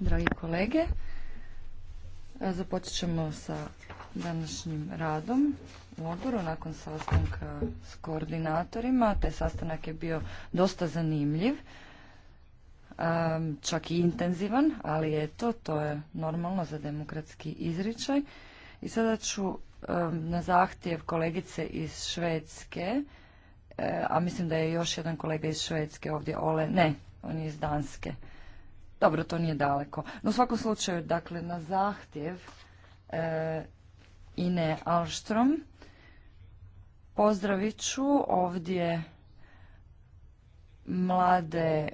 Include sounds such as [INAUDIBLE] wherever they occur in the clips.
Dragi kolege, započet ćemo sa današnjim radom u odboru nakon sastanka s koordinatorima. Taj sastanak je bio dosta zanimljiv, čak i intenzivan, ali eto, to je normalno za demokratski izričaj. I sada ću na zahtjev kolegice iz Švedske, e, a mislim da je još jedan kolega iz Švedske ovdje, Ole, ne, on je iz Danske. Dobro, to nije daleko. No u svakom slučaju, dakle, na zahtjev e, Ine Alštrom pozdravit ću ovdje mlade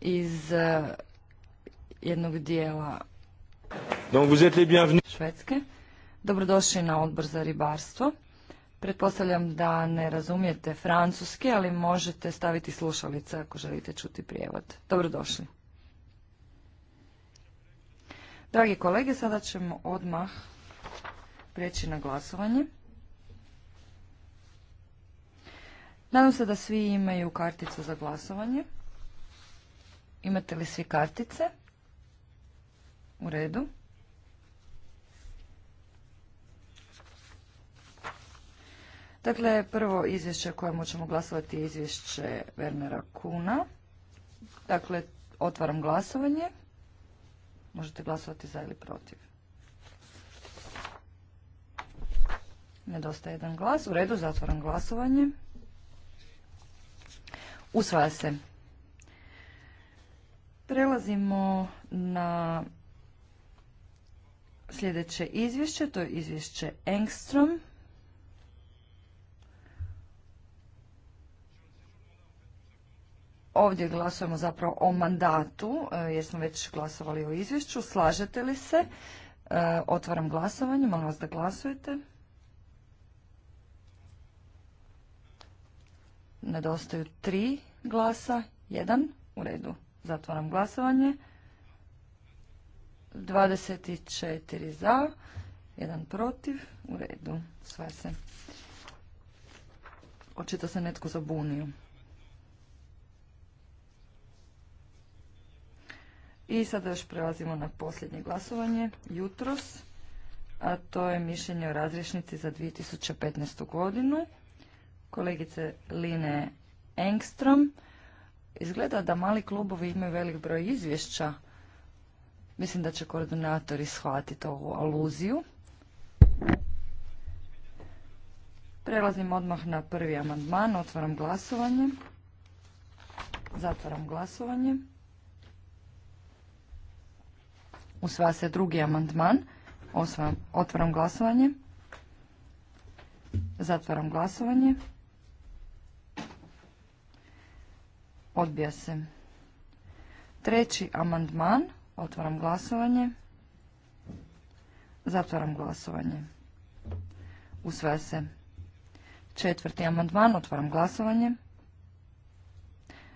iz e, jednog dijela Švedske. Dobrodošli na odbor za ribarstvo. Pretpostavljam da ne razumijete francuski, ali možete staviti slušalice ako želite čuti prijevod. Dobrodošli. Dragi kolege, sada ćemo odmah prijeći na glasovanje. Nadam se da svi imaju karticu za glasovanje. Imate li svi kartice? U redu. Dakle, prvo izvješće o kojemu ćemo glasovati je izvješće Wernera Kuna. Dakle, otvaram glasovanje. Možete glasovati za ili protiv. Nedostaje jedan glas. U redu, zatvaram glasovanje. Usvaja se. Prelazimo na sljedeće izvješće. To je izvješće Engstrom. Ovdje glasujemo zapravo o mandatu, e, jer smo već glasovali o izvješću. Slažete li se? E, otvaram glasovanje, molim vas da glasujete. Nedostaju tri glasa, jedan, u redu, zatvaram glasovanje. 24 za, jedan protiv, u redu, sve se. Očito se netko zabunio. I sada još prelazimo na posljednje glasovanje, jutros, a to je mišljenje o razrješnici za 2015. godinu. Kolegice Line Engstrom, izgleda da mali klubovi imaju velik broj izvješća. Mislim da će koordinatori shvatiti ovu aluziju. Prelazim odmah na prvi amandman, otvaram glasovanje. Zatvaram glasovanje. Usvaja se drugi amandman. Osvajam, otvaram glasovanje. Zatvaram glasovanje. Odbija se. Treći amandman. Otvaram glasovanje. Zatvaram glasovanje. Usvaja se. Četvrti amandman. Otvaram glasovanje.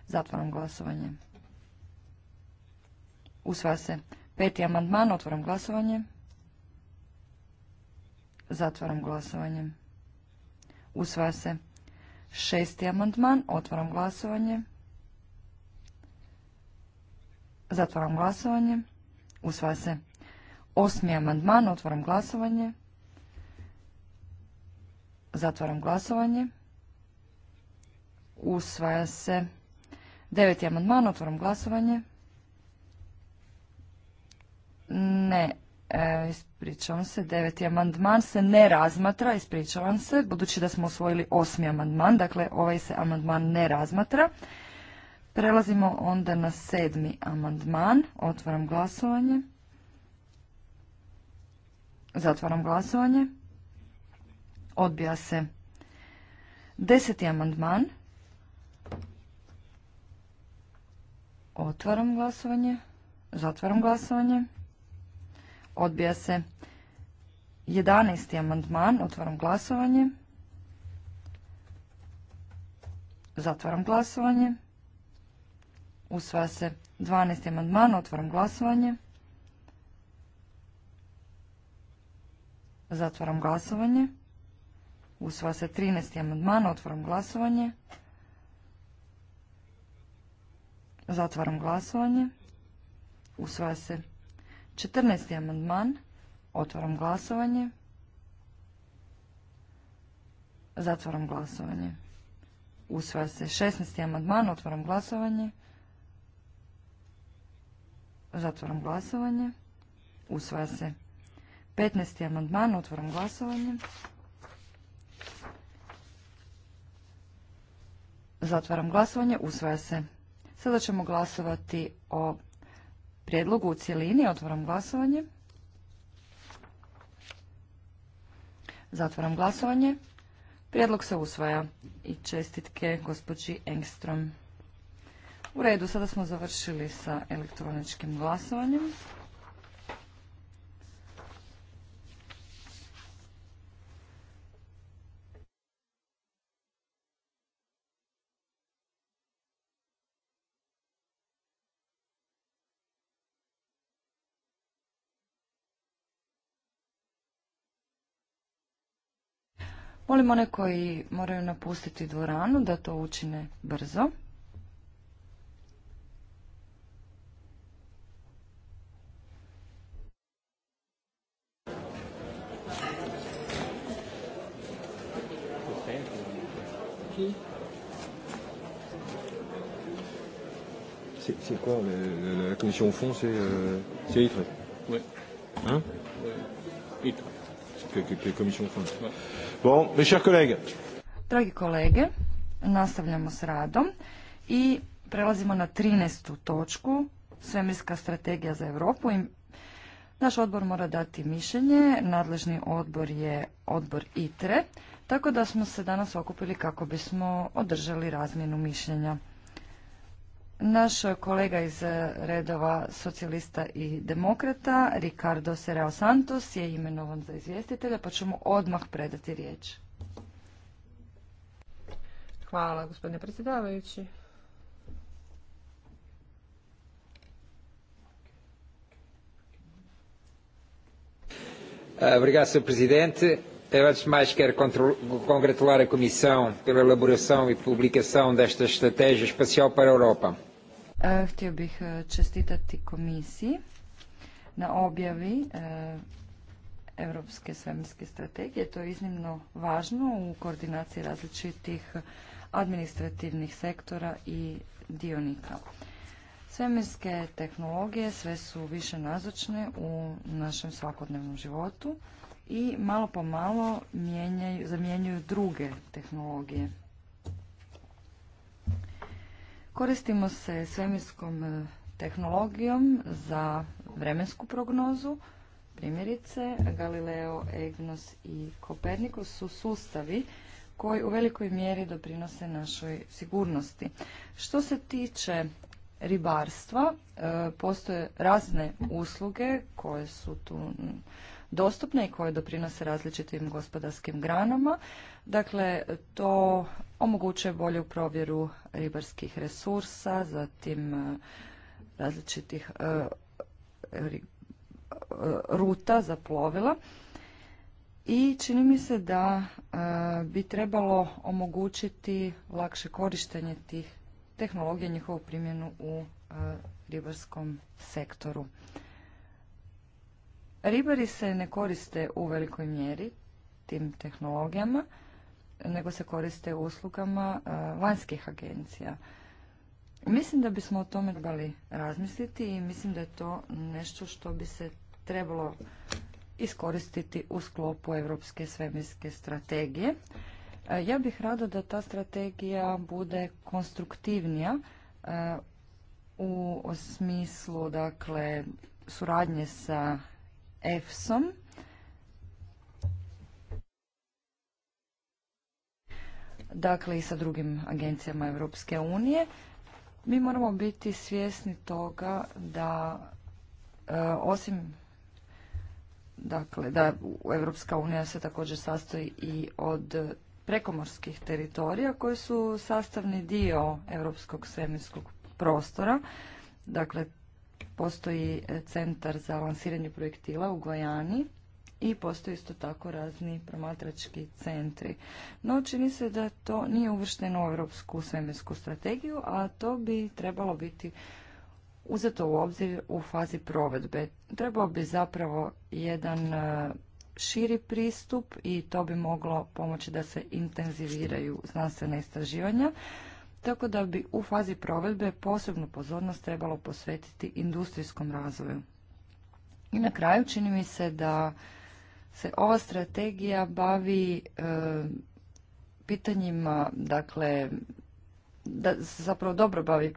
Zatvaram glasovanje. Usvaja se. Peti amandman, otvoram glasovanje. Zatvaram glasovanje. Usvaja se. Šesti amandman, otvaram glasovanje. Zatvaram glasovanje. Usvaja se. Osmi amandman, otvaram glasovanje. Zatvaram glasovanje. Usvaja se. Deveti amandman, otvaram glasovanje. Ne, e, ispričavam se, deveti amandman se ne razmatra, ispričavam se, budući da smo usvojili osmi amandman, dakle ovaj se amandman ne razmatra. Prelazimo onda na sedmi amandman, otvaram glasovanje. Zatvaram glasovanje. Odbija se. Deseti amandman. Otvaram glasovanje. Zatvaram glasovanje. Odbija se. 11. amandman. Otvaram glasovanje. Zatvaram glasovanje. Usvaja se 12. amandman. Otvaram glasovanje. Zatvaram glasovanje. Usvaja se 13. amandman. Otvaram glasovanje. Zatvaram glasovanje. Usvaja se 14. amandman. Otvaram glasovanje. Zatvaram glasovanje. Usvaja se 16. amandman. Otvaram glasovanje. Zatvaram glasovanje. Usvaja se 15. amandman. Otvaram glasovanje. Zatvaram glasovanje. Usvaja se. Sada ćemo glasovati o prijedlogu u cjelini. Otvaram glasovanje. Zatvaram glasovanje. Prijedlog se usvaja i čestitke gospođi Engstrom. U redu, sada smo završili sa elektroničkim glasovanjem. Molim one koji moraju napustiti dvoranu da to učine brzo. C'est quoi le, le, la commission au fond C'est euh, ITRE Oui. Hein Oui. ITRE. C'est que, commission au fond ouais. Dragi kolege, nastavljamo s radom i prelazimo na 13. točku, svemirska strategija za Europu. Naš odbor mora dati mišljenje, nadležni odbor je odbor ITRE, tako da smo se danas okupili kako bismo održali razmjenu mišljenja. Naš kolega iz redova socijalista i demokrata, Ricardo Serao Santos, je imenovan za izvjestitelja, pa ćemo odmah predati riječ. Hvala, gospodine predsjedavajući. Eh, obrigado, Sr. Presidente. Antes de mais, quero congratular a Comissão pela elaboração e publicação desta Estratégia Espacial para a Europa. E, htio bih e, čestitati komisiji na objavi e, Europske svemirske strategije. To je iznimno važno u koordinaciji različitih administrativnih sektora i dionika. Svemirske tehnologije sve su više nazočne u našem svakodnevnom životu i malo po malo mijenjaju, zamjenjuju druge tehnologije. Koristimo se svemirskom e, tehnologijom za vremensku prognozu. Primjerice, Galileo, Egnos i Kopernikus su sustavi koji u velikoj mjeri doprinose našoj sigurnosti. Što se tiče ribarstva, e, postoje razne usluge koje su tu dostupne i koje doprinose različitim gospodarskim granama. Dakle, to omogućuje bolju provjeru ribarskih resursa, zatim e, različitih e, e, ruta za plovila i čini mi se da bi trebalo omogućiti lakše korištenje tih tehnologija, njihovu primjenu u ribarskom sektoru. Ribari se ne koriste u velikoj mjeri tim tehnologijama, nego se koriste uslugama e, vanjskih agencija. Mislim da bismo o tome trebali razmisliti i mislim da je to nešto što bi se trebalo iskoristiti u sklopu Europske svemirske strategije. E, ja bih rado da ta strategija bude konstruktivnija e, u smislu dakle, suradnje sa EFSOM. Dakle, i sa drugim agencijama Europske unije. Mi moramo biti svjesni toga da e, osim dakle da Europska unija se također sastoji i od prekomorskih teritorija koji su sastavni dio europskog svemirskog prostora. Dakle, Postoji e, centar za lansiranje projektila u Gojani i postoje isto tako razni promatrački centri. No, čini se da to nije uvršteno u Europsku svemirsku strategiju, a to bi trebalo biti uzeto u obzir u fazi provedbe. Trebao bi zapravo jedan e, širi pristup i to bi moglo pomoći da se intenziviraju znanstvena istraživanja tako da bi u fazi provedbe posebnu pozornost trebalo posvetiti industrijskom razvoju. I na kraju čini mi se da se ova strategija bavi e, pitanjima, dakle, da se zapravo dobro bavi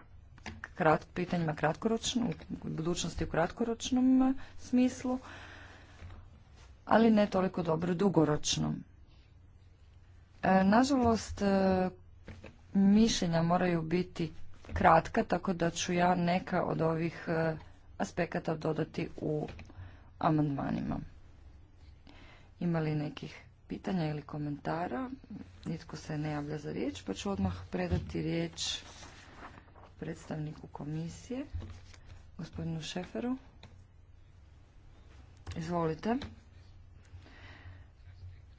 pitanjima kratkoročno, u budućnosti u kratkoročnom smislu, ali ne toliko dobro dugoročno. E, nažalost, mišljenja moraju biti kratka, tako da ću ja neka od ovih e, aspekata dodati u amandmanima. Ima li nekih pitanja ili komentara? Nitko se ne javlja za riječ, pa ću odmah predati riječ predstavniku komisije, gospodinu Šeferu. Izvolite.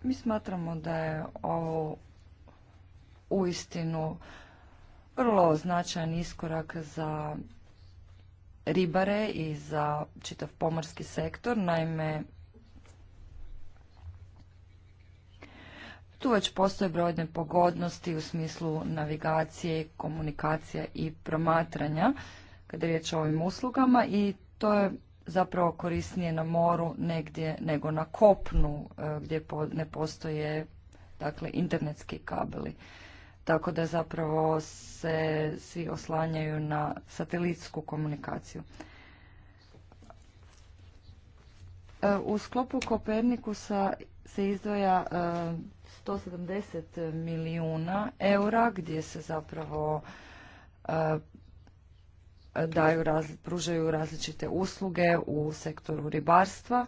Mi smatramo da je ovo uistinu vrlo značajan iskorak za ribare i za čitav pomorski sektor. Naime, tu već postoje brojne pogodnosti u smislu navigacije, komunikacija i promatranja kada je riječ o ovim uslugama i to je zapravo korisnije na moru negdje nego na kopnu e, gdje ne postoje dakle internetski kabeli tako da zapravo se svi oslanjaju na satelitsku komunikaciju. E, u sklopu Kopernikusa se izdvaja 170 e, milijuna eura gdje se zapravo e, daju, pružaju različite usluge u sektoru ribarstva,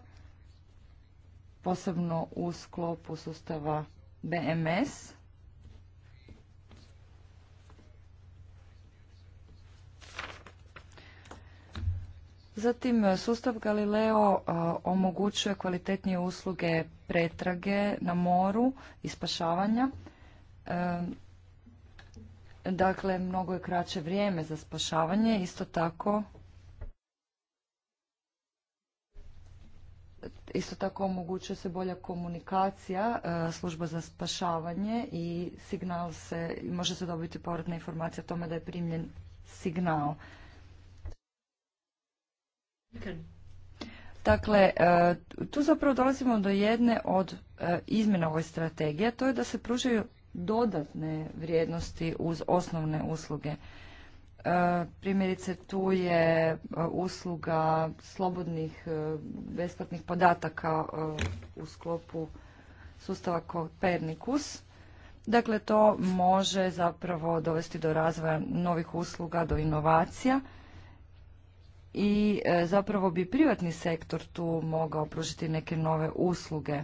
posebno u sklopu sustava BMS. Zatim, e, sustav Galileo e, omogućuje kvalitetnije usluge pretrage na moru i spašavanja. E, dakle, mnogo je kraće vrijeme za spašavanje. Isto tako, isto tako omogućuje se bolja komunikacija služba za spašavanje i signal se, može se dobiti povratna informacija o tome da je primljen signal. Dakle, e, tu zapravo dolazimo do jedne od e, izmjena ove strategije, to je da se pružaju dodatne vrijednosti uz osnovne usluge. E, primjerice tu je usluga slobodnih besplatnih podataka u sklopu sustava Copernicus. Dakle, to može zapravo dovesti do razvoja novih usluga, do inovacija i e, zapravo bi privatni sektor tu mogao pružiti neke nove usluge.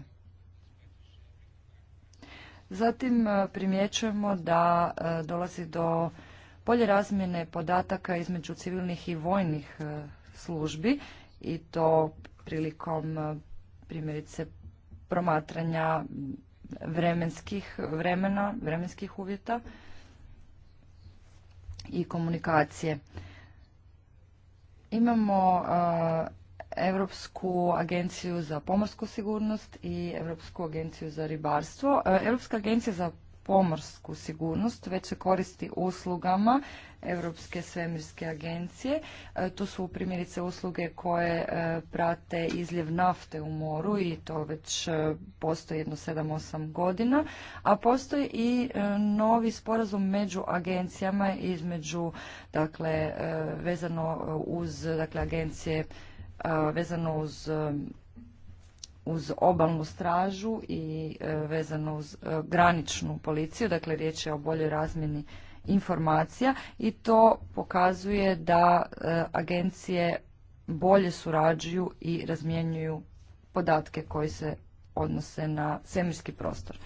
Zatim e, primjećujemo da e, dolazi do bolje razmjene podataka između civilnih i vojnih službi i to prilikom primjerice promatranja vremenskih vremena, vremenskih uvjeta i komunikacije. Imamo Europsku agenciju za pomorsku sigurnost i Europsku agenciju za ribarstvo. Europska agencija za pomorsku sigurnost, već se koristi uslugama Europske svemirske agencije. E, to su primjerice usluge koje e, prate izljev nafte u moru i to već e, postoji jedno 7-8 godina, a postoji i novi sporazum među agencijama između, dakle, vezano uz, dakle, agencije vezano uz uz obalnu stražu i e, vezano uz e, graničnu policiju, dakle riječ je o boljoj razmjeni informacija i to pokazuje da e, agencije bolje surađuju i razmjenjuju podatke koji se odnose na svemirski prostor.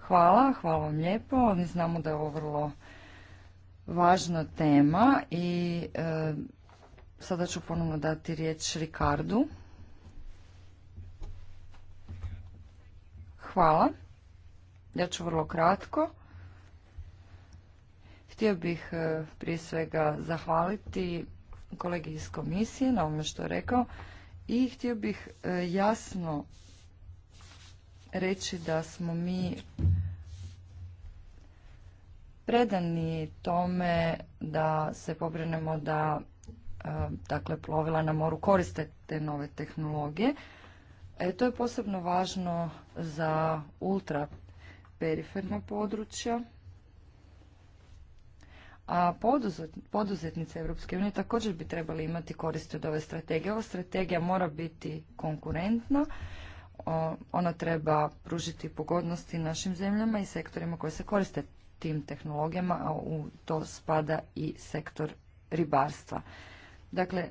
Hvala, hvala vam lijepo. Mi znamo da je ovo vrlo važna tema i sada ću ponovno dati riječ Rikardu. Hvala. Ja ću vrlo kratko. Htio bih e, prije svega zahvaliti kolegi iz komisije na ovome što je rekao i htio bih e, jasno reći da smo mi predani tome da se pobrinemo da e, dakle plovila na moru koriste te nove tehnologije. E, to je posebno važno za periferna područja, a poduzetnice Europske unije također bi trebali imati koristi od ove strategije. Ova strategija mora biti konkurentna, ona treba pružiti pogodnosti našim zemljama i sektorima koji se koriste tim tehnologijama, a u to spada i sektor ribarstva. Dakle,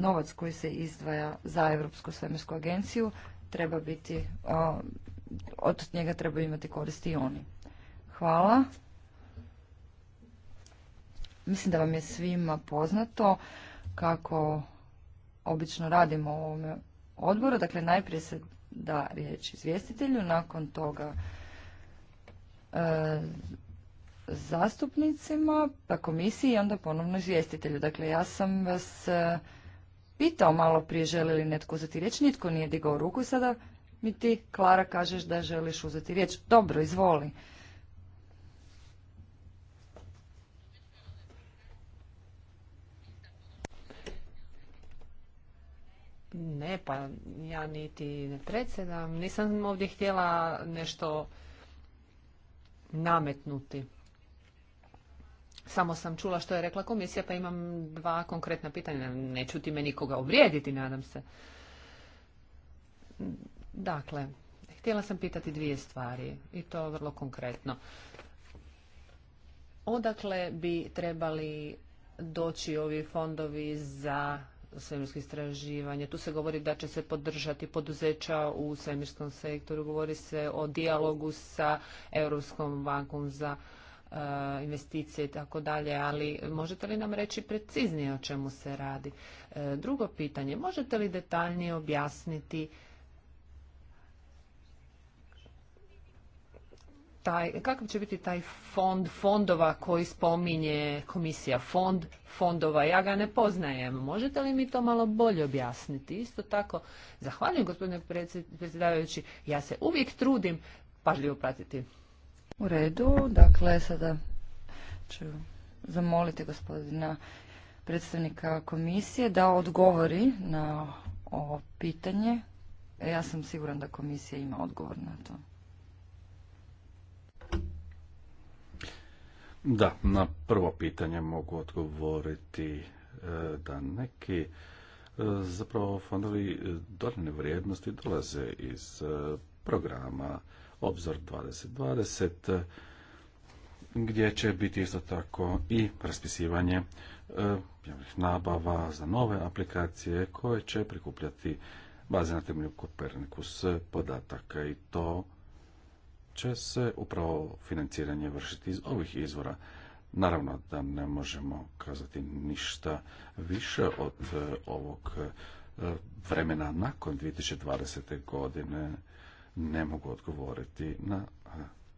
novac koji se izdvaja za Europsku svemirsku agenciju treba biti, od njega treba imati koristi i oni. Hvala. Mislim da vam je svima poznato kako obično radimo u ovome odboru. Dakle, najprije se da riječ izvjestitelju, nakon toga e, zastupnicima, pa komisiji i onda ponovno izvjestitelju. Dakle, ja sam vas e, pitao malo prije želi li netko uzeti riječ, nitko nije digao ruku sada mi ti, Klara, kažeš da želiš uzeti riječ. Dobro, izvoli. Ne, pa ja niti ne predsjedam. Nisam ovdje htjela nešto nametnuti. Samo sam čula što je rekla komisija, pa imam dva konkretna pitanja. Neću me nikoga obrijediti, nadam se. Dakle, htjela sam pitati dvije stvari i to vrlo konkretno. Odakle bi trebali doći ovi fondovi za svemirsko istraživanje. Tu se govori da će se podržati poduzeća u svemirskom sektoru. Govori se o dijalogu sa Europskom bankom za Eh, investicije i tako dalje, ali možete li nam reći preciznije o čemu se radi? Eh, drugo pitanje, možete li detaljnije objasniti kakav će biti taj fond fondova koji spominje komisija fond fondova, ja ga ne poznajem. Možete li mi to malo bolje objasniti? Isto tako, zahvaljujem gospodine predsjedavajući, ja se uvijek trudim pažljivo pratiti u redu, dakle sada ću zamoliti gospodina predstavnika komisije da odgovori na ovo pitanje. E, ja sam siguran da komisija ima odgovor na to. Da, na prvo pitanje mogu odgovoriti e, da neki e, zapravo fondovi dodane vrijednosti dolaze iz programa obzor 2020 gdje će biti isto tako i raspisivanje e, nabava za nove aplikacije koje će prikupljati baze na temelju Kopernikus podataka i to će se upravo financiranje vršiti iz ovih izvora. Naravno da ne možemo kazati ništa više od e, ovog e, vremena nakon 2020. godine ne mogu odgovoriti na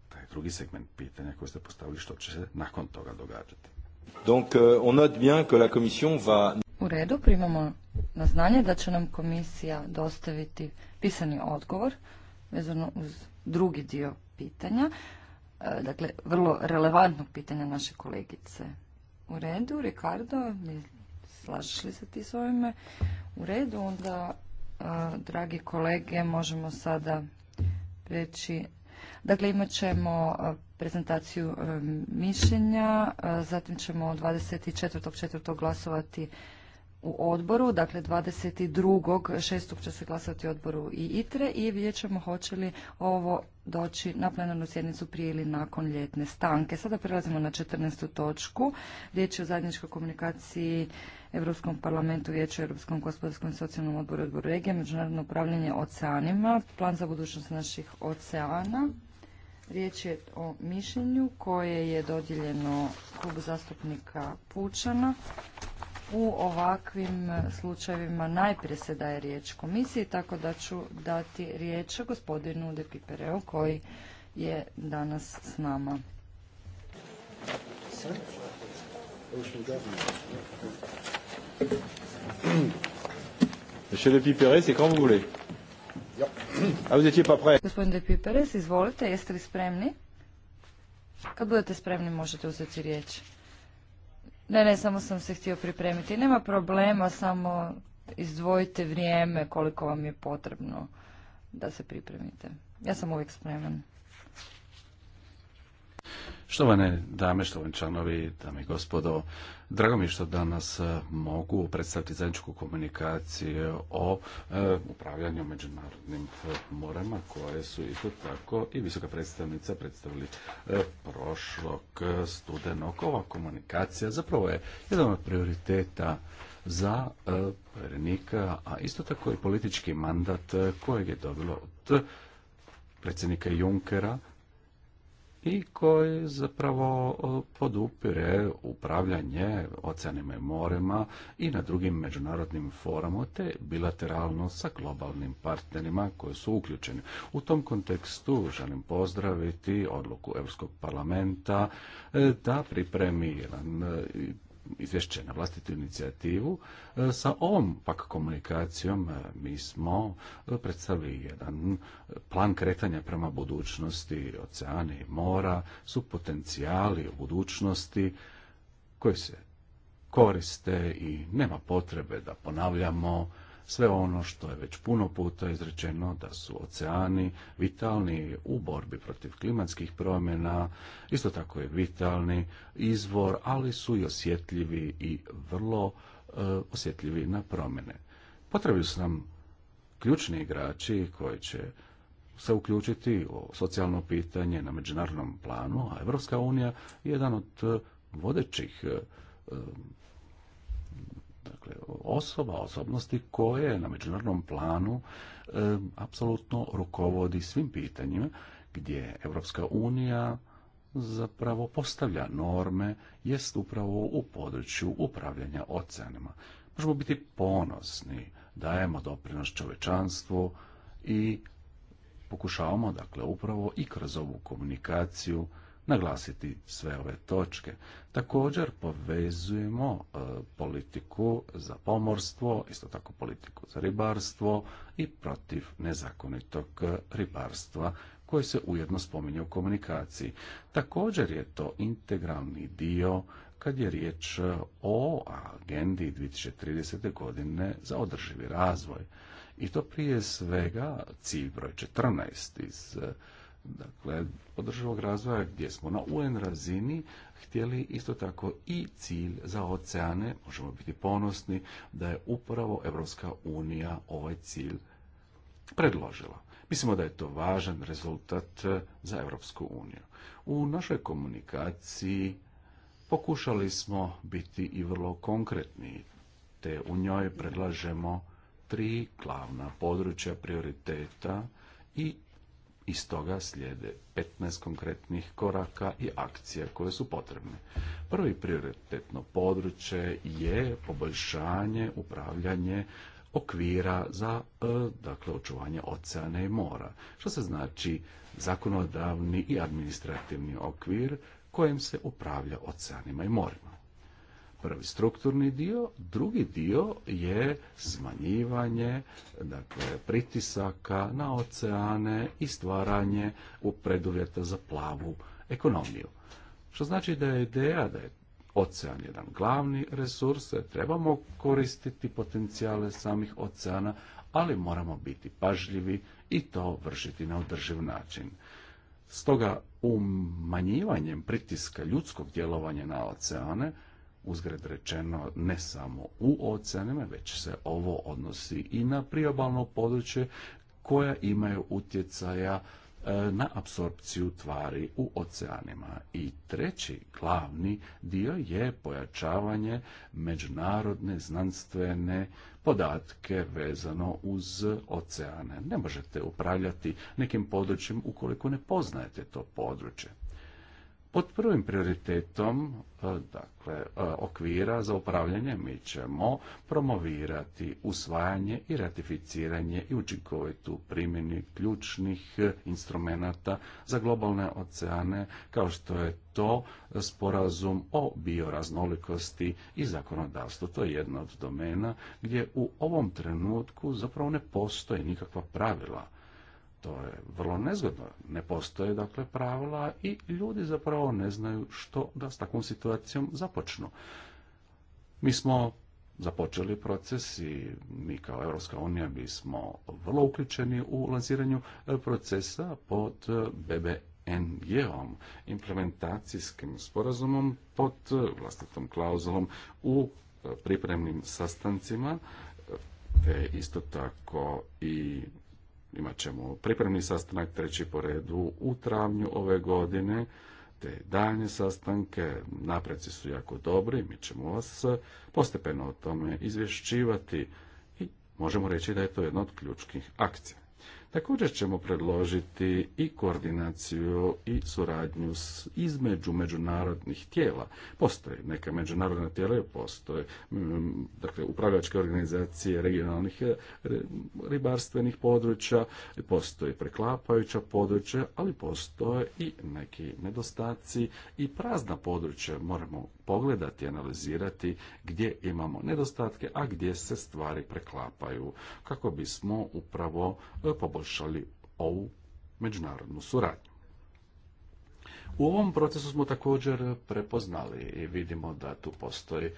taj drugi segment pitanja koji ste postavili što će se nakon toga događati. Euh, U redu primamo na znanje da će nam komisija dostaviti pisani odgovor vezano uz drugi dio pitanja. E, dakle, vrlo relevantnog pitanja naše kolegice. U redu, Ricardo, slažeš li se ti s ovime? U redu, onda, e, dragi kolege, možemo sada reći. Dakle, imat ćemo e, prezentaciju e, mišljenja, e, zatim ćemo 24.4. glasovati u odboru, dakle šestog će se glasati odboru i ITRE i vidjet ćemo hoće li ovo doći na plenarnu sjednicu prije ili nakon ljetne stanke. Sada prelazimo na 14. točku. Riječ je o zajedničkoj komunikaciji Europskom parlamentu, Vijeću Europskom gospodarskom i socijalnom odboru odboru regije, međunarodno upravljanje oceanima, plan za budućnost naših oceana. Riječ je o mišljenju koje je dodijeljeno klubu zastupnika Pučana u ovakvim slučajevima najprije se daje riječ komisiji, tako da ću dati riječ gospodinu De Pipereu koji je danas s nama. Monsieur c'est quand vous voulez. Ah, vous étiez pas prêt. Gospodin De izvolite, jeste li spremni? Kad budete spremni možete uzeti riječ. Ne, ne, samo sam se htio pripremiti. Nema problema, samo izdvojite vrijeme koliko vam je potrebno da se pripremite. Ja sam uvijek spreman. Štovane dame, štovani članovi, dame i gospodo, drago mi je što danas e, mogu predstaviti zajedničku komunikaciju o e, upravljanju međunarodnim e, morama koje su isto tako i visoka predstavnica predstavili prošlog studenog. Ova komunikacija zapravo je jedan od prioriteta za povjerenika, a isto tako i politički mandat kojeg je dobilo od predsjednika Junkera i koji zapravo e, podupire upravljanje oceanima i morema i na drugim međunarodnim forumu, te bilateralno sa globalnim partnerima koji su uključeni. U tom kontekstu želim pozdraviti odluku Europskog parlamenta e, da pripremi jedan e, izvješće na vlastitu inicijativu. E, sa ovom pak komunikacijom e, mi smo e, predstavili jedan plan kretanja prema budućnosti. Oceani i mora su potencijali u budućnosti koji se koriste i nema potrebe da ponavljamo sve ono što je već puno puta izrečeno da su oceani vitalni u borbi protiv klimatskih promjena, isto tako je vitalni izvor, ali su i osjetljivi i vrlo e, osjetljivi na promjene. Potrebni su nam ključni igrači koji će se uključiti u socijalno pitanje na međunarodnom planu, a Evropska unija je jedan od e, vodećih e, dakle, osoba, osobnosti koje na međunarodnom planu apsolutno rukovodi svim pitanjima gdje Evropska unija zapravo postavlja norme jest upravo u području upravljanja oceanima. Možemo biti ponosni, dajemo doprinos čovečanstvu i pokušavamo dakle upravo i kroz ovu komunikaciju naglasiti sve ove točke. Također povezujemo e, politiku za pomorstvo, isto tako politiku za ribarstvo i protiv nezakonitog ribarstva koji se ujedno spominje u komunikaciji. Također je to integralni dio kad je riječ o agendi 2030. godine za održivi razvoj. I to prije svega cilj broj 14 iz dakle, održivog razvoja gdje smo na UN razini htjeli isto tako i cilj za oceane, možemo biti ponosni da je upravo Europska unija ovaj cilj predložila. Mislimo da je to važan rezultat eh, za Europsku uniju. U našoj komunikaciji pokušali smo biti i vrlo konkretni, te u njoj predlažemo tri glavna područja prioriteta i iz toga slijede 15 konkretnih koraka i akcija koje su potrebne. Prvi prioritetno područje je poboljšanje, upravljanje okvira za e, dakle, očuvanje oceana i mora, što se znači zakonodavni i administrativni okvir kojim se upravlja oceanima i morima prvi strukturni dio, drugi dio je smanjivanje dakle, pritisaka na oceane i stvaranje u preduvjeta za plavu ekonomiju. Što znači da je ideja da je ocean jedan glavni resurs, trebamo koristiti potencijale samih oceana, ali moramo biti pažljivi i to vršiti na održiv način. Stoga umanjivanjem pritiska ljudskog djelovanja na oceane uzgred rečeno ne samo u oceanima, već se ovo odnosi i na priobalno područje koja imaju utjecaja e, na apsorpciju tvari u oceanima. I treći glavni dio je pojačavanje međunarodne znanstvene podatke vezano uz oceane. Ne možete upravljati nekim područjem ukoliko ne poznajete to područje. Pod prvim prioritetom e, dakle, e, okvira za upravljanje mi ćemo promovirati usvajanje i ratificiranje i učinkovitu primjeni ključnih e, instrumenata za globalne oceane kao što je to sporazum o bioraznolikosti i zakonodavstvu. To je jedna od domena gdje u ovom trenutku zapravo ne postoje nikakva pravila to je vrlo nezgodno. Ne postoje dakle pravila i ljudi zapravo ne znaju što da s takvom situacijom započnu. Mi smo započeli proces i mi kao Europska unija bismo vrlo uključeni u lanziranju e, procesa pod e, BBNG-om, implementacijskim sporazumom pod e, vlastitom klauzulom u pripremnim sastancima te isto tako i imat ćemo pripremni sastanak treći po redu u travnju ove godine, te daljnje sastanke, napreci su jako dobri, mi ćemo vas postepeno o tome izvješćivati i možemo reći da je to jedna od ključnih akcija. Također ćemo predložiti i koordinaciju i suradnju s, između međunarodnih tijela. Postoje neka međunarodna tijela, postoje mm, dakle, upravljačke organizacije regionalnih e, ribarstvenih područja, postoje preklapajuća područja, ali postoje i neki nedostaci i prazna područja moramo pogledati, analizirati gdje imamo nedostatke, a gdje se stvari preklapaju kako bismo upravo e, poboljšali poboljšali ovu međunarodnu suradnju. U ovom procesu smo također prepoznali i vidimo da tu postoji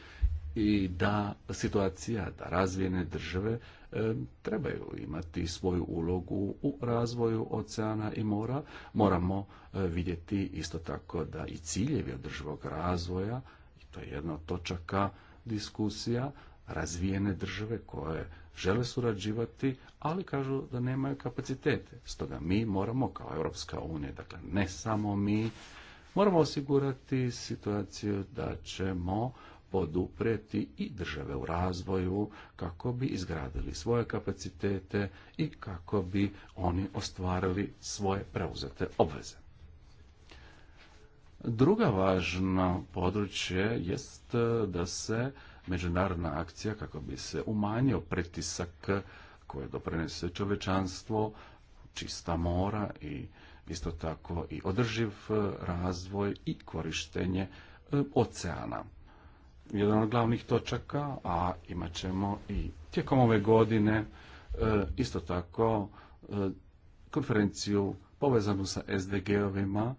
i da situacija da razvijene države e, trebaju imati svoju ulogu u razvoju oceana i mora. Moramo e, vidjeti isto tako da i ciljevi održivog razvoja, i to je jedna od točaka diskusija, razvijene države koje žele surađivati, ali kažu da nemaju kapacitete. Stoga mi moramo kao Europska unija, dakle ne samo mi, moramo osigurati situaciju da ćemo poduprijeti i države u razvoju kako bi izgradili svoje kapacitete i kako bi oni ostvarili svoje preuzete obveze. Druga važno područje jest da se međunarodna akcija kako bi se umanjio pritisak koje doprinese čovečanstvo, čista mora i isto tako i održiv e, razvoj i korištenje e, oceana. Jedan od glavnih točaka, a imat ćemo i tijekom ove godine e, isto tako konferenciju povezanu sa SDG-ovima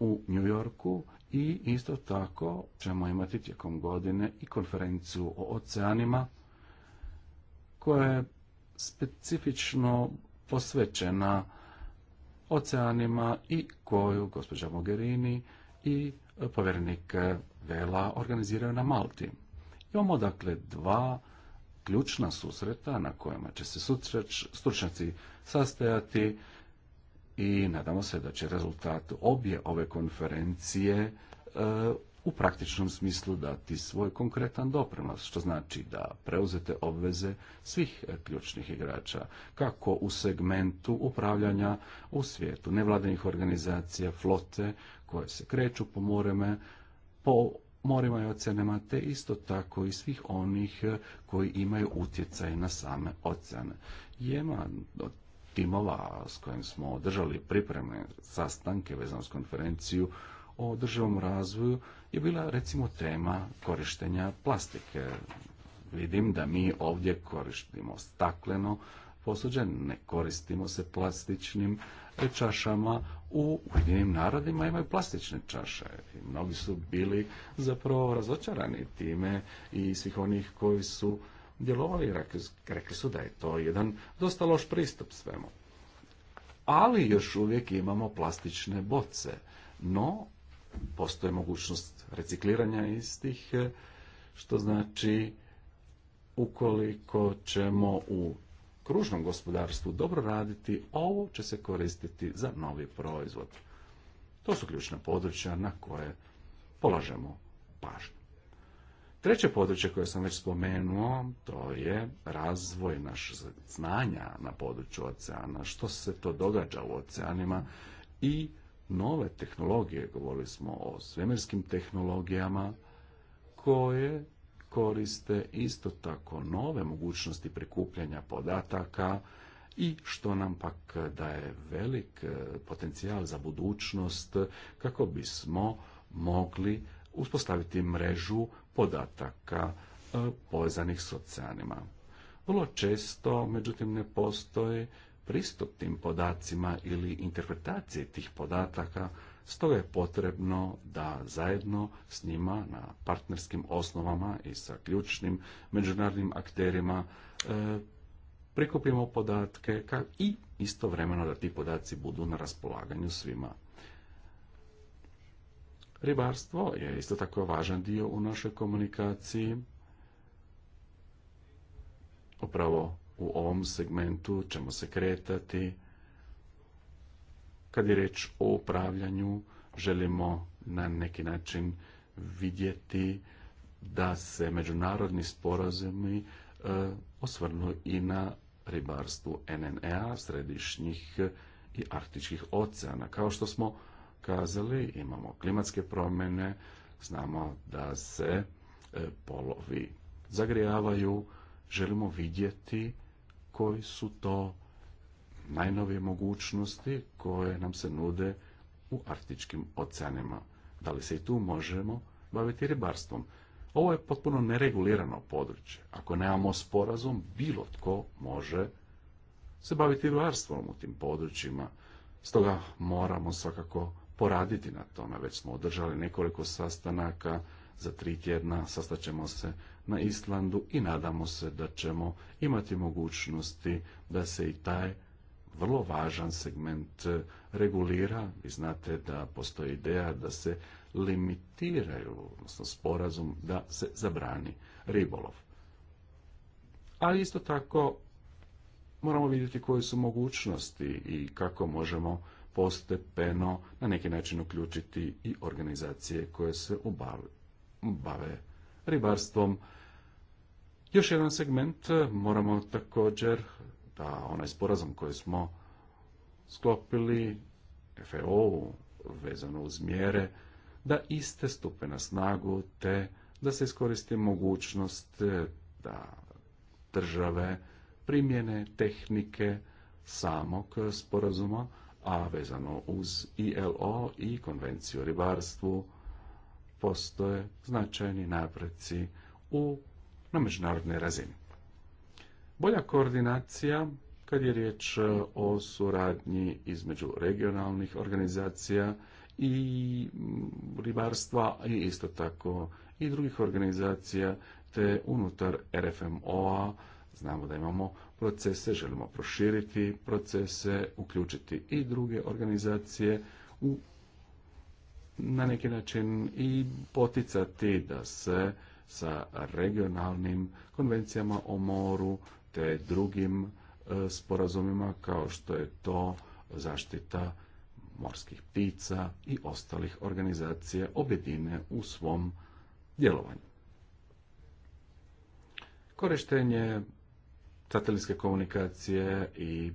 u New Yorku i isto tako ćemo imati tijekom godine i konferenciju o oceanima koja je specifično posvećena oceanima i koju gospođa Mogherini i povjerenik Vela organiziraju na Malti. Imamo dakle dva ključna susreta na kojima će se stručnjaci sastajati i nadamo se da će rezultat obje ove konferencije e, u praktičnom smislu dati svoj konkretan doprinos, što znači da preuzete obveze svih e, ključnih igrača, kako u segmentu upravljanja u svijetu nevladinih organizacija, flote koje se kreću po moreme, po morima i ocjenama, te isto tako i svih onih e, koji imaju utjecaj na same ocjene. Jema timova s kojim smo održali pripremne sastanke vezano s konferenciju o državnom razvoju je bila recimo tema korištenja plastike. Vidim da mi ovdje koristimo stakleno posuđe, ne koristimo se plastičnim čašama. U Ujedinim narodima imaju plastične čaše. I mnogi su bili zapravo razočarani time i svih onih koji su djelovali, rekli su da je to jedan dosta loš pristup svemu. Ali još uvijek imamo plastične boce, no postoje mogućnost recikliranja istih, što znači ukoliko ćemo u kružnom gospodarstvu dobro raditi, ovo će se koristiti za novi proizvod. To su ključna područja na koje polažemo pažnju. Treće područje koje sam već spomenuo, to je razvoj našeg znanja na području oceana, što se to događa u oceanima i nove tehnologije, govorili smo o svemirskim tehnologijama, koje koriste isto tako nove mogućnosti prikupljanja podataka i što nam pak daje velik e, potencijal za budućnost kako bismo mogli uspostaviti mrežu podataka e, povezanih s oceanima. Vrlo često, međutim, ne postoji pristup tim podacima ili interpretacije tih podataka, stoga je potrebno da zajedno s njima na partnerskim osnovama i sa ključnim međunarodnim akterima e, prikupimo podatke i istovremeno da ti podaci budu na raspolaganju svima. Ribarstvo je isto tako važan dio u našoj komunikaciji. Upravo u ovom segmentu ćemo se kretati. Kad je reč o upravljanju, želimo na neki način vidjeti da se međunarodni sporazumi e, osvrnu i na ribarstvu NNEA, središnjih i arktičkih oceana. Kao što smo kazali, imamo klimatske promjene, znamo da se e, polovi zagrijavaju, želimo vidjeti koji su to najnovije mogućnosti koje nam se nude u arktičkim oceanima. Da li se i tu možemo baviti ribarstvom? Ovo je potpuno neregulirano područje. Ako nemamo sporazum, bilo tko može se baviti ribarstvom u tim područjima. Stoga moramo svakako poraditi na tome. Već smo održali nekoliko sastanaka za tri tjedna, sastaćemo se na Islandu i nadamo se da ćemo imati mogućnosti da se i taj vrlo važan segment eh, regulira. Vi znate da postoji ideja da se limitiraju, odnosno sporazum da se zabrani ribolov. Ali isto tako moramo vidjeti koje su mogućnosti i kako možemo postepeno na neki način uključiti i organizacije koje se bave ribarstvom. Još jedan segment moramo također da onaj sporazum koji smo sklopili FAO vezano uz mjere da iste stupe na snagu te da se iskoristi mogućnost e, da države primjene tehnike samog sporazuma a vezano uz ILO i konvenciju o ribarstvu postoje značajni napreci u, na međunarodnoj razini. Bolja koordinacija kad je riječ e, o suradnji između regionalnih organizacija i mm, ribarstva i isto tako i drugih organizacija te unutar RFMO-a znamo da imamo procese, želimo proširiti procese, uključiti i druge organizacije u na neki način i poticati da se sa regionalnim konvencijama o moru te drugim e, sporazumima kao što je to zaštita morskih pica i ostalih organizacija objedine u svom djelovanju. Korištenje satelitske komunikacije i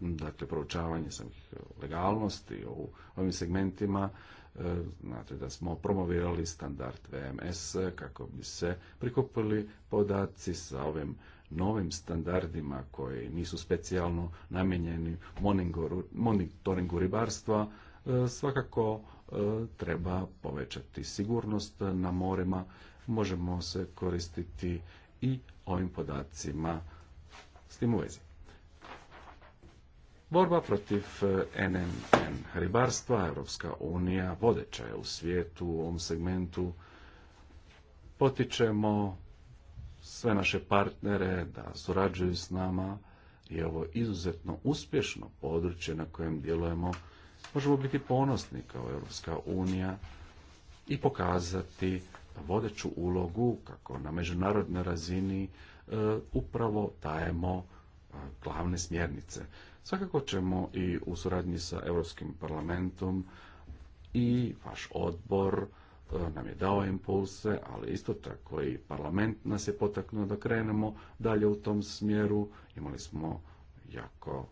dakle proučavanje samih e, legalnosti u ovim segmentima e, znate da smo promovirali standard VMS e, kako bi se prikupili podaci sa ovim novim standardima koji nisu specijalno namijenjeni monitoringu ribarstva svakako treba povećati sigurnost na morima možemo se koristiti i ovim podacima s tim u vezi. Borba protiv NNN e, ribarstva, Europska unija vodeća je u svijetu u ovom segmentu. Potičemo sve naše partnere da surađuju s nama i ovo izuzetno uspješno područje na kojem djelujemo. Možemo biti ponosni kao Europska unija i pokazati vodeću ulogu kako na međunarodnoj razini e, upravo dajemo e, glavne smjernice. Svakako ćemo i u suradnji sa Europskim parlamentom i vaš odbor e, nam je dao impulse, ali isto tako i parlament nas je potaknuo da krenemo dalje u tom smjeru. Imali smo jako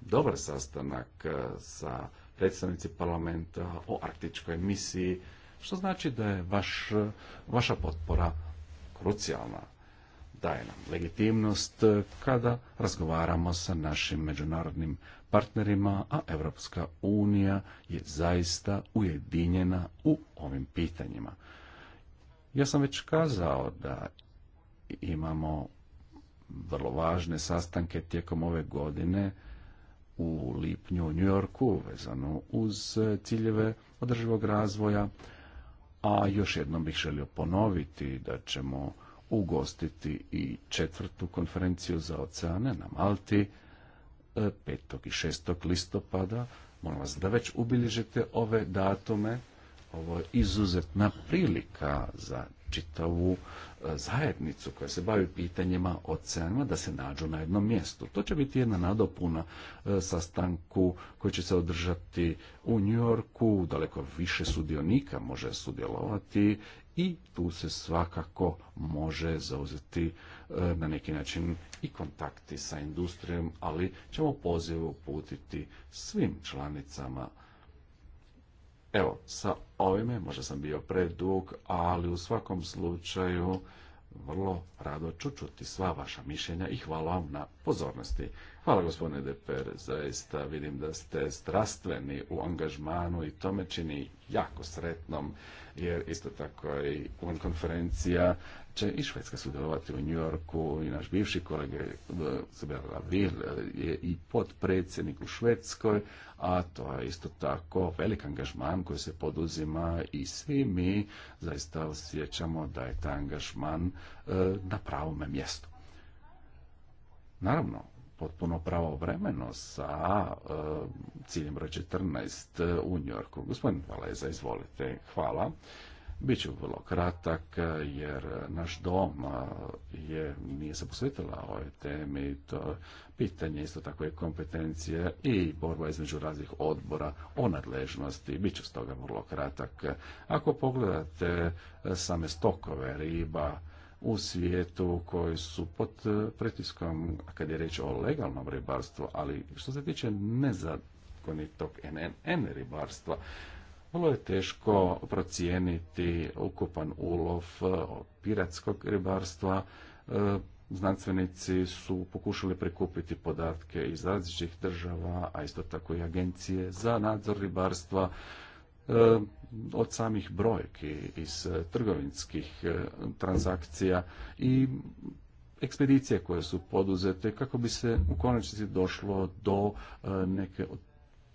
dobar sastanak sa predstavnici parlamenta o arktičkoj misiji što znači da je vaš, vaša potpora krucijalna. Daje nam legitimnost kada razgovaramo sa našim međunarodnim partnerima, a Europska unija je zaista ujedinjena u ovim pitanjima. Ja sam već kazao da imamo vrlo važne sastanke tijekom ove godine u lipnju u New Yorku vezano uz ciljeve održivog razvoja a još jednom bih želio ponoviti da ćemo ugostiti i četvrtu konferenciju za oceane na Malti 5. E, i 6. listopada. Molim vas da već ubilježite ove datume. Ovo je izuzetna prilika za čitavu e, zajednicu koja se bavi pitanjima oceanima da se nađu na jednom mjestu. To će biti jedna nadopuna e, sastanku koji će se održati u New Yorku, daleko više sudionika može sudjelovati i tu se svakako može zauzeti e, na neki način i kontakti sa industrijom, ali ćemo poziv uputiti svim članicama Evo, sa ovime, možda sam bio predug, ali u svakom slučaju vrlo rado ću čuti sva vaša mišljenja i hvala vam na pozornosti. Hvala gospodine Deper, zaista vidim da ste strastveni u angažmanu i to me čini jako sretnom, jer isto tako i on konferencija će i Švedska sudjelovati u New Yorku i naš bivši kolega eh, Zabel Vil eh, je i potpredsjednik u Švedskoj, a to je isto tako velik angažman koji se poduzima i svi mi zaista osjećamo da je taj angažman eh, na pravome mjestu. Naravno, potpuno pravovremeno sa eh, ciljem broj 14 eh, u Njorku. Gospodin Valeza, izvolite. Hvala. Biću vrlo kratak eh, jer naš dom je, nije se posvetila ovoj temi. To pitanje isto tako je kompetencije i borba između raznih odbora o nadležnosti. Biću stoga vrlo kratak. Ako pogledate same stokove riba, u svijetu koji su pod e, pritiskom kad je riječ o legalnom ribarstvu, ali što se tiče nezakonitog NNN ribarstva, vrlo je teško procijeniti ukupan ulov e, piratskog ribarstva. E, znanstvenici su pokušali prikupiti podatke iz različitih država, a isto tako i agencije za nadzor ribarstva od samih brojki iz e, trgovinskih e, transakcija i ekspedicije koje su poduzete kako bi se u konačnici došlo do e, neke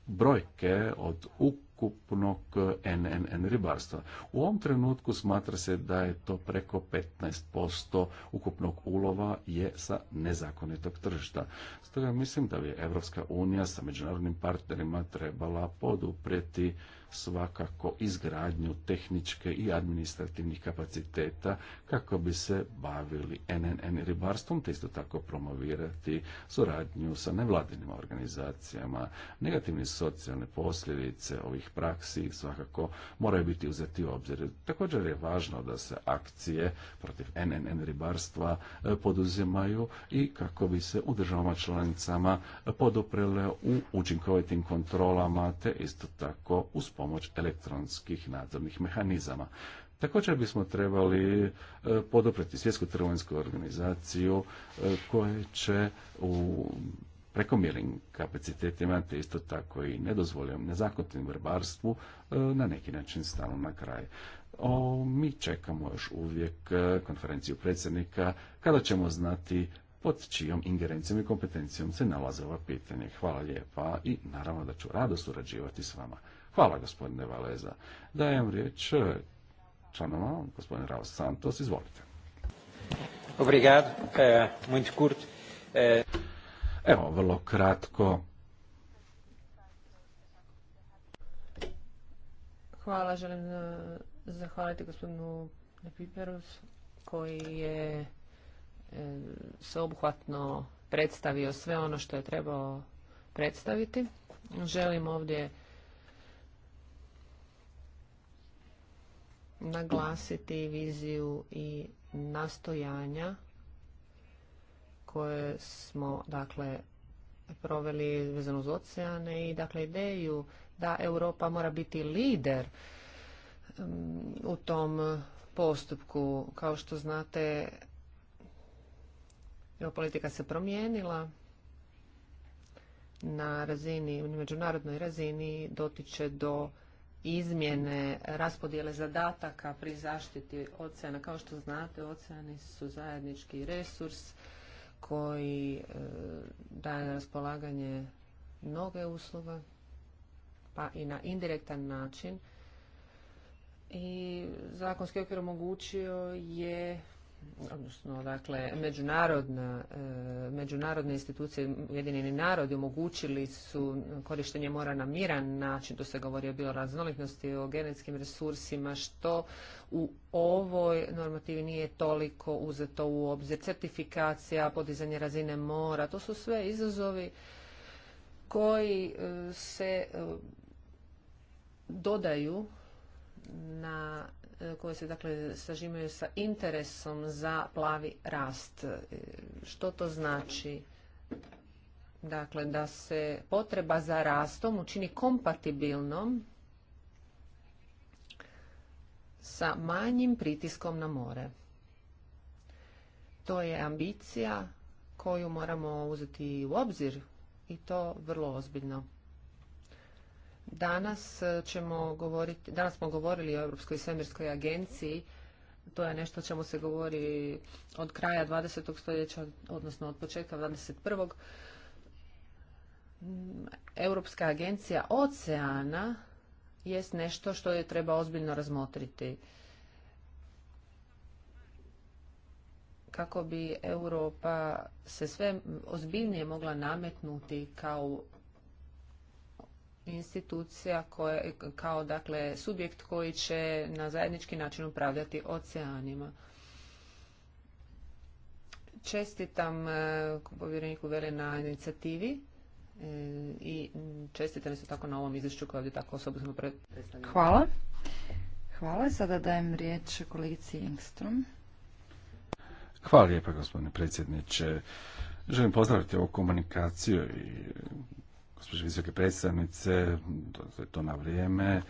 brojke od ukupnog NNN ribarstva. U ovom trenutku smatra se da je to preko 15% ukupnog ulova je sa nezakonitog tržišta. Stoga mislim da bi Evropska unija sa međunarodnim partnerima trebala poduprijeti svakako izgradnju tehničke i administrativnih kapaciteta kako bi se bavili NNN ribarstvom, te isto tako promovirati suradnju sa nevladinim organizacijama. Negativne socijalne posljedice ovih praksi svakako moraju biti uzeti u obzir. Također je važno da se akcije protiv NNN ribarstva e, poduzimaju i kako bi se u državama članicama poduprele u učinkovitim kontrolama, te isto tako uspostavljaju pomoć elektronskih nadzornih mehanizama. Također bismo trebali e, podopreti svjetsku trgovinsku organizaciju e, koja će u prekomjernim kapacitetima, te isto tako i nedozvoljenom nezakonitim vrbarstvu e, na neki način stanu na kraj. O, mi čekamo još uvijek konferenciju predsjednika kada ćemo znati pod čijom ingerencijom i kompetencijom se nalaze ova pitanja. Hvala lijepa i naravno da ću rado surađivati s vama. Hvala gospodine Valeza. Dajem riječ e, članoma, gospodine Raos Santos, izvolite. Obrigado, e, muito e, Evo, vrlo kratko. Hvala, želim zahvaliti gospodinu Piperu koji je sveobuhvatno predstavio sve ono što je trebao predstaviti. Želim ovdje naglasiti viziju i nastojanja koje smo dakle proveli vezano uz oceane i dakle ideju da Europa mora biti lider u tom postupku. Kao što znate, politika se promijenila na razini, međunarodnoj razini dotiče do izmjene raspodjele zadataka pri zaštiti oceana. Kao što znate, oceani su zajednički resurs koji e, daje na raspolaganje mnoge usluge, pa i na indirektan način. I zakonski okvir omogućio je odnosno dakle međunarodna, e, međunarodne institucije Ujedinjeni narodi omogućili su korištenje mora na miran način, tu se govori o bioraznolikosti, o genetskim resursima, što u ovoj normativi nije toliko uzeto u obzir certifikacija, podizanje razine mora, to su sve izazovi koji e, se e, dodaju na E, koje se dakle sažimaju sa interesom za plavi rast. E, što to znači? Dakle, da se potreba za rastom učini kompatibilnom sa manjim pritiskom na more. To je ambicija koju moramo uzeti u obzir i to vrlo ozbiljno. Danas e, ćemo govoriti, danas smo govorili o Europskoj svemirskoj agenciji. To je nešto o čemu se govori od kraja 20. stoljeća, odnosno od početka 21. Europska agencija oceana jest nešto što je treba ozbiljno razmotriti. Kako bi Europa se sve ozbiljnije mogla nametnuti kao institucija koje, kao dakle subjekt koji će na zajednički način upravljati oceanima. Čestitam e, povjereniku Vele na inicijativi e, i čestitam se tako na ovom izvješću koje ovdje tako osobno predstavljamo. Hvala. Hvala. Sada dajem riječ kolegici Engstrom. Hvala lijepa gospodine predsjedniče. Želim pozdraviti ovu komunikaciju i gospođe visoke predstavnice, to je to na vrijeme,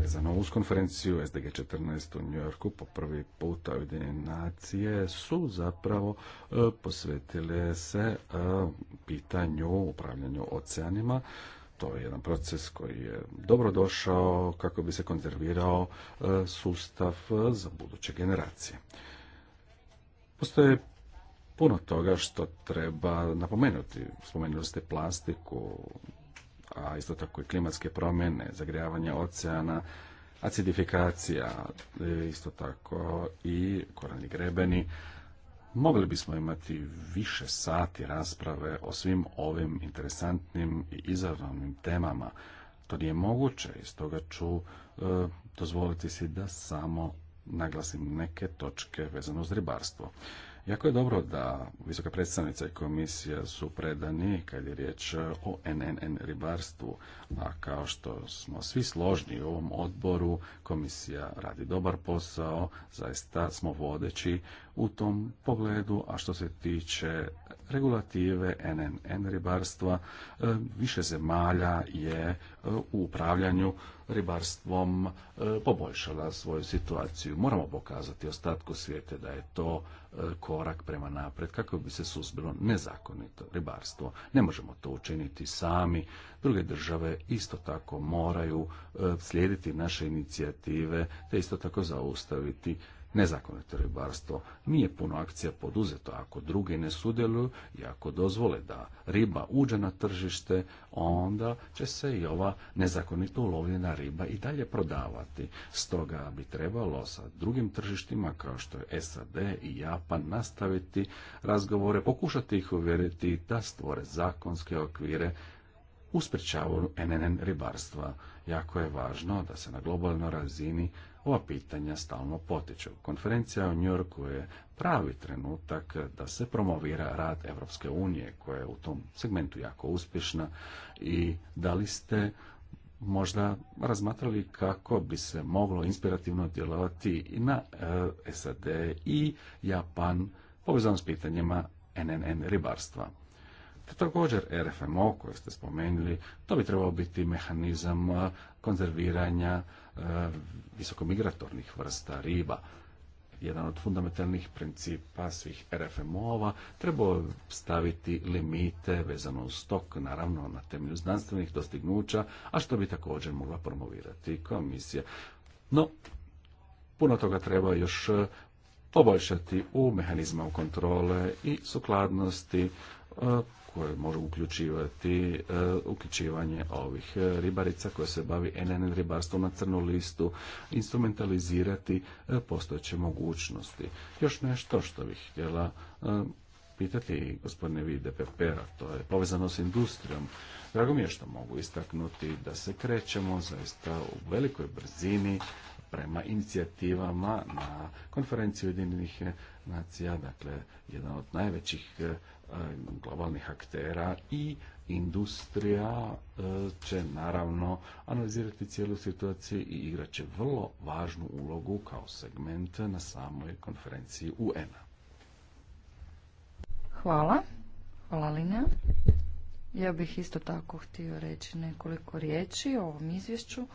vezano uz konferenciju SDG 14 u Njujorku po prvi puta Ujedinjene nacije su zapravo e, posvetile se e, pitanju upravljanju oceanima. To je jedan proces koji je dobro došao kako bi se konzervirao e, sustav za buduće generacije. Postoje puno toga što treba napomenuti. Spomenuli ste plastiku, a isto tako i klimatske promjene, zagrijavanje oceana, acidifikacija, e, isto tako i koralni grebeni. Mogli bismo imati više sati rasprave o svim ovim interesantnim i izazovnim temama. To nije moguće i stoga ću e, dozvoliti si da samo naglasim neke točke vezano uz ribarstvo. Jako je dobro da visoka predstavnica i komisija su predani kad je riječ o NNN ribarstvu, a kao što smo svi složni u ovom odboru, komisija radi dobar posao, zaista smo vodeći u tom pogledu, a što se tiče regulative NNN ribarstva. E, više zemalja je e, u upravljanju ribarstvom e, poboljšala svoju situaciju. Moramo pokazati ostatku svijete da je to korak prema napred kako bi se suzbilo nezakonito ribarstvo. Ne možemo to učiniti sami. Druge države isto tako moraju slijediti naše inicijative te isto tako zaustaviti nezakonito ribarstvo. Nije puno akcija poduzeto. Ako drugi ne sudjeluju i ako dozvole da riba uđe na tržište, onda će se i ova nezakonito ulovljena riba i dalje prodavati. Stoga bi trebalo sa drugim tržištima kao što je SAD i Japan nastaviti razgovore, pokušati ih uvjeriti da stvore zakonske okvire u sprečavanju NNN ribarstva. Jako je važno da se na globalnoj razini ova pitanja stalno potiču. Konferencija u Njorku je pravi trenutak da se promovira rad Europske unije koja je u tom segmentu jako uspješna i da li ste možda razmatrali kako bi se moglo inspirativno djelovati i na e, SAD i Japan povezano s pitanjima NNN ribarstva. Te također RFMO koje ste spomenuli, to bi trebao biti mehanizam konzerviranja Eh, visokomigratornih vrsta riba. Jedan od fundamentalnih principa svih RFMO-ova treba staviti limite vezano uz stok, naravno na temelju znanstvenih dostignuća, a što bi također mogla promovirati komisija. No, puno toga treba još eh, poboljšati u mehanizmu kontrole i sukladnosti E, koje može uključivati e, uključivanje ovih e, ribarica koje se bavi NN ribarstvom na crnu listu, instrumentalizirati postojeće mogućnosti. Još nešto što bih htjela pitati gospodine Vide Pepera, to je povezano s industrijom. Drago mi je što mogu istaknuti da se krećemo zaista u velikoj brzini prema inicijativama na konferenciji Ujedinjenih nacija, dakle, jedna od najvećih E, globalnih aktera i industrija e, će naravno analizirati cijelu situaciju i igrat će vrlo važnu ulogu kao segment na samoj konferenciji UN-a. Hvala. Hvala Ja bih isto tako htio reći nekoliko riječi o ovom izvješću.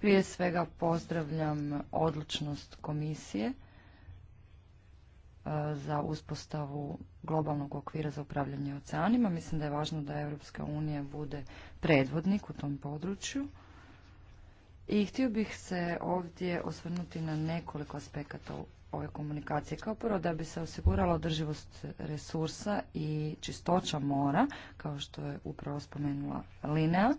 Prije svega pozdravljam odlučnost komisije za uspostavu globalnog okvira za upravljanje oceanima. Mislim da je važno da Europska unija bude predvodnik u tom području. I htio bih se ovdje osvrnuti na nekoliko aspekata ove komunikacije. Kao prvo da bi se osigurala održivost resursa i čistoća mora, kao što je upravo spomenula Linea.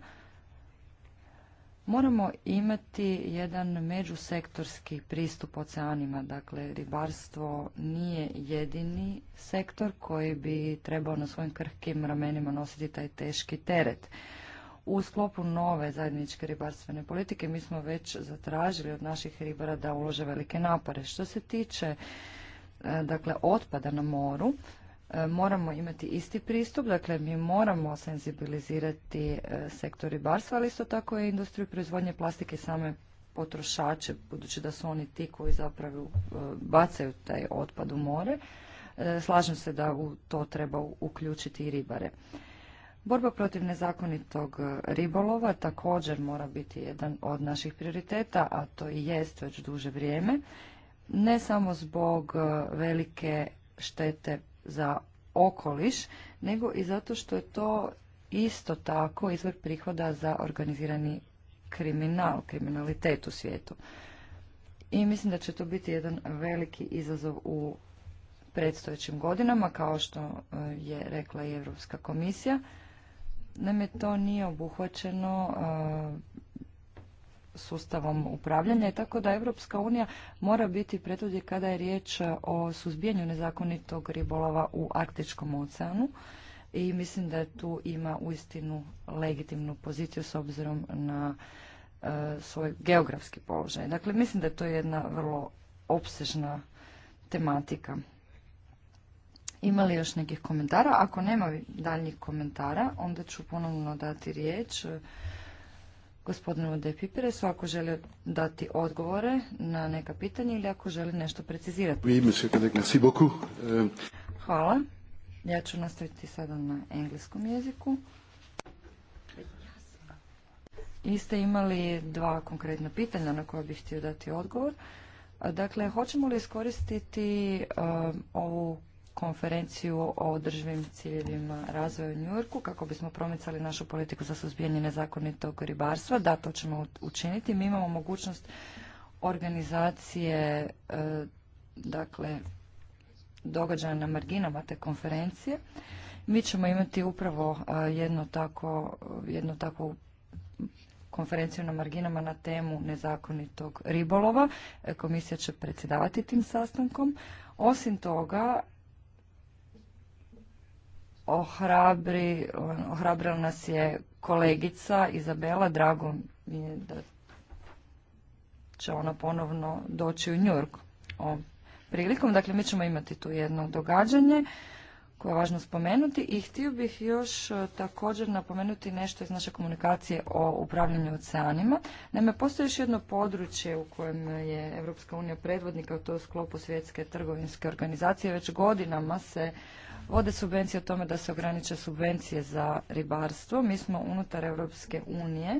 Moramo imati jedan međusektorski pristup oceanima, dakle ribarstvo nije jedini sektor koji bi trebao na svojim krhkim ramenima nositi taj teški teret. U sklopu nove zajedničke ribarstvene politike mi smo već zatražili od naših ribara da ulože velike napore. Što se tiče e, dakle otpada na moru, E, moramo imati isti pristup, dakle mi moramo senzibilizirati e, sektor ribarstva, ali isto tako i industriju proizvodnje plastike same potrošače, budući da su oni ti koji zapravo e, bacaju taj otpad u more. Slažem se da u to treba uključiti i ribare. Borba protiv nezakonitog ribolova također mora biti jedan od naših prioriteta, a to i jest već duže vrijeme, ne samo zbog velike štete za okoliš, nego i zato što je to isto tako izvor prihoda za organizirani kriminal, kriminalitet u svijetu. I mislim da će to biti jedan veliki izazov u predstojećim godinama, kao što eh, je rekla i Europska komisija. Naime, to nije obuhvaćeno eh, sustavom upravljanja i tako da Europska unija mora biti predvodje kada je riječ o suzbijanju nezakonitog ribolova u Arktičkom oceanu i mislim da tu ima uistinu legitimnu poziciju s obzirom na e, svoj geografski položaj. Dakle, mislim da je to jedna vrlo opsežna tematika. Ima li još nekih komentara? Ako nema daljnjih komentara, onda ću ponovno dati riječ gospodinu De Piperesu ako želi dati odgovore na neka pitanja ili ako želi nešto precizirati. Euh, Hvala. Ja ću nastaviti sada na engleskom jeziku. I ste imali dva konkretna pitanja na koja bih htio dati odgovor. Dakle, hoćemo li iskoristiti ovu konferenciju o održivim ciljevima razvoja u Njurku, kako bismo promicali našu politiku za suzbijanje nezakonitog ribarstva. Da, to ćemo učiniti. Mi imamo mogućnost organizacije e, dakle događaja na marginama te konferencije. Mi ćemo imati upravo e, jedno tako, jednu takvu konferenciju na marginama na temu nezakonitog ribolova. E, komisija će predsjedavati tim sastankom. Osim toga, ohrabri, ohrabrila nas je kolegica Izabela, drago mi je da će ona ponovno doći u Njurk ovom prilikom. Dakle, mi ćemo imati tu jedno događanje koje je važno spomenuti i htio bih još e, također napomenuti nešto iz naše komunikacije o upravljanju oceanima. Naime, postoji još jedno područje u kojem je Europska unija predvodnika, to sklopu svjetske trgovinske organizacije. Već godinama se vode subvencije o tome da se ograniče subvencije za ribarstvo. Mi smo unutar Europske unije e,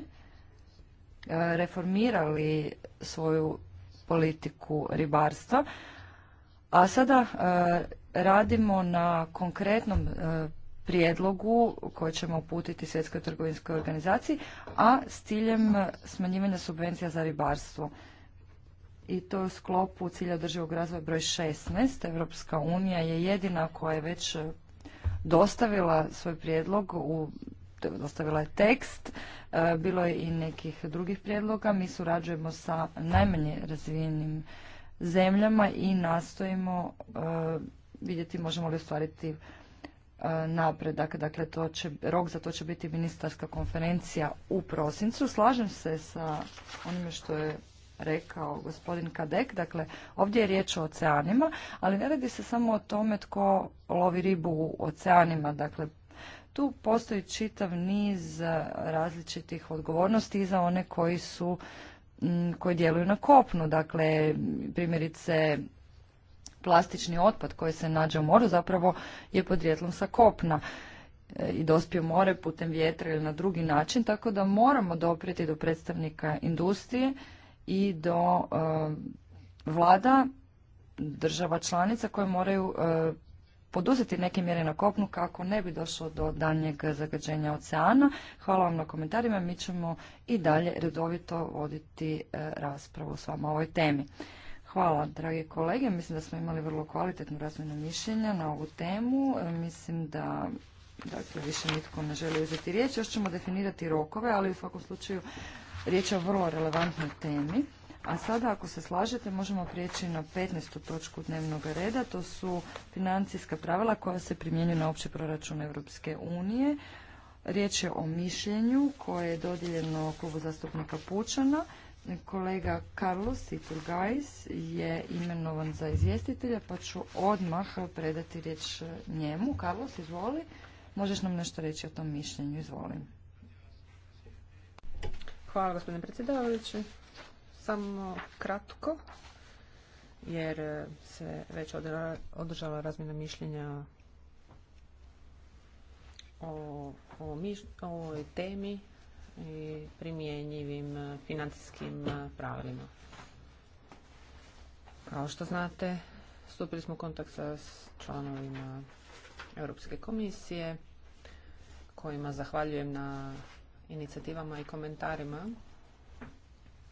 reformirali svoju politiku ribarstva, a sada e, radimo na konkretnom e, prijedlogu koje ćemo uputiti Svjetskoj trgovinskoj organizaciji, a s ciljem smanjivanja subvencija za ribarstvo i to je u sklopu cilja održivog razvoja broj 16. Europska unija je jedina koja je već e, dostavila svoj prijedlog u dostavila je tekst, e, bilo je i nekih drugih prijedloga. Mi surađujemo sa najmanje razvijenim zemljama i nastojimo e, vidjeti možemo li ostvariti napredak. Dakle, to će, rok za to će biti ministarska konferencija u prosincu. Slažem se sa onime što je rekao gospodin Kadek, dakle ovdje je riječ o oceanima, ali ne radi se samo o tome tko lovi ribu u oceanima, dakle tu postoji čitav niz različitih odgovornosti i za one koji su mm, koji djeluju na kopnu, dakle primjerice plastični otpad koji se nađe u moru zapravo je podrijetlom sa kopna e, i dospije more putem vjetra ili na drugi način, tako da moramo doprijeti do predstavnika industrije i do e, vlada država članica koje moraju e, poduzeti neke mjere na kopnu kako ne bi došlo do daljnjeg zagađenja oceana. Hvala vam na komentarima, mi ćemo i dalje redovito voditi e, raspravu s vama o ovoj temi. Hvala, dragi kolege. Mislim da smo imali vrlo kvalitetnu razmjenu mišljenja na ovu temu. Mislim da dakle, više nitko ne želi uzeti riječ. Još ćemo definirati rokove, ali u svakom slučaju Riječ je o vrlo relevantnoj temi. A sada, ako se slažete, možemo prijeći na 15. točku dnevnog reda. To su financijska pravila koja se primjenjuju na opći proračun Europske unije. Riječ je o mišljenju koje je dodijeljeno klubu zastupnika Pučana. Kolega Carlos Iturgais je imenovan za izvjestitelja, pa ću odmah predati riječ njemu. Carlos, izvoli. Možeš nam nešto reći o tom mišljenju, izvolim. Hvala gospodine predsjedavajući. Samo kratko, jer e, se već održala razmjena mišljenja o, o ovoj temi i primjenjivim e, financijskim e, pravilima. Kao što znate, stupili smo u kontakt sa članovima Europske komisije, kojima zahvaljujem na inicijativama i komentarima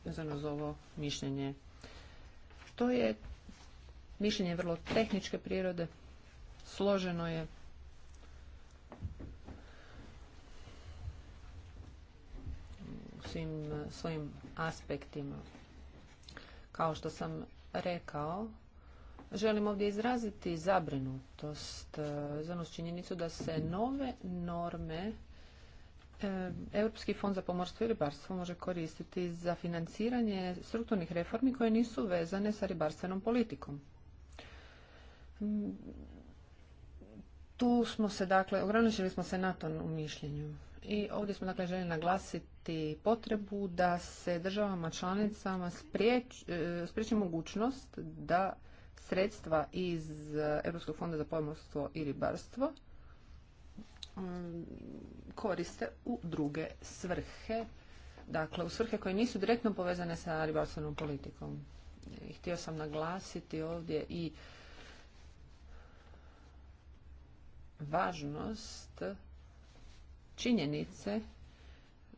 vezano za ovo mišljenje. To je mišljenje vrlo tehničke prirode, složeno je. U svim svojim aspektima. Kao što sam rekao, želim ovdje izraziti zabrinutost eh, za činjenicu da se nove norme E, Europski fond za pomorstvo i ribarstvo može koristiti za financiranje strukturnih reformi koje nisu vezane sa ribarstvenom politikom. Mm, tu smo se, dakle, ograničili smo se na tom u mišljenju. I ovdje smo, dakle, željeli naglasiti potrebu da se državama članicama e, spriječi mogućnost da sredstva iz Europskog fonda za pomorstvo i ribarstvo Mm, koriste u druge svrhe, dakle u svrhe koje nisu direktno povezane sa ribarstvenom politikom. Htio sam naglasiti ovdje i važnost činjenice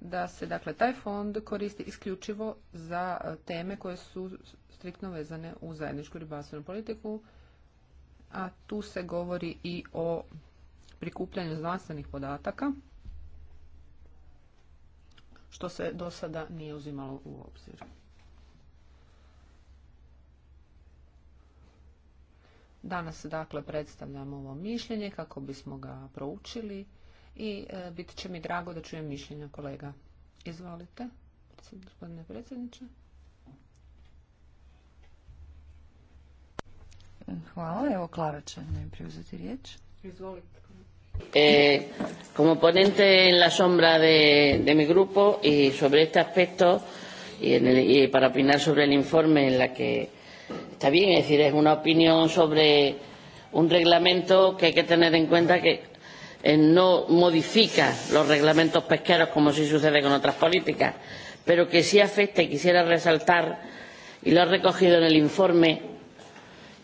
da se dakle taj fond koristi isključivo za teme koje su striktno vezane u zajedničku ribarstvenu politiku, a tu se govori i o prikupljanju znanstvenih podataka, što se do sada nije uzimalo u obzir. Danas dakle predstavljamo ovo mišljenje kako bismo ga proučili i e, bit će mi drago da čujem mišljenja kolega. Izvolite, gospodine predsjedniče. Hvala. Evo Klara će ne preuzeti riječ. Izvolite. Eh, como ponente en la sombra de, de mi grupo y sobre este aspecto y, en el, y para opinar sobre el informe en la que está bien, es decir, es una opinión sobre un reglamento que hay que tener en cuenta que eh, no modifica los reglamentos pesqueros como sí sucede con otras políticas, pero que sí afecta y quisiera resaltar, y lo ha recogido en el informe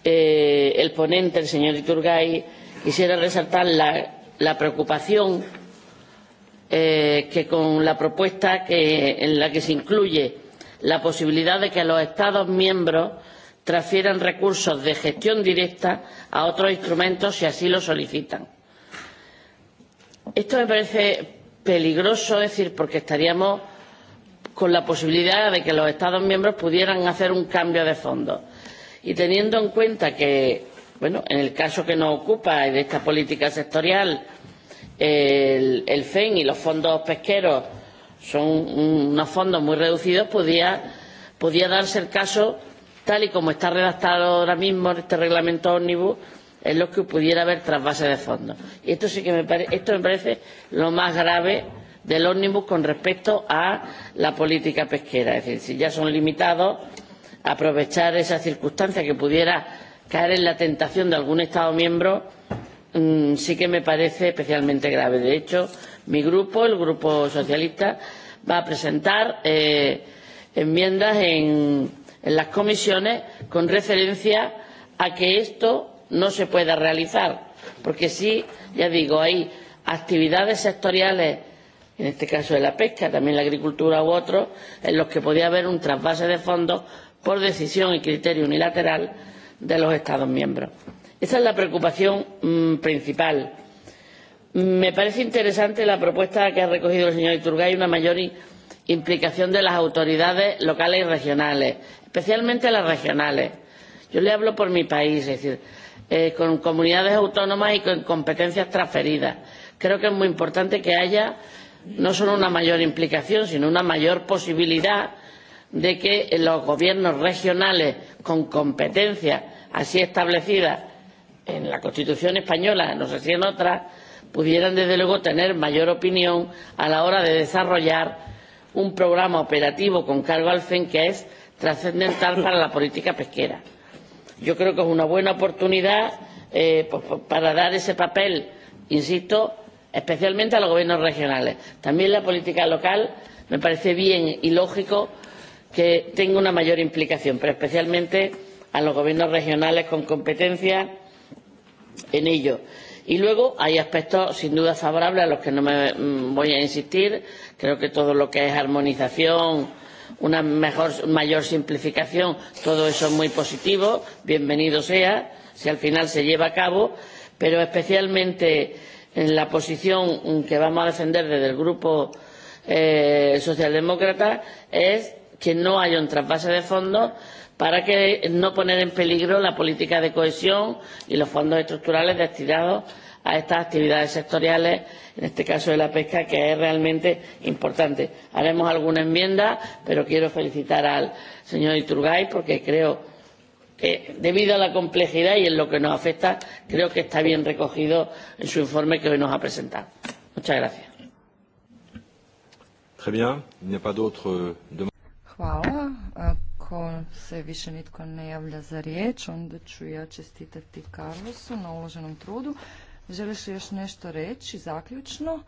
eh, el ponente, el señor Iturgay, quisiera resaltar la la preocupación eh, que con la propuesta en la que se incluye la posibilidad de que los Estados miembros transfieran recursos de gestión directa a otros instrumentos si así lo solicitan. Esto me parece peligroso, es decir, porque estaríamos con la posibilidad de que los Estados miembros pudieran hacer un cambio de fondo. Y teniendo en cuenta que Bueno, en el caso que nos ocupa de esta política sectorial, el, el FEN y los fondos pesqueros son unos fondos muy reducidos, podía, podía darse el caso, tal y como está redactado ahora mismo este reglamento ómnibus, en los que pudiera haber trasvase de fondos. Y esto sí que me, pare, esto me parece lo más grave del ómnibus con respecto a la política pesquera. Es decir, si ya son limitados, aprovechar esa circunstancia que pudiera caer en la tentación de algún Estado miembro mm, sí que me parece especialmente grave. De hecho, mi grupo, el Grupo Socialista, va a presentar eh, enmiendas en, en las comisiones con referencia a que esto no se pueda realizar, porque sí, ya digo, hay actividades sectoriales en este caso de la pesca, también la agricultura u otros, en los que podía haber un trasvase de fondos por decisión y criterio unilateral de los Estados miembros. Esa es la preocupación mmm, principal. Me parece interesante la propuesta que ha recogido el señor Iturgay, una mayor implicación de las autoridades locales y regionales, especialmente las regionales. Yo le hablo por mi país, es decir, eh, con comunidades autónomas y con competencias transferidas. Creo que es muy importante que haya no solo una mayor implicación, sino una mayor posibilidad de que los gobiernos regionales con competencias así establecidas en la Constitución española, no sé si en otras, pudieran desde luego tener mayor opinión a la hora de desarrollar un programa operativo con cargo al que es trascendental para la política pesquera. Yo creo que es una buena oportunidad eh, pues, para dar ese papel, insisto, especialmente a los gobiernos regionales. También la política local me parece bien y lógico que tenga una mayor implicación pero especialmente a los gobiernos regionales con competencia en ello. y luego hay aspectos sin duda favorables a los que no me mm, voy a insistir creo que todo lo que es armonización una mejor, mayor simplificación todo eso es muy positivo bienvenido sea si al final se lleva a cabo pero especialmente en la posición que vamos a defender desde el grupo eh, socialdemócrata es que no haya un trasvase de fondos para que no poner en peligro la política de cohesión y los fondos estructurales destinados a estas actividades sectoriales en este caso de la pesca que es realmente importante. haremos alguna enmienda pero quiero felicitar al señor iturgaiz porque creo que debido a la complejidad y en lo que nos afecta creo que está bien recogido en su informe que hoy nos ha presentado. muchas gracias. Très bien. Hvala. Ako se više nitko ne javlja za riječ, onda ću ja čestitati Carlosu na uloženom trudu. Želiš li još nešto reći zaključno?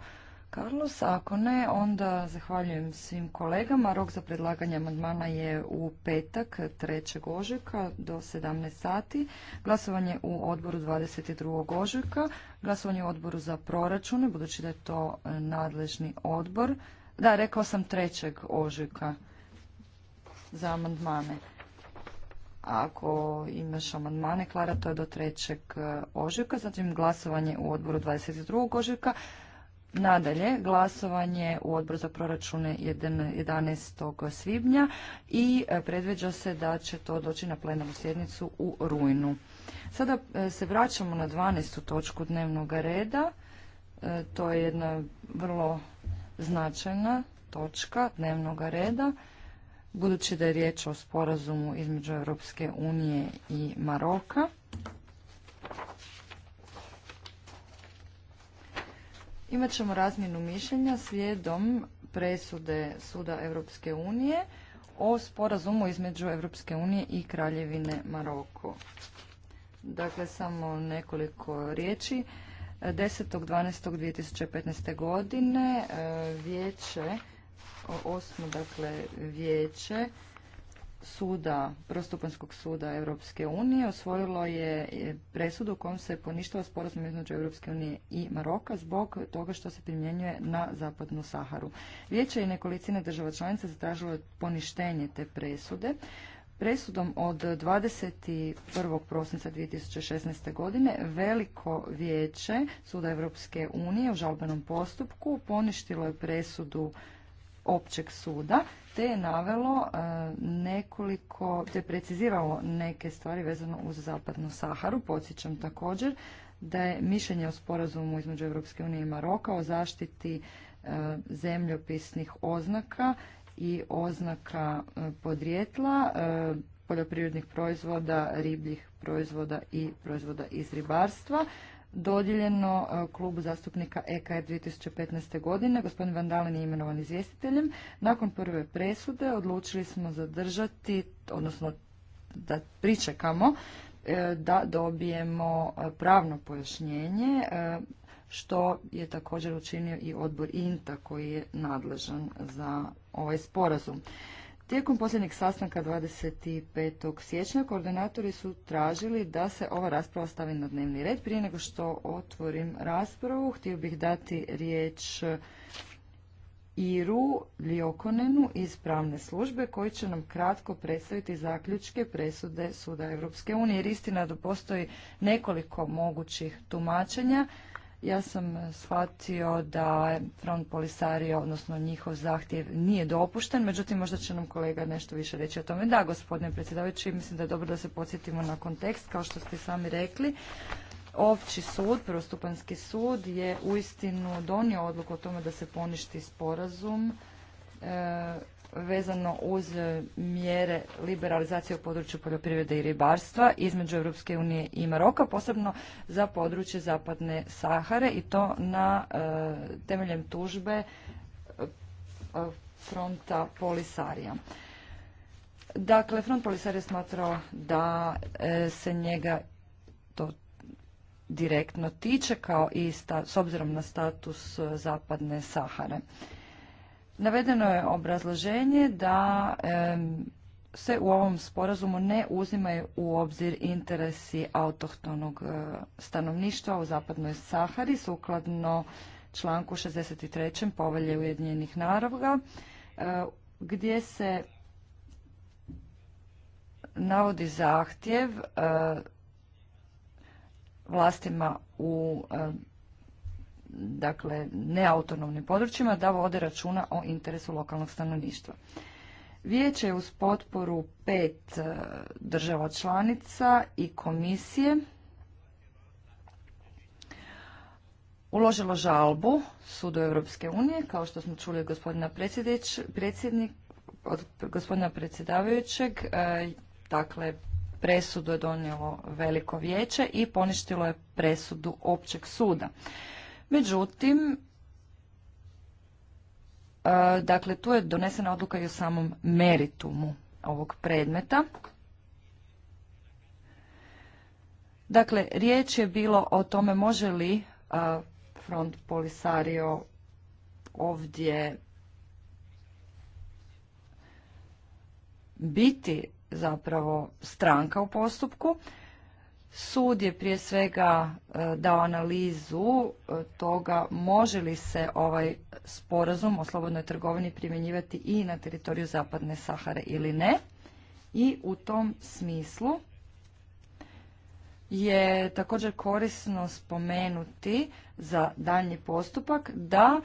Carlos, ako ne, onda zahvaljujem svim kolegama. Rok za predlaganje amandmana je u petak 3. ožujka do 17 sati. Glasovanje u odboru 22. ožujka. Glasovanje u odboru za proračune, budući da je to nadležni odbor. Da, rekao sam 3. ožujka za amandmane. Ako imaš amandmane, Klara, to je do trećeg e, ožujka, zatim glasovanje u odboru 22. ožujka. Nadalje, glasovanje u odboru za proračune 11. svibnja i e, predviđa se da će to doći na plenarnu sjednicu u rujnu. Sada e, se vraćamo na 12. točku dnevnog reda. To je jedna vrlo značajna točka dnevnog reda budući da je riječ o sporazumu između Europske unije i Maroka. Imaćemo razmjenu mišljenja slijedom presude Suda Europske unije o sporazumu između Europske unije i Kraljevine Maroko. Dakle, samo nekoliko riječi. 10.12.2015. godine e, vijeće osmo dakle vijeće suda, prostupanskog suda Europske unije osvojilo je presudu u se poništava sporazum između Europske unije i Maroka zbog toga što se primjenjuje na zapadnu Saharu. Vijeće i nekolicine država članica zatražilo poništenje te presude. Presudom od 21. prosinca 2016. godine Veliko vijeće Suda Europske unije u žalbenom postupku poništilo je presudu općeg suda, te je navelo e, nekoliko, te je preciziralo neke stvari vezano uz Zapadnu Saharu. Podsjećam također da je mišljenje o sporazumu između Europske unije i Maroka o zaštiti e, zemljopisnih oznaka i oznaka e, podrijetla poljoprivrednih proizvoda, ribljih proizvoda i proizvoda iz ribarstva dodijeljeno e, klubu zastupnika EKR 2015. E godine. Gospodin Vandalin je imenovan izvjestiteljem. Nakon prve presude odlučili smo zadržati, odnosno da pričekamo e, da dobijemo pravno pojašnjenje što je također učinio i odbor INTA koji je nadležan za ovaj sporazum. Tijekom posljednjeg sastanka 25. siječnja koordinatori su tražili da se ova rasprava stavi na dnevni red. Prije nego što otvorim raspravu, htio bih dati riječ Iru Ljokonenu iz pravne službe koji će nam kratko predstaviti zaključke presude Suda Europske unije. Jer istina da postoji nekoliko mogućih tumačenja ja sam e, shvatio da front polisario, odnosno njihov zahtjev nije dopušten, međutim možda će nam kolega nešto više reći o tome. Da, gospodine predsjedavajući, mislim da je dobro da se podsjetimo na kontekst, kao što ste sami rekli. Opći sud, prvostupanski sud, je uistinu donio odluku o tome da se poništi sporazum e, vezano uz e, mjere liberalizacije u području poljoprivrede i ribarstva između Europske unije i Maroka, posebno za područje zapadne Sahare i to na e, temeljem tužbe e, fronta Polisarija. Dakle, front Polisarija smatrao da se njega to direktno tiče kao i sta, s obzirom na status zapadne Sahare. Navedeno je obrazloženje da se u ovom sporazumu ne uzimaju u obzir interesi autohtonog e, stanovništva u zapadnoj Sahari sukladno članku 63. povelje Ujedinjenih Naroga, e, gdje se navodi zahtjev e, vlastima u dakle neautonomnim područjima, da vode računa o interesu lokalnog stanovništva. Vijeće je uz potporu pet e, država članica i komisije uložilo žalbu Sudu Europske unije, kao što smo čuli od gospodina predsjednik, od gospodina predsjedavajućeg, e, dakle presudu je donijelo veliko vijeće i poništilo je presudu općeg suda. Međutim, e, dakle, tu je donesena odluka i o samom meritumu ovog predmeta. Dakle, riječ je bilo o tome može li e, front polisario ovdje biti zapravo stranka u postupku. Sud je prije svega e, dao analizu e, toga može li se ovaj sporazum o slobodnoj trgovini primjenjivati i na teritoriju Zapadne Sahare ili ne. I u tom smislu je također korisno spomenuti za daljnji postupak da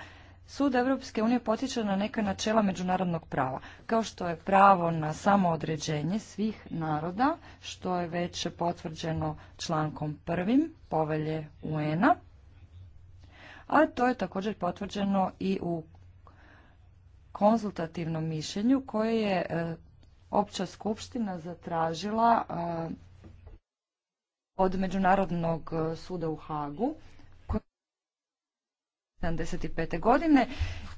Sud Europske unije potiče na neka načela međunarodnog prava, kao što je pravo na samoodređenje svih naroda, što je već potvrđeno člankom prvim povelje UN-a, a to je također potvrđeno i u konzultativnom mišljenju koje je e, Opća skupština zatražila e, od Međunarodnog e, suda u Hagu 1975. godine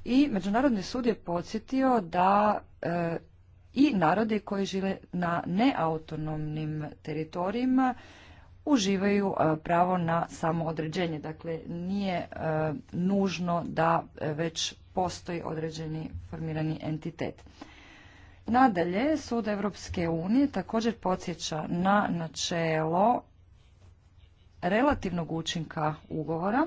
i Međunarodni sud je podsjetio da e, i narodi koji žive na neautonomnim teritorijima uživaju e, pravo na samoodređenje. Dakle, nije e, nužno da već postoji određeni formirani entitet. Nadalje, Sud Evropske unije također podsjeća na načelo relativnog učinka ugovora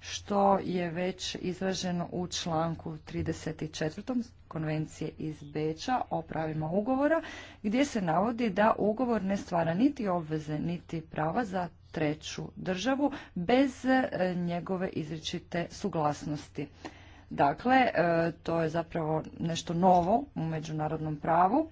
što je već izraženo u članku 34. konvencije iz Beča o pravima ugovora, gdje se navodi da ugovor ne stvara niti obveze, niti prava za treću državu bez e, njegove izričite suglasnosti. Dakle, e, to je zapravo nešto novo u međunarodnom pravu.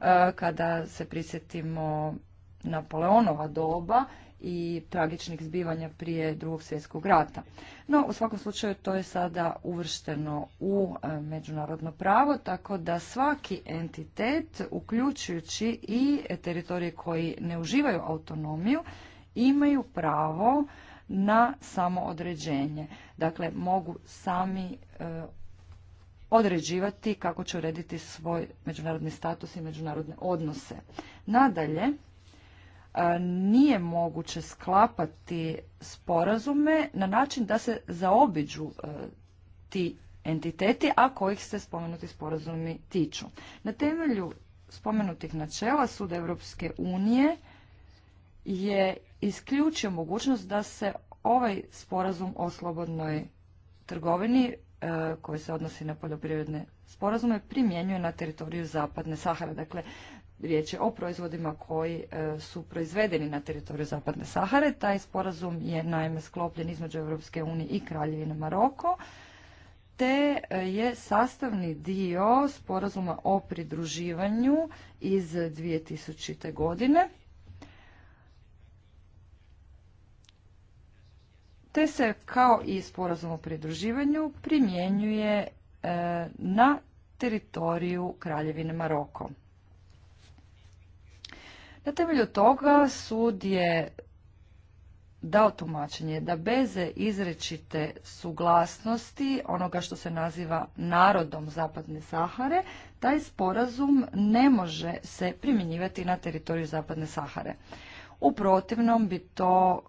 E, kada se prisjetimo Napoleonova doba i tragičnih zbivanja prije drugog svjetskog rata. No, u svakom slučaju to je sada uvršteno u e, međunarodno pravo, tako da svaki entitet, uključujući i teritorije koji ne uživaju autonomiju, imaju pravo na samoodređenje. Dakle, mogu sami e, određivati kako će urediti svoj međunarodni status i međunarodne odnose. Nadalje, nije moguće sklapati sporazume na način da se zaobiđu e, ti entiteti, a kojih se spomenuti sporazumi tiču. Na temelju spomenutih načela Sud Europske unije je isključio mogućnost da se ovaj sporazum o slobodnoj trgovini e, koji se odnosi na poljoprivredne sporazume primjenjuje na teritoriju Zapadne Sahara. Dakle, riječ je o proizvodima koji e, su proizvedeni na teritoriju Zapadne Sahare. Taj sporazum je naime sklopljen između Europske unije i Kraljevine Maroko, te e, je sastavni dio sporazuma o pridruživanju iz 2000. godine. Te se kao i sporazum o pridruživanju primjenjuje e, na teritoriju Kraljevine Maroko. Na temelju toga sud je dao tumačenje da bez izrečite suglasnosti onoga što se naziva narodom Zapadne Sahare, taj sporazum ne može se primjenjivati na teritoriju Zapadne Sahare. U protivnom bi to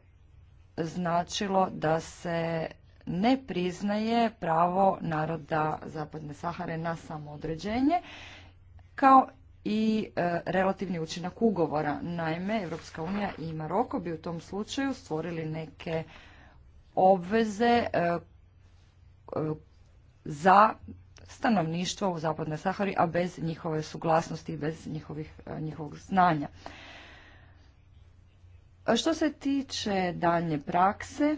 značilo da se ne priznaje pravo naroda Zapadne Sahare na samoodređenje, kao i e, relativni učinak ugovora. Naime, Evropska unija i Maroko bi u tom slučaju stvorili neke obveze e, e, za stanovništvo u Zapadnoj Sahari, a bez njihove suglasnosti i bez njihovih, njihovog znanja. Što se tiče daljnje prakse,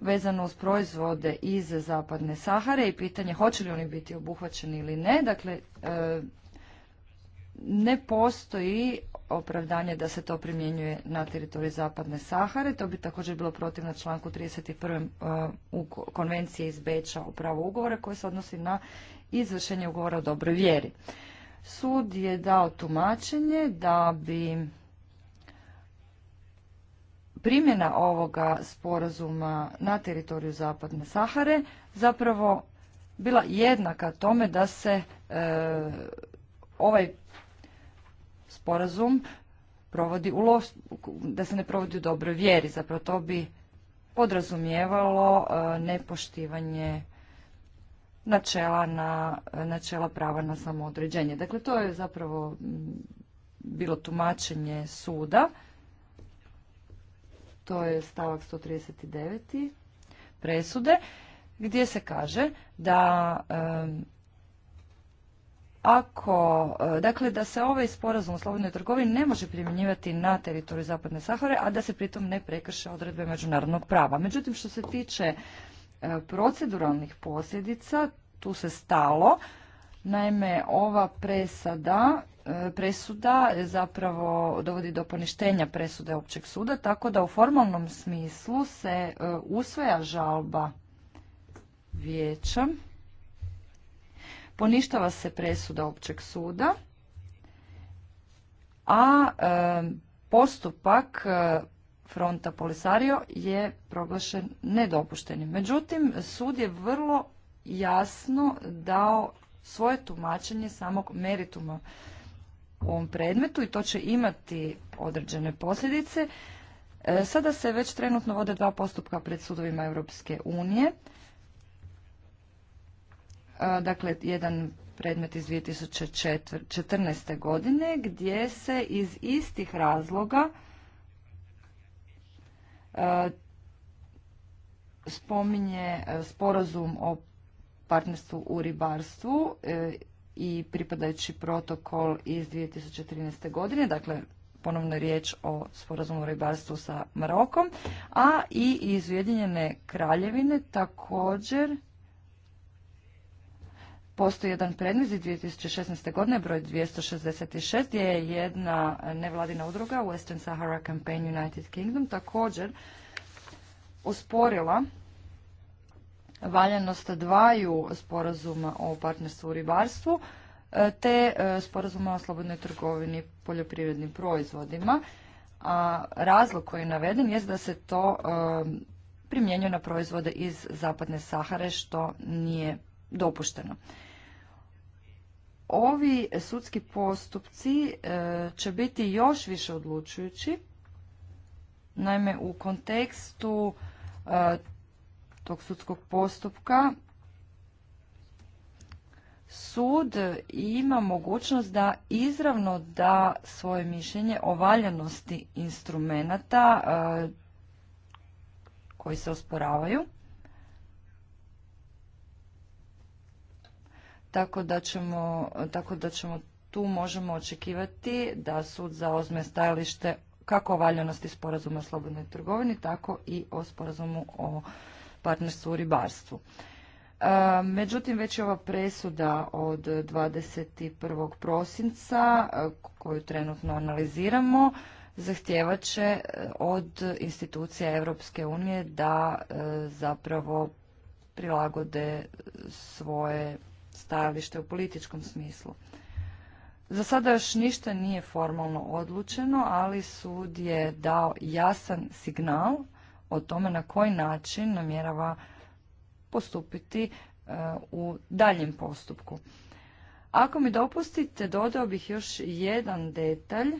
vezano uz proizvode iz Zapadne Sahare i pitanje hoće li oni biti obuhvaćeni ili ne. Dakle, ne postoji opravdanje da se to primjenjuje na teritoriju Zapadne Sahare. To bi također bilo protivno članku 31. E, konvencije iz Beča o pravu ugovora koji se odnosi na izvršenje ugovora o dobroj vjeri. Sud je dao tumačenje da bi primjena ovoga sporazuma na teritoriju Zapadne Sahare zapravo bila jednaka tome da se e, ovaj sporazum provodi u da se ne provodi u dobroj vjeri. Zapravo to bi podrazumijevalo e, nepoštivanje načela, na, načela prava na samoodređenje. Dakle, to je zapravo bilo tumačenje suda. To je stavak 139. presude, gdje se kaže da ako, e, dakle da se ovaj sporazum o slobodnoj trgovini ne može primjenjivati na teritoriju Zapadne Sahare, a da se pritom ne prekrše odredbe međunarodnog prava. Međutim, što se tiče e, proceduralnih posljedica, tu se stalo. Naime, ova presada, e, presuda zapravo dovodi do poništenja presude općeg suda, tako da u formalnom smislu se usvaja žalba vijeća poništava se presuda općeg suda, a e, postupak e, fronta Polisario je proglašen nedopuštenim. Međutim, sud je vrlo jasno dao svoje tumačenje samog merituma u ovom predmetu i to će imati određene posljedice. E, sada se već trenutno vode dva postupka pred sudovima Europske unije dakle jedan predmet iz 2014. godine gdje se iz istih razloga spominje sporazum o partnerstvu u ribarstvu e, i pripadajući protokol iz 2013. godine, dakle ponovno je riječ o sporazumu o ribarstvu sa Marokom, a i iz Ujedinjene kraljevine također Postoji jedan predmet iz 2016. godine, broj 266, gdje je jedna nevladina udruga Western Sahara Campaign United Kingdom također usporila valjanost dvaju sporazuma o partnerstvu u ribarstvu e, te e, sporazuma o slobodnoj trgovini poljoprivrednim proizvodima. A razlog koji je naveden je da se to e, primjenjuje na proizvode iz zapadne Sahare što nije dopušteno ovi sudski postupci e, će biti još više odlučujući. Naime, u kontekstu e, tog sudskog postupka sud ima mogućnost da izravno da svoje mišljenje o valjanosti instrumenata e, koji se osporavaju. tako da ćemo, tako da ćemo tu možemo očekivati da sud zaozme stajalište kako o valjanosti sporazuma o slobodnoj trgovini, tako i o sporazumu o partnerstvu u ribarstvu. E, međutim, već je ova presuda od 21. prosinca, e, koju trenutno analiziramo, zahtijevat e, od institucija Europske unije da zapravo prilagode svoje stajalište u političkom smislu. Za sada još ništa nije formalno odlučeno, ali sud je dao jasan signal o tome na koji način namjerava postupiti e, u daljem postupku. Ako mi dopustite, dodao bih još jedan detalj,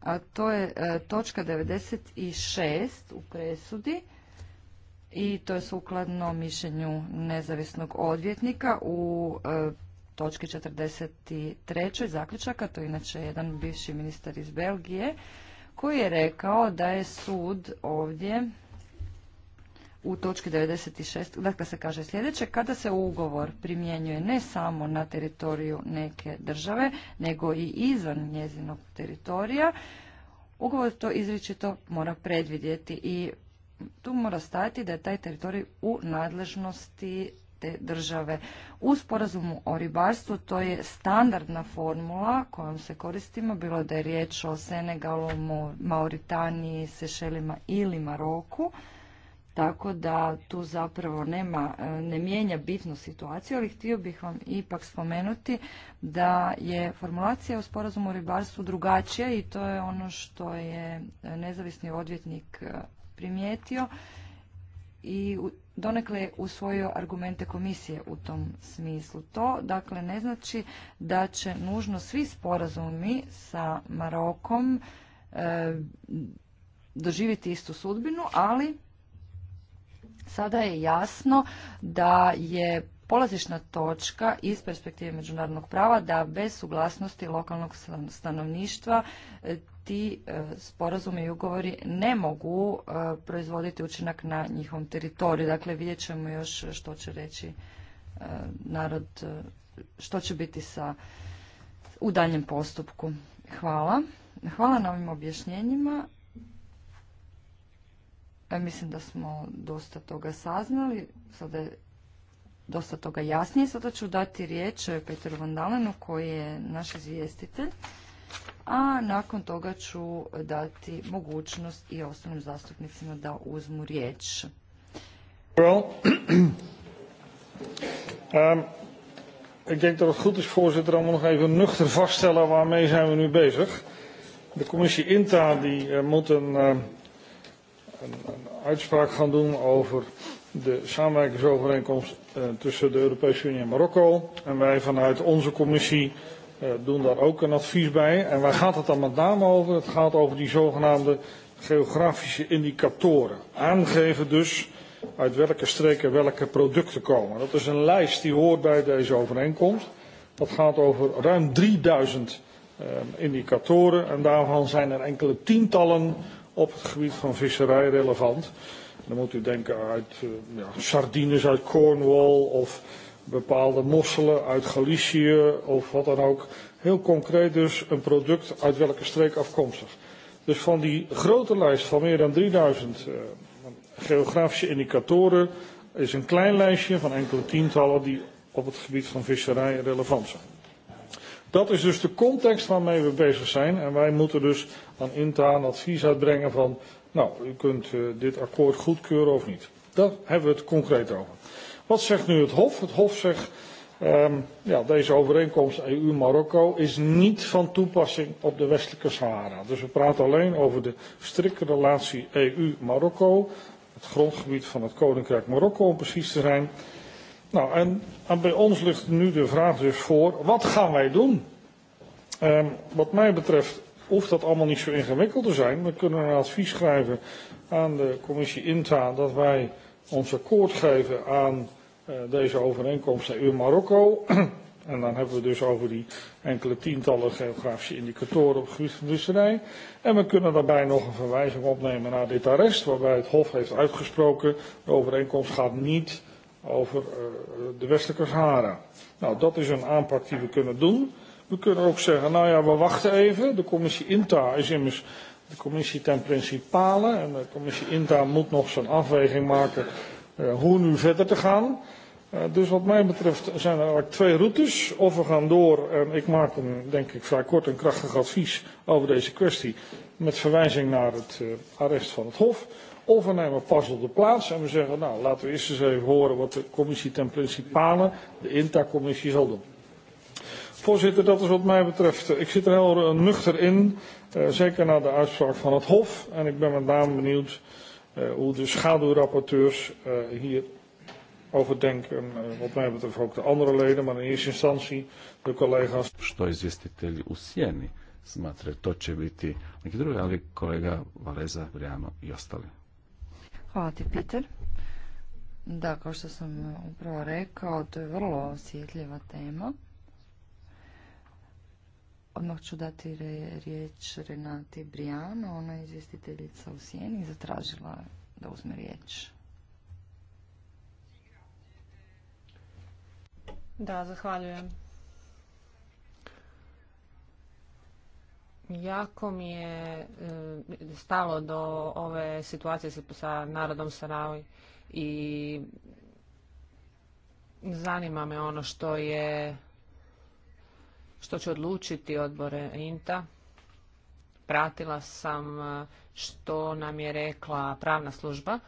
a to je e, točka 96 u presudi i to je sukladno mišljenju nezavisnog odvjetnika u e, točki 43. zaključaka, to je inače jedan bivši ministar iz Belgije, koji je rekao da je sud ovdje u točki 96. Dakle, se kaže sljedeće, kada se ugovor primjenjuje ne samo na teritoriju neke države, nego i izvan njezinog teritorija, ugovor to izričito mora predvidjeti i tu mora stajati da je taj teritorij u nadležnosti te države. U sporazumu o ribarstvu to je standardna formula kojom se koristimo, bilo da je riječ o Senegalu, Mauritaniji, Sešelima ili Maroku. Tako da tu zapravo nema, e, ne mijenja bitnu situaciju, ali htio bih vam ipak spomenuti da je formulacija u sporazumu o ribarstvu drugačija i to je ono što je nezavisni odvjetnik e, primijetio i donekle je usvojio argumente komisije u tom smislu. To dakle ne znači da će nužno svi sporazumi sa Marokom e, doživjeti istu sudbinu, ali sada je jasno da je polazišna točka iz perspektive međunarodnog prava da bez suglasnosti lokalnog stanovništva e, ti e, sporazumi i ugovori ne mogu e, proizvoditi učinak na njihovom teritoriju. Dakle, vidjet ćemo još što će reći e, narod, što će biti sa u daljem postupku. Hvala. Hvala na ovim objašnjenjima. Mislim da smo dosta toga saznali. Sada je dosta toga jasnije. Sada ću dati riječ Petru Vandalenu koji je naš izvjestitelj a nakon toga ću dati mogućnost i osnovnim zastupnicima da uzmu riječ. [CLEARS THROAT] Ehm, ik denk dat het goed is, voorzitter, om nog even nuchter vast te stellen waarmee zijn we nu bezig. De commissie INTA die, uh, moet een, uh, een, een uitspraak gaan doen over de samenwerkingsovereenkomst uh, tussen de Europese Unie en Marokko. En wij vanuit onze commissie Eh, doen daar ook een advies bij. En waar gaat het dan met name over? Het gaat over die zogenaamde geografische indicatoren. Aangeven dus uit welke streken welke producten komen. Dat is een lijst die hoort bij deze overeenkomst. Dat gaat over ruim 3000 eh, indicatoren en daarvan zijn er enkele tientallen op het gebied van visserij relevant. Dan moet u denken uit eh, ja, sardines uit Cornwall of bepaalde mosselen uit Galicië of wat dan ook. Heel concreet dus een product uit welke streek afkomstig. Dus van die grote lijst van meer dan 3000 uh, eh, geografische indicatoren is een klein lijstje van enkele tientallen die op het gebied van visserij relevant zijn. Dat is dus de context waarmee we bezig zijn en wij moeten dus aan INTA een advies uitbrengen van nou, u kunt uh, dit akkoord goedkeuren of niet. Daar hebben we het concreet over. Wat zegt nu het Hof? Het Hof zegt, um, ja, deze overeenkomst EU-Marokko is niet van toepassing op de westelijke Sahara. Dus we praten alleen over de strikte relatie EU-Marokko, het grondgebied van het Koninkrijk Marokko om precies te zijn. Nou, en, en bij ons ligt nu de vraag dus voor, wat gaan wij doen? Um, wat mij betreft hoeft dat allemaal niet zo ingewikkeld te zijn. We kunnen een advies schrijven aan de commissie INTA dat wij ons akkoord geven aan Eh, deze overeenkomst EU-Marokko. [CLEARS THROAT] En dan hebben we dus over die enkele tientallen geografische indicatoren op het gebied van visserij. En we kunnen daarbij nog een verwijzing opnemen naar dit arrest, waarbij het Hof heeft uitgesproken, de overeenkomst gaat niet over eh, de westelijke Sahara. Nou, dat is een aanpak die we kunnen doen. We kunnen ook zeggen, nou ja, we wachten even. De commissie INTA is immers de commissie ten principale. En de commissie INTA moet nog zijn afweging maken Eh, hoe nu verder te gaan. Eh, dus wat mij betreft zijn er eigenlijk twee routes. Of we gaan door, en ik maak een, denk ik, vrij kort en krachtig advies over deze kwestie. Met verwijzing naar het eh, arrest van het Hof. Of we nemen pas op de plaats en we zeggen, nou laten we eerst eens even horen wat de commissie ten principale, de intercommissie, zal doen. Voorzitter, dat is wat mij betreft. Ik zit er heel nuchter in, zeker na de uitspraak van het Hof. En ik ben met name benieuwd Eh, hoe de schaduwrapporteurs eh, hier over denken, eh, wat mij betreft ook de andere leden, maar in eerste instantie de collega's. Što izvjestitelji u sjeni smatre, to će biti neki drugi, ali kolega Valeza, Brijano i ostali. Hvala ti, Peter. Da, kao što sam upravo rekao, to je vrlo osjetljiva tema. Odmah ću dati riječ Renati Briano, ona je izvjestiteljica u Sijeni i zatražila da uzme riječ. Da, zahvaljujem. Jako mi je e, stalo do ove situacije sa narodom Saravi i zanima me ono što je što će odlučiti odbore INTA. Pratila sam e, što nam je rekla pravna služba.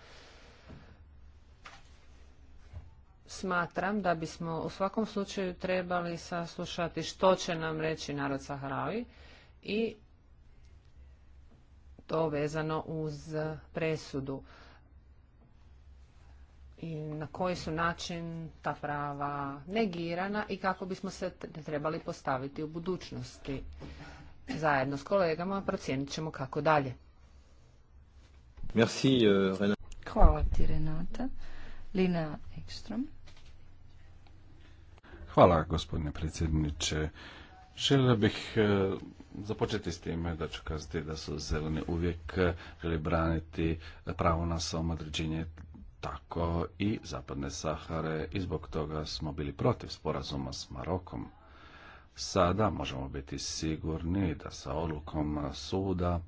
Smatram da bismo u svakom slučaju trebali saslušati što će nam reći narod Saharavi i to vezano uz presudu i na koji su način ta prava negirana i kako bismo se trebali postaviti u budućnosti. Zajedno s kolegama procijenit ćemo kako dalje. Merci, euh, Hvala ti, Renata. Lina Ekstrom. Hvala, gospodine predsjedniče. Želio bih e, započeti s time da ću kazati da su zeleni uvijek e, želi braniti pravo na samodređenje tako i Zapadne Sahare i zbog toga smo bili protiv sporazuma s Marokom. Sada možemo biti sigurni da sa odlukom suda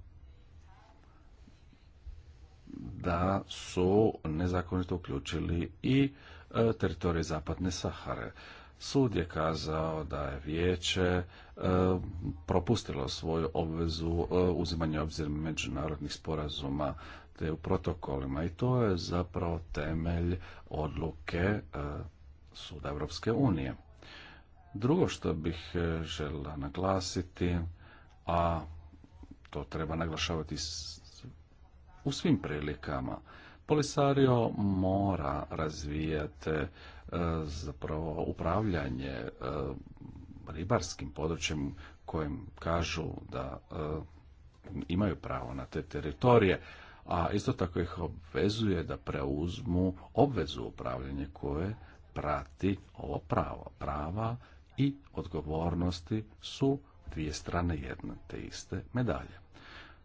da su nezakonito uključili i e, teritorije Zapadne Sahare. Sud je kazao da je vijeće e, propustilo svoju obvezu e, uzimanja obzir međunarodnih sporazuma te u protokolima i to je zapravo temelj odluke e, Suda Europske unije. Drugo što bih e, žela naglasiti, a to treba naglašavati u svim prilikama, Polisario mora razvijati e, zapravo upravljanje ribarskim područjem kojem kažu da imaju pravo na te teritorije, a isto tako ih obvezuje da preuzmu obvezu upravljanja koje prati ovo pravo. Prava i odgovornosti su dvije strane jedne te iste medalje.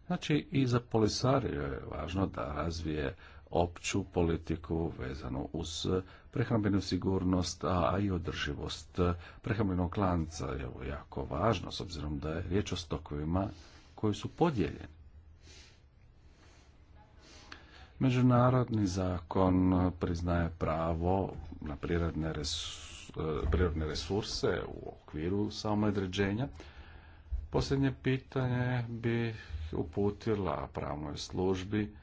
Znači i za polisariju je važno da razvije opću politiku vezanu uz prehrambenu sigurnost, a i održivost prehrambenog lanca je jako važno, s obzirom da je riječ o stokovima koji su podijeljeni. Međunarodni zakon priznaje pravo na prirodne, eh, prirodne resurse u okviru samoodređenja. Posljednje pitanje bi uputila pravnoj službi.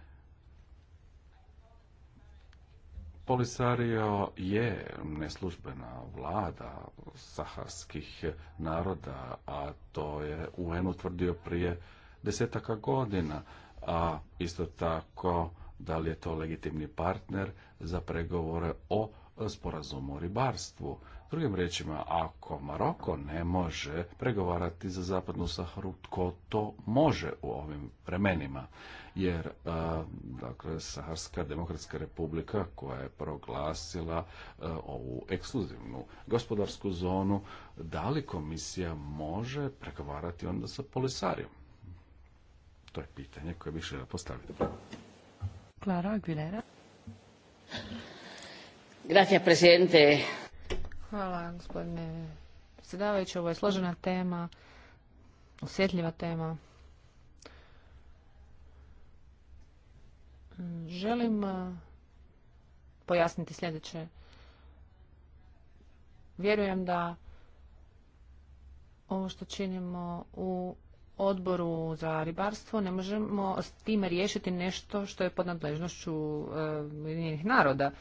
Polisario je neslužbena vlada saharskih naroda, a to je UN utvrdio prije desetaka godina, a isto tako da li je to legitimni partner za pregovore o sporazumu o ribarstvu. Drugim riječima, ako Maroko ne može pregovarati za zapadnu Saharu, tko to može u ovim vremenima? Jer, e, dakle, Saharska demokratska republika koja je proglasila e, ovu ekskluzivnu gospodarsku zonu, da li komisija može pregovarati onda sa Polisarijom? To je pitanje koje bih želio postaviti. Aguilera. Gracias, presidente. Hvala, gospodine predsjedavajući. Ovo je složena tema, osjetljiva tema. Želim uh, pojasniti sljedeće. Vjerujem da ovo što činimo u odboru za ribarstvo ne možemo s time riješiti nešto što je pod nadležnošću e, Ujedinjenih naroda.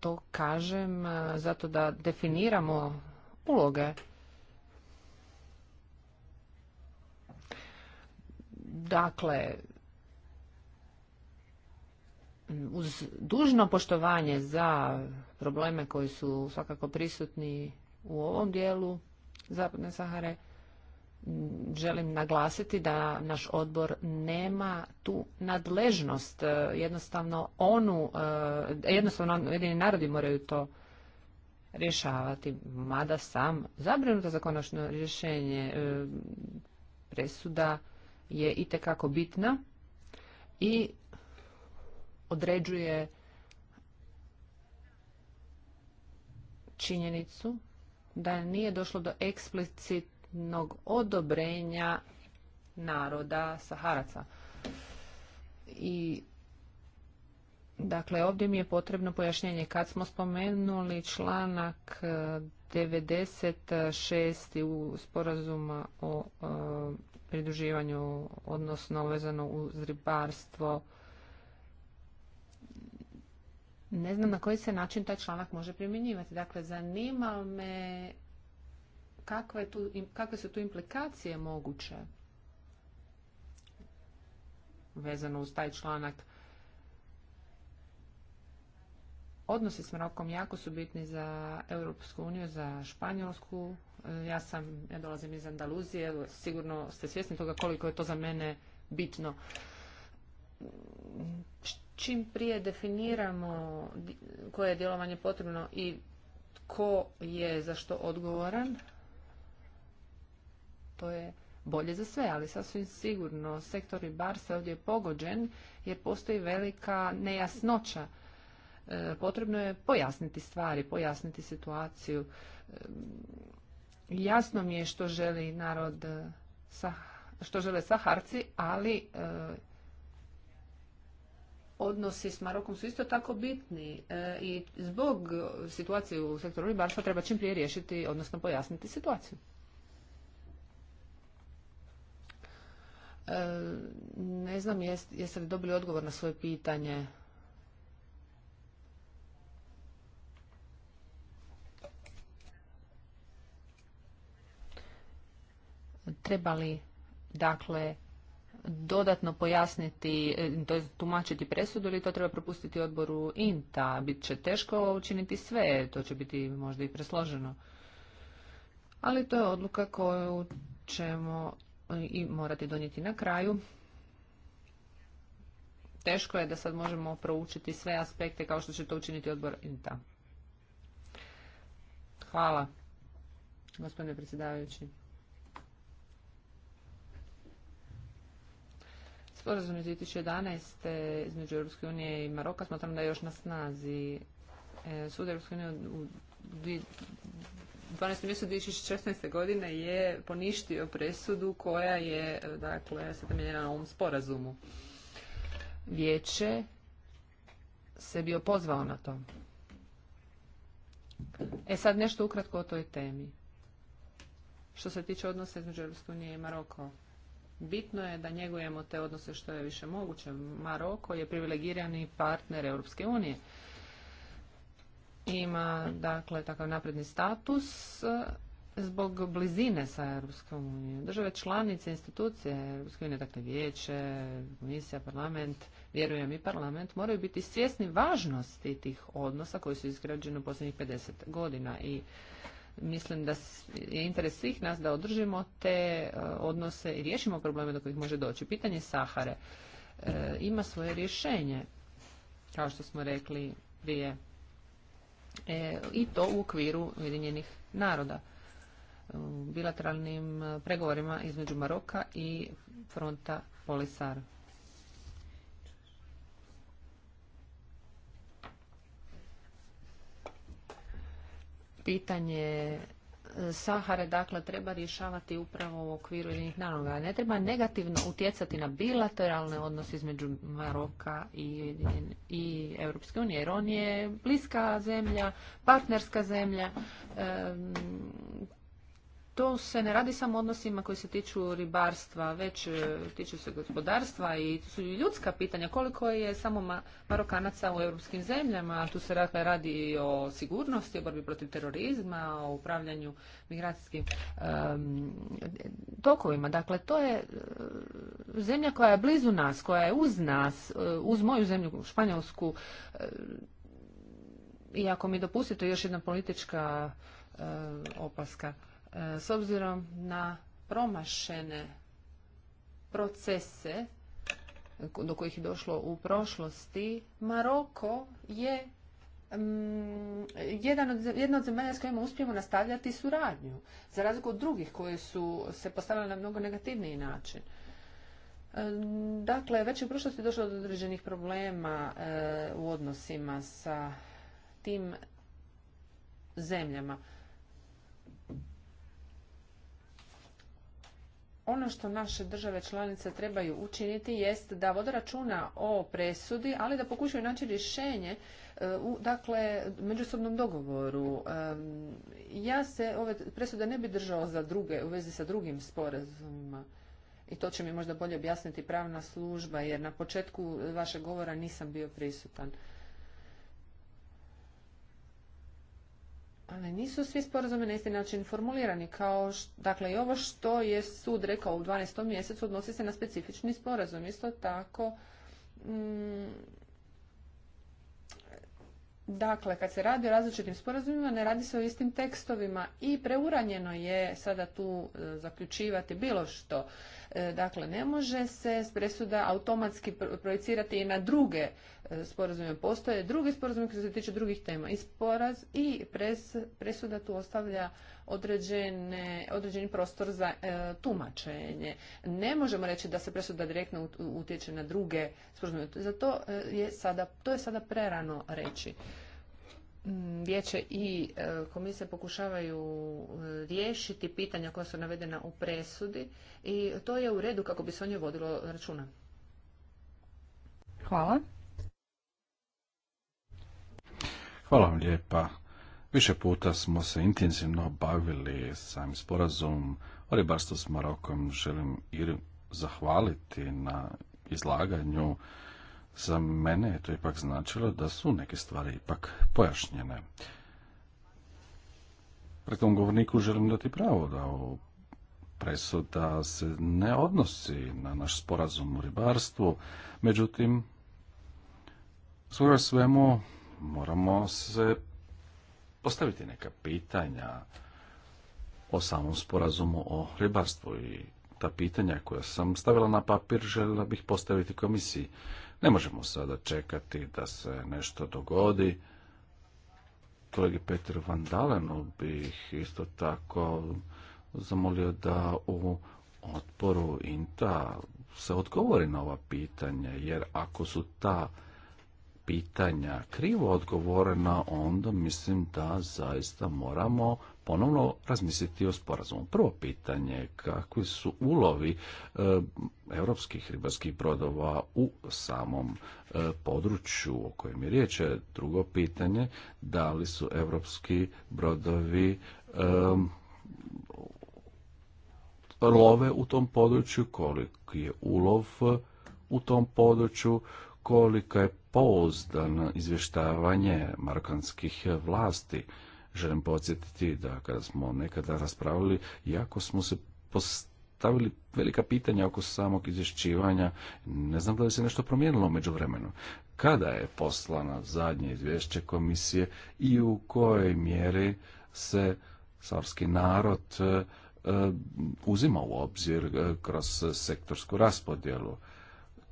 To kažem e, zato da definiramo uloge. Dakle, uz dužno poštovanje za probleme koji su svakako prisutni u ovom dijelu Zapadne Sahare, želim naglasiti da naš odbor nema tu nadležnost. E, jednostavno onu, e, jednostavno jedini narodi moraju to rješavati, mada sam zabrinuta za konačno rješenje e, presuda je itekako bitna i određuje činjenicu da nije došlo do eksplicit odobrenja naroda Saharaca. I Dakle, ovdje mi je potrebno pojašnjenje. Kad smo spomenuli članak 96. E, u sporazuma o e, pridruživanju, odnosno vezano uz ribarstvo, ne znam na koji se način taj članak može primjenjivati. Dakle, zanima me kakve, tu, kakve su tu implikacije moguće vezano uz taj članak. Odnosi s Marokom jako su bitni za Europsku uniju, za Španjolsku. E, ja sam, ja dolazim iz Andaluzije, sigurno ste svjesni toga koliko je to za mene bitno. Čim prije definiramo koje je djelovanje potrebno i tko je za što odgovoran, to je bolje za sve, ali sasvim sigurno sektor ribarstva ovdje je pogođen jer postoji velika nejasnoća. E, potrebno je pojasniti stvari, pojasniti situaciju. E, jasno mi je što želi narod e, sa, što žele Saharci, ali odnosi s Marokom su isto tako bitni i zbog situacije u sektoru ribarstva treba čim prije riješiti, odnosno pojasniti situaciju. Ne znam jeste li dobili odgovor na svoje pitanje. Treba li, dakle, dodatno pojasniti, to tumačiti presudu ili to treba propustiti odboru INTA? Bit će teško učiniti sve, to će biti možda i presloženo. Ali to je odluka koju ćemo i morati donijeti na kraju. Teško je da sad možemo proučiti sve aspekte kao što će to učiniti odbor INTA. Hvala, gospodine predsjedavajući. Sporazum iz 2011. između Europske unije i Maroka smatram da je još na snazi. E, sud Europske unije 12. mjesecu 2016. godine je poništio presudu koja je dakle se temeljena na ovom sporazumu. Vijeće se bio pozvao na to. E sad nešto ukratko o toj temi. Što se tiče odnosa između Europske unije i Maroko. Bitno je da njegujemo te odnose što je više moguće. Maroko je privilegirani partner Europske unije ima dakle takav napredni status e, zbog blizine sa Europskom unijom. Države članice, institucije Europske unije, dakle vijeće, komisija, parlament, vjerujem i parlament, moraju biti svjesni važnosti tih odnosa koji su izgrađeni u posljednjih 50 godina i mislim da je interes svih nas da održimo te e, odnose i riješimo probleme do kojih može doći. Pitanje Sahare e, ima svoje rješenje, kao što smo rekli prije e, i to u okviru Ujedinjenih naroda bilateralnim e, pregovorima između Maroka i fronta Polisar. Pitanje Sahare dakle treba rješavati upravo u okviru jednih Ne treba negativno utjecati na bilateralne odnose između Maroka i, i Europske unije jer on je bliska zemlja, partnerska zemlja, to se ne radi samo odnosima koji se tiču ribarstva, već e, tiču se gospodarstva i tu su ljudska pitanja. Koliko je samo Marokanaca u europskim zemljama, tu se radi o sigurnosti, o borbi protiv terorizma, o upravljanju migracijskim tokovima. Dakle, to je e, zemlja koja je blizu nas, koja je uz nas, e, uz moju zemlju, Španjolsku. I ako mi dopustite još jedna politička opaska E, s obzirom na promašene procese do kojih je došlo u prošlosti, Maroko je mm, jedna od zemalja s kojima uspijemo nastavljati suradnju, za razliku od drugih koje su se postavile na mnogo negativniji način. E, dakle, već u prošlosti je došlo do određenih problema e, u odnosima sa tim zemljama. ono što naše države članice trebaju učiniti jest da vode računa o presudi, ali da pokušaju naći rješenje e, u dakle, međusobnom dogovoru. E, ja se ove presude ne bi držao za druge u vezi sa drugim sporazumima. I to će mi možda bolje objasniti pravna služba, jer na početku vašeg govora nisam bio prisutan. ali nisu svi sporazumi na isti način formulirani. Kao dakle, i ovo što je sud rekao u 12. mjesecu odnosi se na specifični sporazum. Isto tako, mm, dakle, kad se radi o različitim sporazumima, ne radi se o istim tekstovima i preuranjeno je sada tu e, zaključivati bilo što. E, dakle, ne može se s presuda automatski projecirati i na druge E, sporazumima postoje, drugi sporazum koji se tiče drugih tema i sporaz i presuda tu ostavlja određene, određeni prostor za e, tumačenje. Ne možemo reći da se presuda direktno utječe na druge sporazume. Za to e, je sada, to je sada prerano reći. Mm, vijeće i komisije pokušavaju riješiti pitanja koja su navedena u presudi i to je u redu kako bi se o njoj vodilo računa. Hvala. Hvala vam lijepa. Više puta smo se intenzivno bavili samim sporazum o ribarstvu s Marokom. Želim i zahvaliti na izlaganju. Za mene je to ipak značilo da su neke stvari ipak pojašnjene. Pretom govorniku želim dati pravo da u presuda se ne odnosi na naš sporazum o ribarstvu, međutim, svoje svemu moramo se postaviti neka pitanja o samom sporazumu o ribarstvu i ta pitanja koja sam stavila na papir željela bih postaviti komisiji. Ne možemo sada čekati da se nešto dogodi. Kolegi Petru Van Dalenu bih isto tako zamolio da u otporu INTA se odgovori na ova pitanja, jer ako su ta pitanja krivo odgovorena, onda mislim da zaista moramo ponovno razmisliti o sporazumu. Prvo pitanje, kakvi su ulovi e, europskih ribarskih brodova u samom e, području o kojem je riječ? Drugo pitanje, da li su europski brodovi e, love u tom području, koliki je ulov u tom području, kolika je pouzdan izvještavanje marokanskih vlasti. Želim podsjetiti da kada smo nekada raspravili, jako smo se postavili velika pitanja oko samog izvješćivanja, ne znam da li se nešto promijenilo među vremenu. Kada je poslana zadnje izvješće komisije i u kojoj mjeri se savski narod e, e, uzima u obzir e, kroz sektorsku raspodjelu?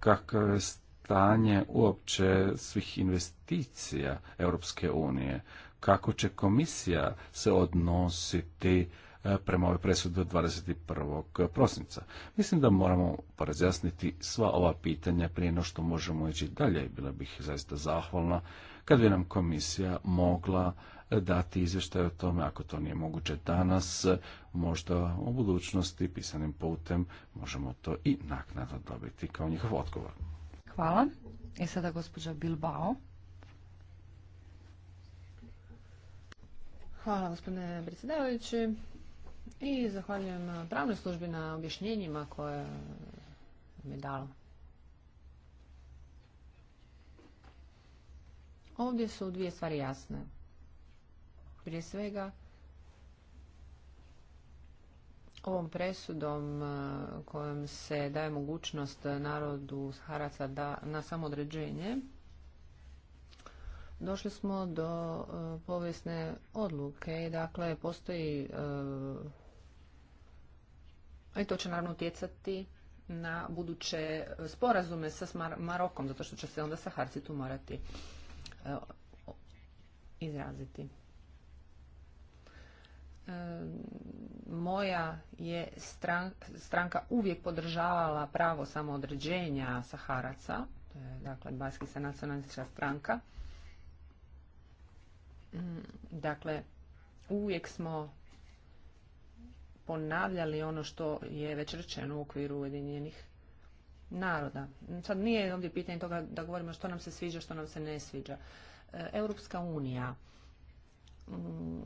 Kakav stanje uopće svih investicija Europske unije, kako će komisija se odnositi e, prema ovoj presudi od 21. prosinca. Mislim da moramo porazjasniti sva ova pitanja prije no što možemo ići dalje. Bila bih zaista zahvalna kad bi nam komisija mogla dati izvještaj o tome, ako to nije moguće danas, možda u budućnosti pisanim putem možemo to i naknadno dobiti kao njihov odgovor. Hvala. I e sada gospođa Bilbao. Hvala gospodine predsjedavajući i zahvaljujem pravnoj službi na objašnjenjima koje mi je dalo. Ovdje su dvije stvari jasne. Prije svega, Ovom presudom e, kojom se daje mogućnost narodu Haraca da, na samodređenje, došli smo do e, povijesne odluke. Dakle, postoji a e, i to će naravno utjecati na buduće sporazume sa Marokom, zato što će se onda Saharci tu morati izraziti moja je stranka, uvijek podržavala pravo samoodređenja Saharaca, dakle se nacionalistička stranka. Dakle, uvijek smo ponavljali ono što je već rečeno u okviru Ujedinjenih naroda. Sad nije ovdje pitanje toga da govorimo što nam se sviđa, što nam se ne sviđa. E, Europska unija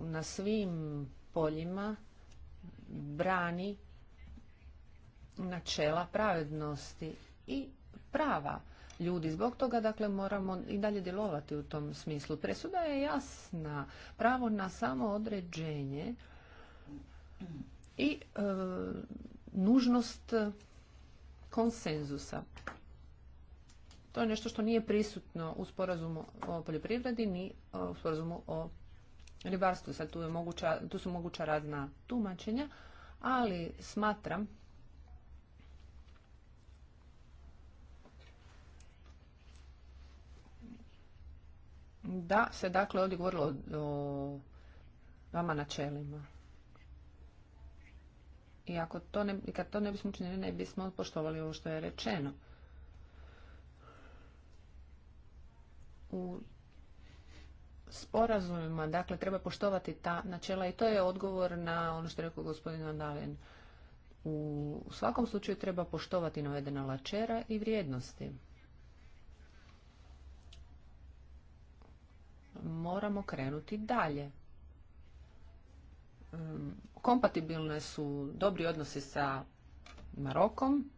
na svim poljima brani načela pravednosti i prava ljudi. Zbog toga dakle moramo i dalje djelovati u tom smislu. Presuda je jasna. Pravo na samo određenje i e, nužnost konsenzusa. To je nešto što nije prisutno u sporazumu o poljoprivredi ni e, u sporazumu o ribarstvu. Sad tu, je moguća, tu su moguća razna tumačenja, ali smatram da se dakle ovdje govorilo o vama načelima. I ako to ne, kad to ne bismo učinili, ne bismo poštovali ovo što je rečeno. U sporazumima. Dakle, treba poštovati ta načela i to je odgovor na ono što je rekao gospodin Andalin. U svakom slučaju treba poštovati navedena lačera i vrijednosti. Moramo krenuti dalje. Kompatibilne su dobri odnosi sa Marokom,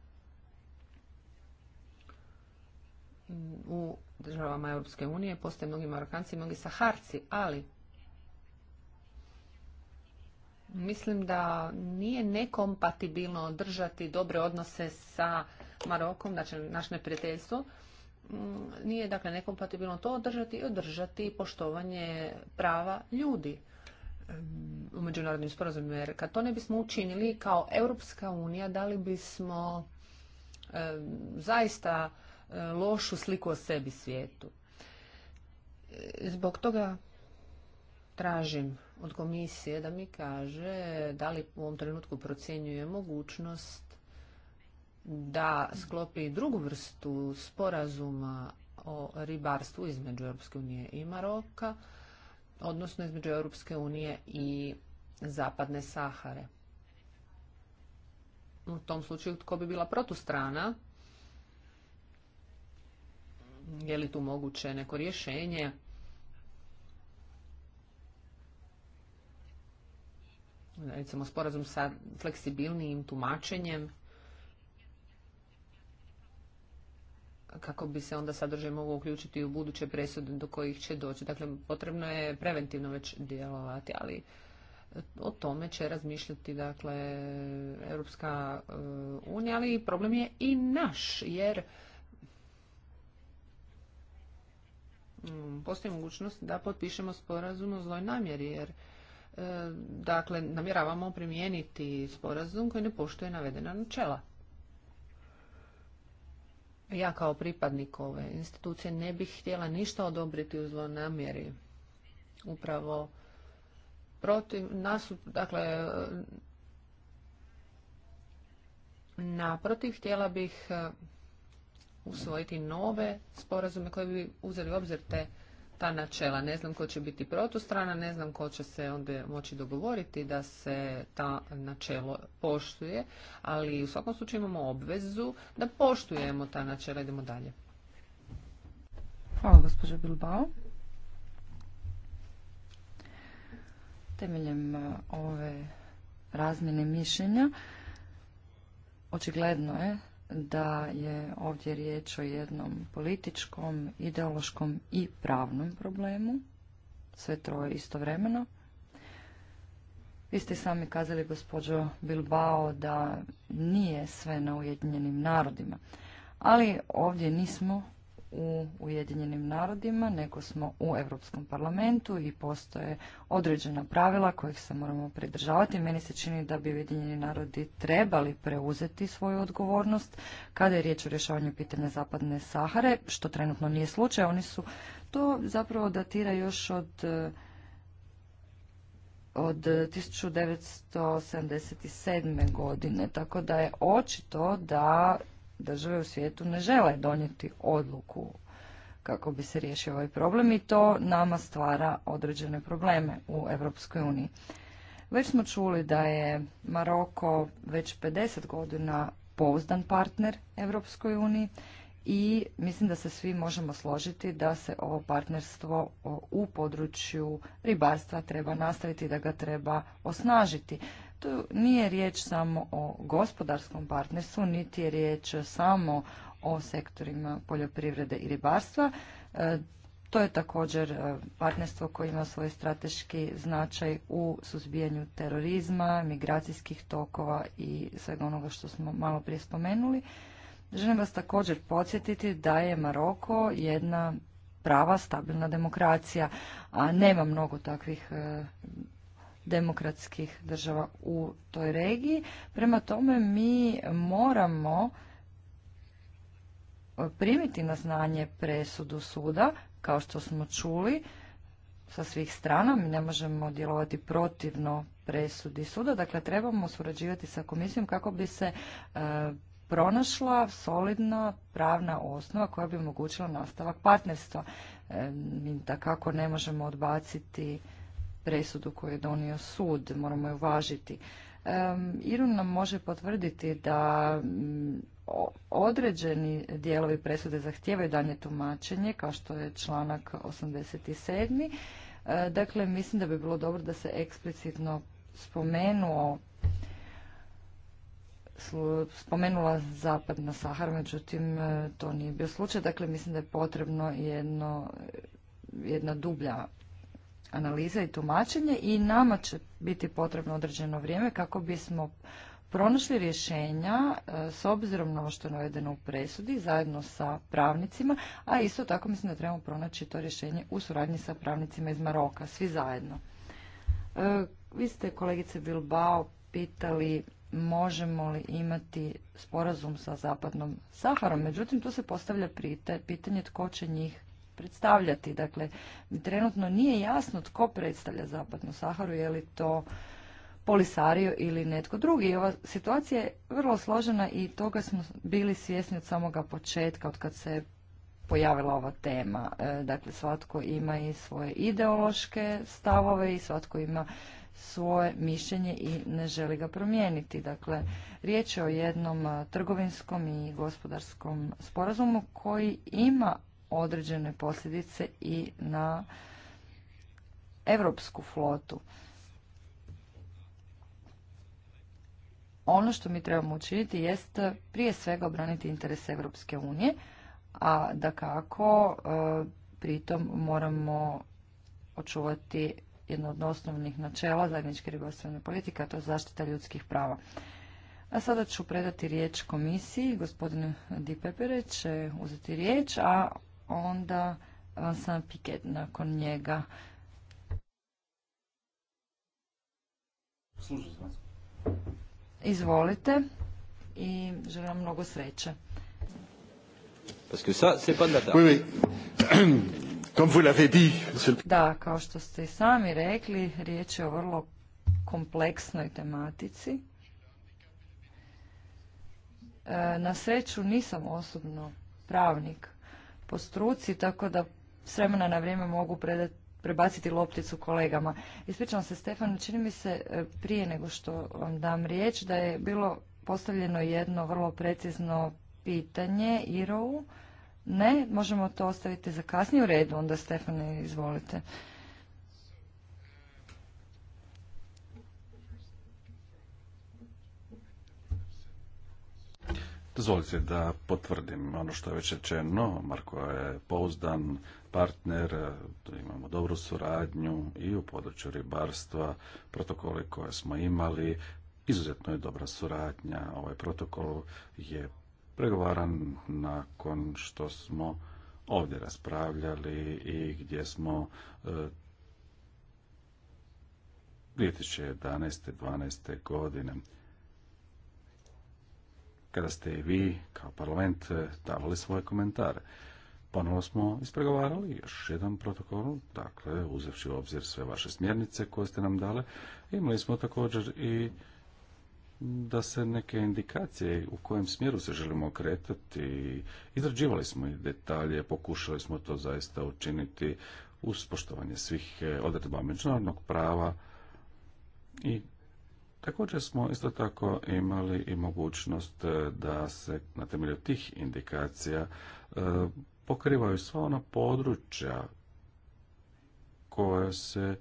u državama Europske unije, postoje mnogi Marokanci mnogi Saharci, ali mislim da nije nekompatibilno držati dobre odnose sa Marokom, znači naše neprijateljstvo, mm, nije dakle nekompatibilno to održati i održati poštovanje prava ljudi mm, u međunarodnim sporazumima. Jer kad to ne bismo učinili kao Europska unija, da li bismo zaista E, lošu sliku o sebi svijetu. E, zbog toga tražim od komisije da mi kaže da li u ovom trenutku procjenjuje mogućnost da sklopi drugu vrstu sporazuma o ribarstvu između Europske unije i Maroka, odnosno između Europske unije i Zapadne Sahare. U tom slučaju tko bi bila protustrana je li tu moguće neko rješenje? Recimo sporazum sa fleksibilnijim tumačenjem kako bi se onda sadržaj mogao uključiti u buduće presude do kojih će doći. Dakle, potrebno je preventivno već djelovati, ali o tome će razmišljati dakle Europska e, unija, ali problem je i naš, jer Mm, postoji mogućnost da potpišemo sporazum o zloj namjeri, jer e, dakle, namjeravamo primijeniti sporazum koji ne poštuje navedena načela. Ja kao pripadnik ove institucije ne bih htjela ništa odobriti u namjeri Upravo protiv nas, dakle, naprotiv htjela bih e, usvojiti nove sporazume koji bi uzeli u obzir te ta načela. Ne znam ko će biti protustrana, ne znam ko će se onda moći dogovoriti da se ta načelo poštuje, ali u svakom slučaju imamo obvezu da poštujemo ta načela. Idemo dalje. Hvala gospođa Bilbao. Temeljem uh, ove razmjene mišljenja očigledno je da je ovdje riječ o jednom političkom, ideološkom i pravnom problemu, sve troje istovremeno. Vi ste sami kazali, gospođo Bilbao, da nije sve na Ujedinjenim narodima. Ali ovdje nismo u Ujedinjenim narodima, nego smo u Europskom parlamentu i postoje određena pravila kojih se moramo pridržavati. Meni se čini da bi Ujedinjeni narodi trebali preuzeti svoju odgovornost kada je riječ o rješavanju pitanja Zapadne Sahare, što trenutno nije slučaj. Oni su to zapravo datira još od od 1977. godine, tako da je očito da države u svijetu ne žele donijeti odluku kako bi se riješio ovaj problem i to nama stvara određene probleme u Europskoj uniji. Već smo čuli da je Maroko već 50 godina pouzdan partner Europskoj uniji i mislim da se svi možemo složiti da se ovo partnerstvo u području ribarstva treba nastaviti, da ga treba osnažiti tu nije riječ samo o gospodarskom partnerstvu, niti je riječ samo o sektorima poljoprivrede i ribarstva. E, to je također e, partnerstvo koje ima svoj strateški značaj u suzbijanju terorizma, migracijskih tokova i svega onoga što smo malo prije spomenuli. Želim vas također podsjetiti da je Maroko jedna prava stabilna demokracija, a nema mnogo takvih e, demokratskih država u toj regiji. Prema tome mi moramo primiti na znanje presudu suda, kao što smo čuli sa svih strana. Mi ne možemo djelovati protivno presudi suda, dakle trebamo surađivati sa komisijom kako bi se e, pronašla solidna pravna osnova koja bi omogućila nastavak partnerstva. E, mi takako ne možemo odbaciti presudu koju je donio sud, moramo je uvažiti. Irun nam može potvrditi da mm, određeni dijelovi presude zahtijevaju danje tumačenje, kao što je članak 87. E, dakle, mislim da bi bilo dobro da se eksplicitno spomenuo spomenula zapadna Sahara, međutim e, to nije bio slučaj. Dakle, mislim da je potrebno jedno, jedna dublja analiza i tumačenje i nama će biti potrebno određeno vrijeme kako bismo pronašli rješenja e, s obzirom na ovo što je navedeno u presudi zajedno sa pravnicima, a isto tako mislim da trebamo pronaći to rješenje u suradnji sa pravnicima iz Maroka, svi zajedno. E, vi ste, kolegice Bilbao, pitali možemo li imati sporazum sa zapadnom Saharom, međutim tu se postavlja pitanje tko će njih predstavljati. Dakle, trenutno nije jasno tko predstavlja Zapadnu Saharu, je li to Polisario ili netko drugi. ova situacija je vrlo složena i toga smo bili svjesni od samoga početka, od kad se pojavila ova tema. E, dakle, svatko ima i svoje ideološke stavove i svatko ima svoje mišljenje i ne želi ga promijeniti. Dakle, riječ je o jednom e, trgovinskom i gospodarskom sporazumu koji ima određene posljedice i na europsku flotu. Ono što mi trebamo učiniti jest prije svega obraniti interese Europske unije, a da kako e, pritom moramo očuvati jedno od osnovnih načela zajedničke ribarstvene politike, a to je zaštita ljudskih prava. A sada ću predati riječ komisiji, gospodin Di Pepere će uzeti riječ, a onda sam piketna nakon njega. Izvolite i želim vam mnogo sreće. Da, kao što ste i sami rekli, riječ je o vrlo kompleksnoj tematici. E, na sreću nisam osobno pravnik, po struci, tako da s vremena na vrijeme mogu prebaciti lopticu kolegama. Ispričavam se Stefan, čini mi se e, prije nego što vam dam riječ da je bilo postavljeno jedno vrlo precizno pitanje Irovu. Ne, možemo to ostaviti za kasnije u redu, onda Stefane izvolite. Dozvolite da potvrdim ono što je već rečeno. Marko je pouzdan partner, e, imamo dobru suradnju i u području ribarstva, protokole koje smo imali, izuzetno je dobra suradnja. Ovaj protokol je pregovaran nakon što smo ovdje raspravljali i gdje smo 2011. E, 12. godine kada ste i vi kao parlament eh, davali svoje komentare. Ponovo smo ispregovarali još jedan protokol, dakle, uzevši u obzir sve vaše smjernice koje ste nam dale. Imali smo također i da se neke indikacije u kojem smjeru se želimo okretati, izrađivali smo i detalje, pokušali smo to zaista učiniti uz poštovanje svih eh, odredba međunarodnog prava i Također smo isto tako imali i mogućnost e, da se na temelju tih indikacija e, pokrivaju sva ona područja koja se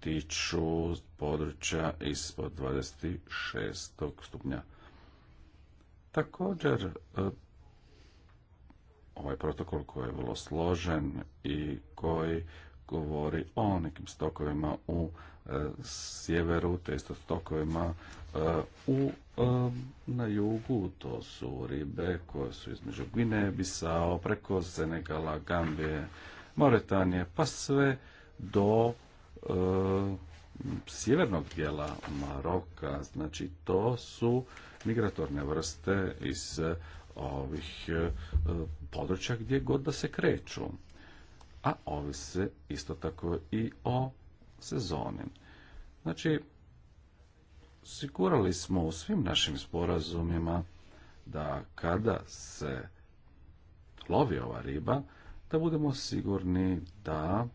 tiču područja ispod 26. stupnja. Također, e, ovaj protokol koji je vrlo složen i koji govori o nekim stokovima u e, sjeveru, te isto stokovima e, u, e, na jugu. To su ribe koje su između Gvine, Bisao, preko Senegala, Gambije, Mauretanije, pa sve do sjevernog dijela Maroka. Znači, to su migratorne vrste iz ovih e, područja gdje god da se kreću a ovise isto tako i o sezoni. Znači, sigurali smo u svim našim sporazumima da kada se lovi ova riba, da budemo sigurni da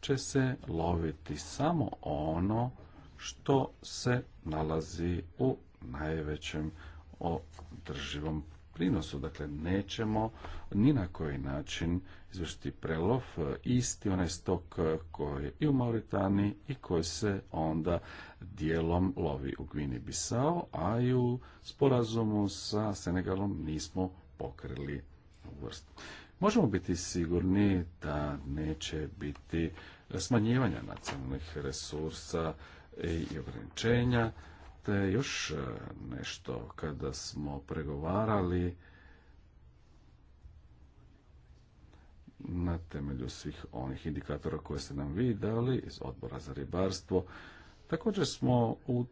će se loviti samo ono što se nalazi u najvećem održivom prinosu. Dakle, nećemo ni na koji način izvršiti prelov e, isti onaj stok e, koji je i u Mauritaniji i koji se onda dijelom lovi u Gvini Bisao, a i u sporazumu sa Senegalom nismo pokrili vrstu. Možemo biti sigurni da neće biti smanjivanja nacionalnih resursa i ograničenja, te još e, nešto kada smo pregovarali na temelju svih onih indikatora koje ste nam vi dali iz odbora za ribarstvo. Također smo u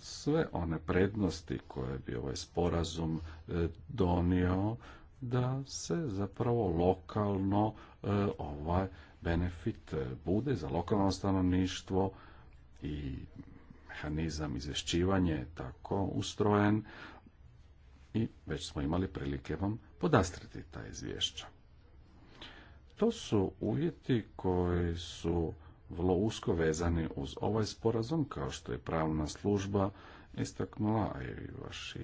sve one prednosti koje bi ovaj sporazum e, donio da se zapravo lokalno e, ovaj benefit bude za lokalno stanovništvo i mehanizam izvješćivanja je tako ustrojen i već smo imali prilike vam podastriti ta izvješća. To su uvjeti koji su vrlo usko vezani uz ovaj sporazum, kao što je pravna služba istaknula, a i vaši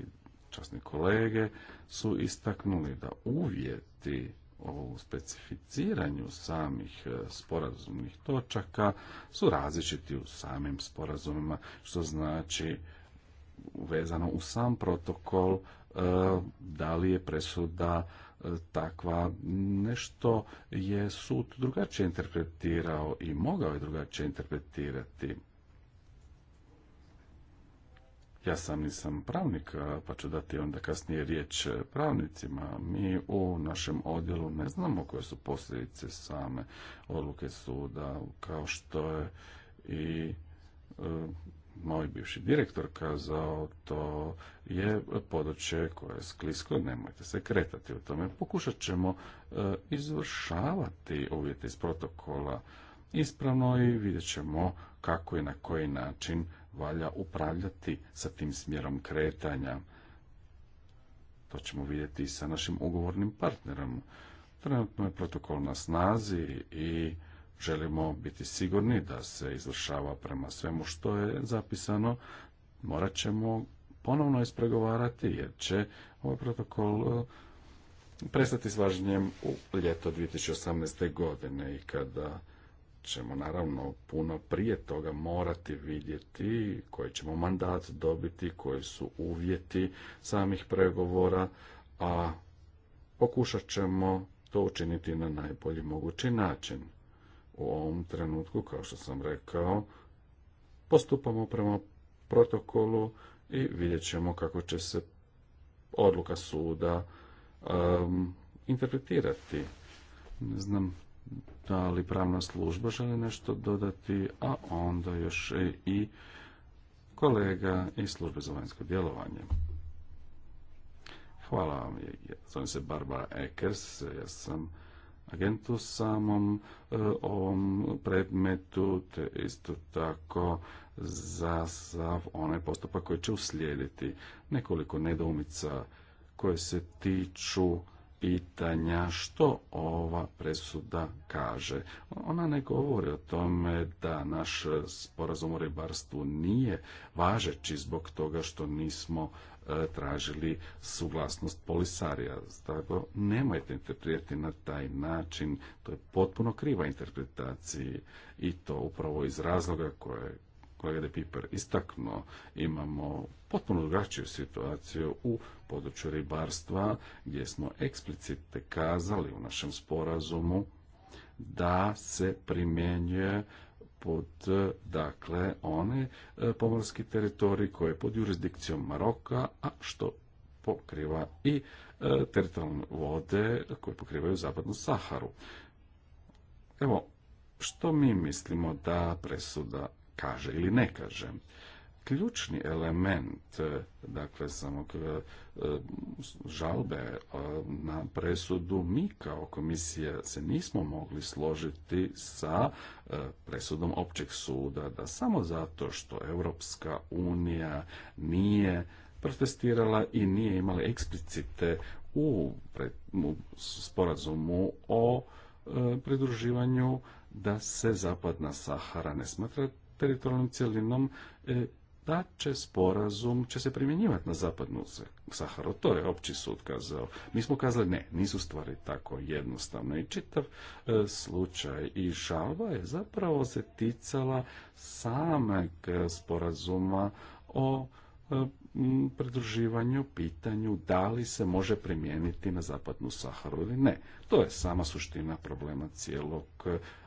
časni kolege su istaknuli da uvjeti o specificiranju samih e, sporazumnih točaka su različiti u samim sporazumima, što znači vezano u sam protokol e, da li je presuda takva nešto je sud drugačije interpretirao i mogao je drugačije interpretirati. Ja sam nisam pravnik, pa ću dati onda kasnije riječ pravnicima. Mi u našem odjelu ne znamo koje su posljedice same odluke suda, kao što je i e, moj bivši direktor kazao, to je područje koje je sklisko, nemojte se kretati u tome. Pokušat ćemo e, izvršavati uvjete iz protokola ispravno i vidjet ćemo kako i na koji način valja upravljati sa tim smjerom kretanja. To ćemo vidjeti i sa našim ugovornim partnerom. Trenutno je protokol na snazi i želimo biti sigurni da se izvršava prema svemu što je zapisano, morat ćemo ponovno ispregovarati jer će ovaj protokol e, prestati s važenjem u ljeto 2018. godine i kada ćemo naravno puno prije toga morati vidjeti koji ćemo mandat dobiti, koji su uvjeti samih pregovora, a pokušat ćemo to učiniti na najbolji mogući način u ovom trenutku, kao što sam rekao, postupamo prema protokolu i vidjet ćemo kako će se odluka suda um, interpretirati. Ne znam da li pravna služba želi nešto dodati, a onda još i kolega iz službe za vanjsko djelovanje. Hvala vam. Zovem se Barbara Ekers, ja sam agentu samom e, ovom predmetu, te isto tako za sav onaj postupak koji će uslijediti. Nekoliko nedoumica koje se tiču pitanja što ova presuda kaže. Ona ne govori o tome da naš sporazum o ribarstvu nije važeći zbog toga što nismo E, tražili suglasnost polisarija. Zato nemojte interpretirati na taj način, to je potpuno kriva interpretacija i to upravo iz razloga koje kolega De Piper istaknuo, imamo potpuno drugačiju situaciju u području ribarstva gdje smo eksplicite kazali u našem sporazumu da se primjenjuje pod e, dakle one e, pomorski teritorij koje je pod jurisdikcijom Maroka, a što pokriva i e, teritorijalne vode koje pokrivaju zapadnu Saharu. Evo, što mi mislimo da presuda kaže ili ne kaže? ključni element e, dakle samog e, e, žalbe na presudu mi kao komisija se nismo mogli složiti sa presudom općeg suda da samo zato što Europska unija nije protestirala i nije imala eksplicite u sporazumu o pridruživanju da se zapadna Sahara ne smatra teritorijalnom cjelinom da će sporazum će se primjenjivati na zapadnu Saharu. To je opći sud kazao. Mi smo kazali ne, nisu stvari tako jednostavne. I čitav e, slučaj i žalba je zapravo se ticala sameg sporazuma o e, pridruživanju pitanju da li se može primijeniti na zapadnu Saharu ili ne. To je sama suština problema cijelog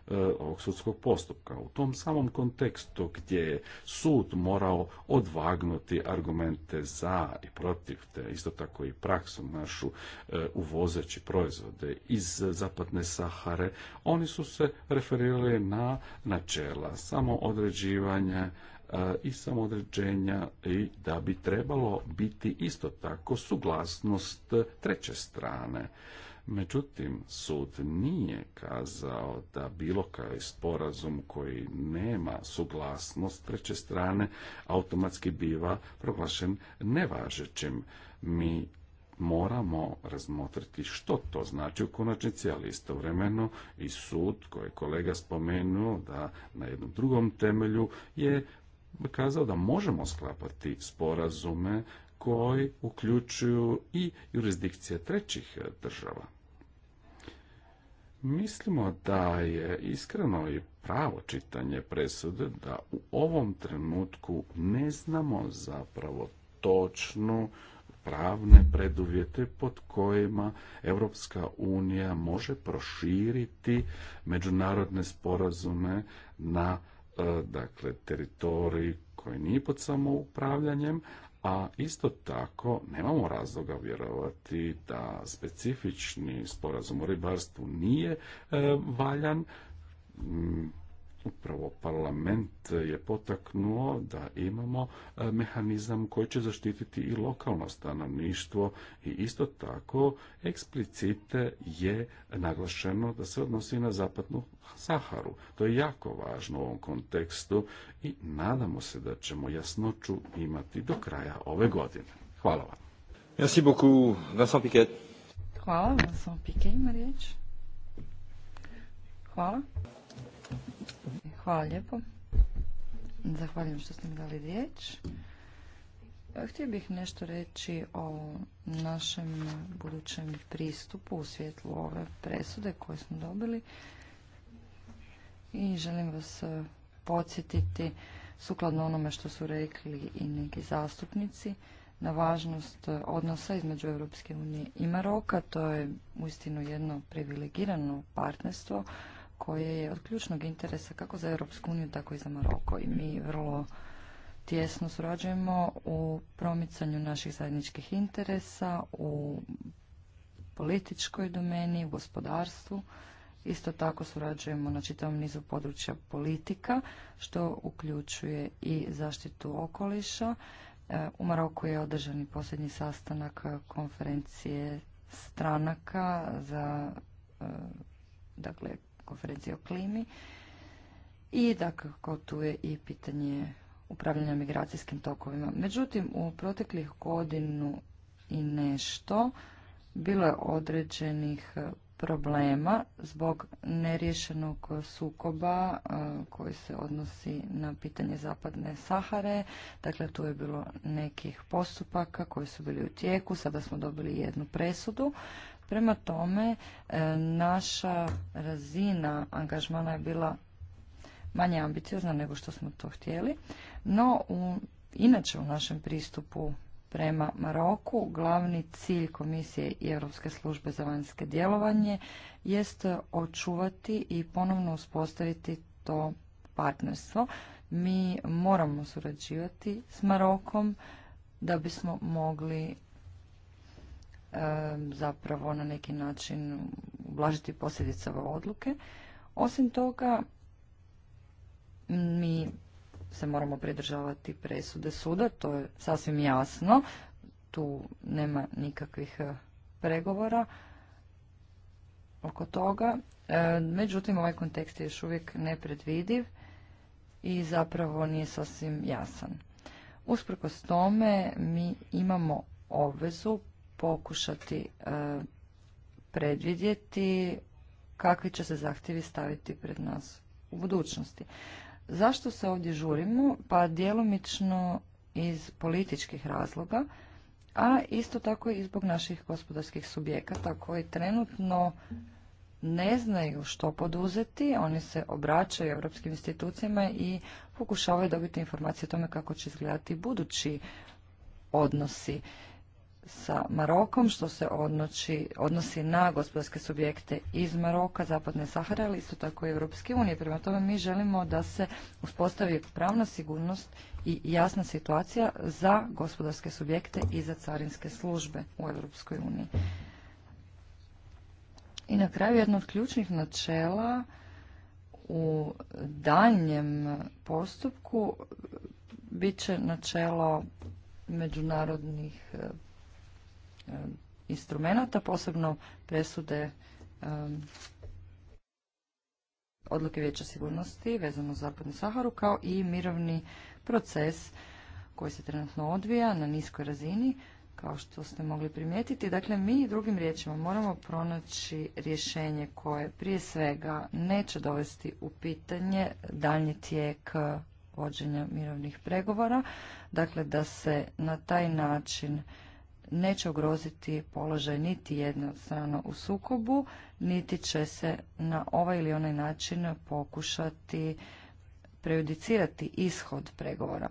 E, ovog sudskog postupka. U tom samom kontekstu gdje je sud morao odvagnuti argumente za i protiv, te isto tako i praksu našu e, uvozeći proizvode iz zapadne Sahare, oni su se referirali na načela samoodređivanja e, i samoodređenja i da bi trebalo biti isto tako suglasnost treće strane. Međutim, sud nije kazao da bilo kaj sporazum koji nema suglasnost treće strane automatski biva proglašen nevažećim. Mi moramo razmotriti što to znači u konačnici, ali istovremeno i sud koji je kolega spomenuo da na jednom drugom temelju je kazao da možemo sklapati sporazume koji uključuju i jurisdikcije trećih država. Mislimo da je iskreno i pravo čitanje presude da u ovom trenutku ne znamo zapravo točno pravne preduvjete pod kojima Europska unija može proširiti međunarodne sporazume na e, dakle teritorij koji nije pod samoupravljanjem, a isto tako nemamo razloga vjerovati da specifični sporazum o ribarstvu nije e, valjan mm, upravo parlament je potaknuo da imamo e, mehanizam koji će zaštititi i lokalno stanovništvo i isto tako eksplicite je naglašeno da se odnosi na zapadnu Saharu. To je jako važno u ovom kontekstu i nadamo se da ćemo jasnoću imati do kraja ove godine. Hvala vam. Merci beaucoup, Vincent Hvala, Vincent Hvala. Hvala lijepo. Zahvaljujem što ste mi dali riječ. Htio bih nešto reći o našem budućem pristupu u svjetlu ove presude koje smo dobili i želim vas e, podsjetiti sukladno onome što su rekli i neki zastupnici na važnost e, odnosa između Europske unije i Maroka. To je uistinu jedno privilegirano partnerstvo koje je od ključnog interesa kako za Europsku uniju, tako i za Maroko. I mi vrlo tjesno surađujemo u promicanju naših zajedničkih interesa, u političkoj domeni, u gospodarstvu. Isto tako surađujemo na čitavom nizu područja politika, što uključuje i zaštitu okoliša. E, u Maroku je održan i posljednji sastanak konferencije stranaka za e, dakle, konferenciji o klimi. I dakako tu je i pitanje upravljanja migracijskim tokovima. Međutim, u proteklih godinu i nešto bilo je određenih e, problema zbog neriješenog sukoba e, koji se odnosi na pitanje zapadne Sahare. Dakle, tu je bilo nekih postupaka koji su bili u tijeku. Sada smo dobili jednu presudu. Prema tome, e, naša razina angažmana je bila manje ambiciozna nego što smo to htjeli, no u, inače u našem pristupu prema Maroku glavni cilj Komisije i Europske službe za vanjske djelovanje jest očuvati i ponovno uspostaviti to partnerstvo. Mi moramo surađivati s Marokom da bismo mogli zapravo na neki način ublažiti posljedice ove odluke. Osim toga, mi se moramo pridržavati presude suda, to je sasvim jasno, tu nema nikakvih eh, pregovora oko toga. Međutim, ovaj kontekst je još uvijek nepredvidiv i zapravo nije sasvim jasan. Usprkos tome, mi imamo obvezu pokušati e, predvidjeti kakvi će se zahtjevi staviti pred nas u budućnosti. Zašto se ovdje žurimo? Pa djelomično iz političkih razloga, a isto tako i zbog naših gospodarskih subjekata koji trenutno ne znaju što poduzeti, oni se obraćaju europskim institucijama i pokušavaju dobiti informacije o tome kako će izgledati budući odnosi sa Marokom, što se odnosi, odnosi na gospodarske subjekte iz Maroka, Zapadne Sahara, ali isto tako i Europske unije. Prema tome mi želimo da se uspostavi pravna sigurnost i jasna situacija za gospodarske subjekte i za carinske službe u Europskoj uniji. I na kraju jedno od ključnih načela u daljnjem postupku bit će načelo međunarodnih Eh, instrumenata, posebno presude odluke Vijeća sigurnosti vezano za Zapadnu Saharu, kao i mirovni proces koji se trenutno odvija na niskoj razini, kao što ste mogli primijetiti. Dakle, mi drugim riječima moramo pronaći rješenje koje prije svega neće dovesti u pitanje daljnji tijek vođenja mirovnih pregovora, dakle da se na taj način neće ugroziti položaj niti jednostavno u sukobu, niti će se na ovaj ili onaj način pokušati prejudicirati ishod pregovora.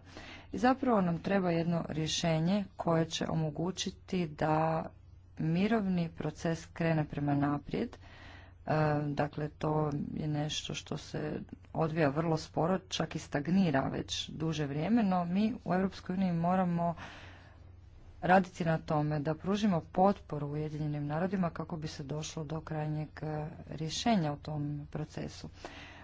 I zapravo nam treba jedno rješenje koje će omogućiti da mirovni proces krene prema naprijed. E, dakle, to je nešto što se odvija vrlo sporo, čak i stagnira već duže vrijeme, no mi u EU moramo raditi na tome da pružimo potporu Ujedinjenim narodima kako bi se došlo do krajnjeg e, rješenja u tom procesu.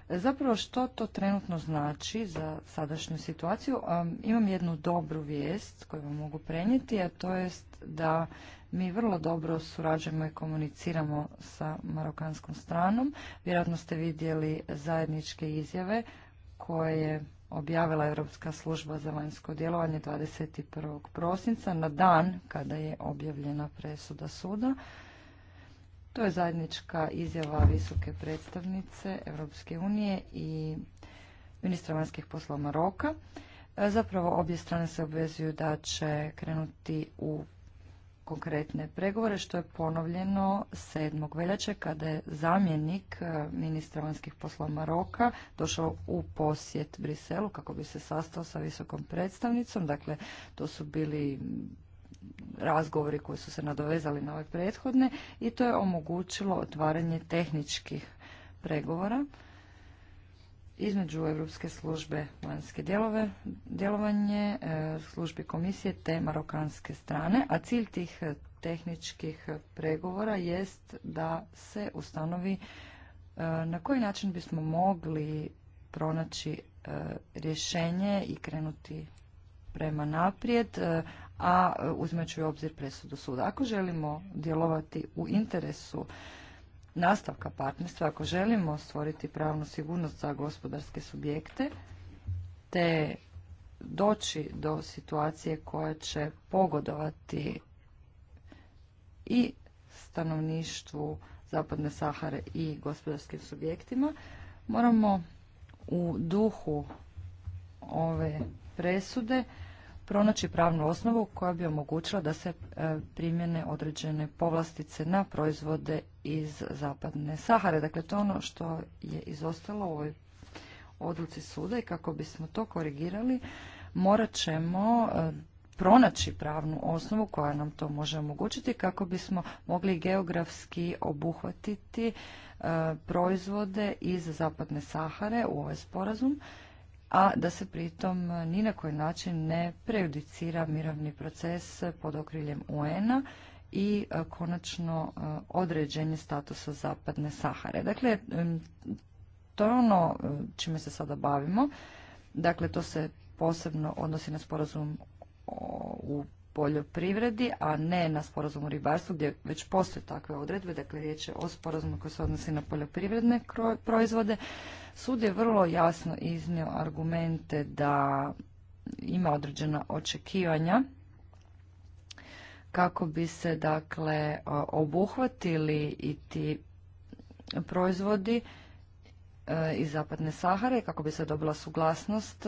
Zapravo što to trenutno znači za sadašnju situaciju? E, imam jednu dobru vijest koju vam mogu prenijeti, a to jest da mi vrlo dobro surađujemo i komuniciramo sa marokanskom stranom. Vjerojatno ste vidjeli zajedničke izjave koje objavila Europska služba za vanjsko djelovanje 21. prosinca na dan kada je objavljena presuda suda. To je zajednička izjava visoke predstavnice Europske unije i ministra vanjskih poslova Maroka. E, zapravo obje strane se obvezuju da će krenuti u konkretne pregovore što je ponovljeno 7. veljače kada je zamjenik e, ministra vanjskih poslova Maroka došao u posjet Briselu kako bi se sastao sa visokom predstavnicom. Dakle, to su bili razgovori koji su se nadovezali na ove prethodne i to je omogućilo otvaranje tehničkih pregovora između Europske službe vanjske djelove, djelovanje, e, službi komisije te marokanske strane, a cilj tih e, tehničkih pregovora jest da se ustanovi e, na koji način bismo mogli pronaći rješenje i krenuti prema naprijed, a uzmeću u obzir presudu suda. Ako želimo djelovati u interesu nastavka partnerstva, ako želimo stvoriti pravnu sigurnost za gospodarske subjekte, te doći do situacije koja će pogodovati i stanovništvu Zapadne Sahare i gospodarskim subjektima, moramo u duhu ove presude pronaći pravnu osnovu koja bi omogućila da se e, primjene određene povlastice na proizvode iz zapadne Sahare. Dakle, to je ono što je izostalo u ovoj odluci suda i kako bismo to korigirali, morat ćemo e, pronaći pravnu osnovu koja nam to može omogućiti kako bismo mogli geografski obuhvatiti e, proizvode iz zapadne Sahare u ovaj sporazum a da se pritom ni na koji način ne prejudicira mirovni proces pod okriljem UN-a i e, konačno e, određenje statusa Zapadne Sahare. Dakle, to je ono e, čime se sada bavimo. Dakle, to se posebno odnosi na sporazum u poljoprivredi, a ne na sporazumu o ribarstvu gdje već postoje takve odredbe, dakle riječ je o sporazumu koji se odnosi na poljoprivredne proizvode. Sud je vrlo jasno iznio argumente da ima određena očekivanja kako bi se dakle obuhvatili i ti proizvodi e, iz Zapadne Sahare kako bi se dobila suglasnost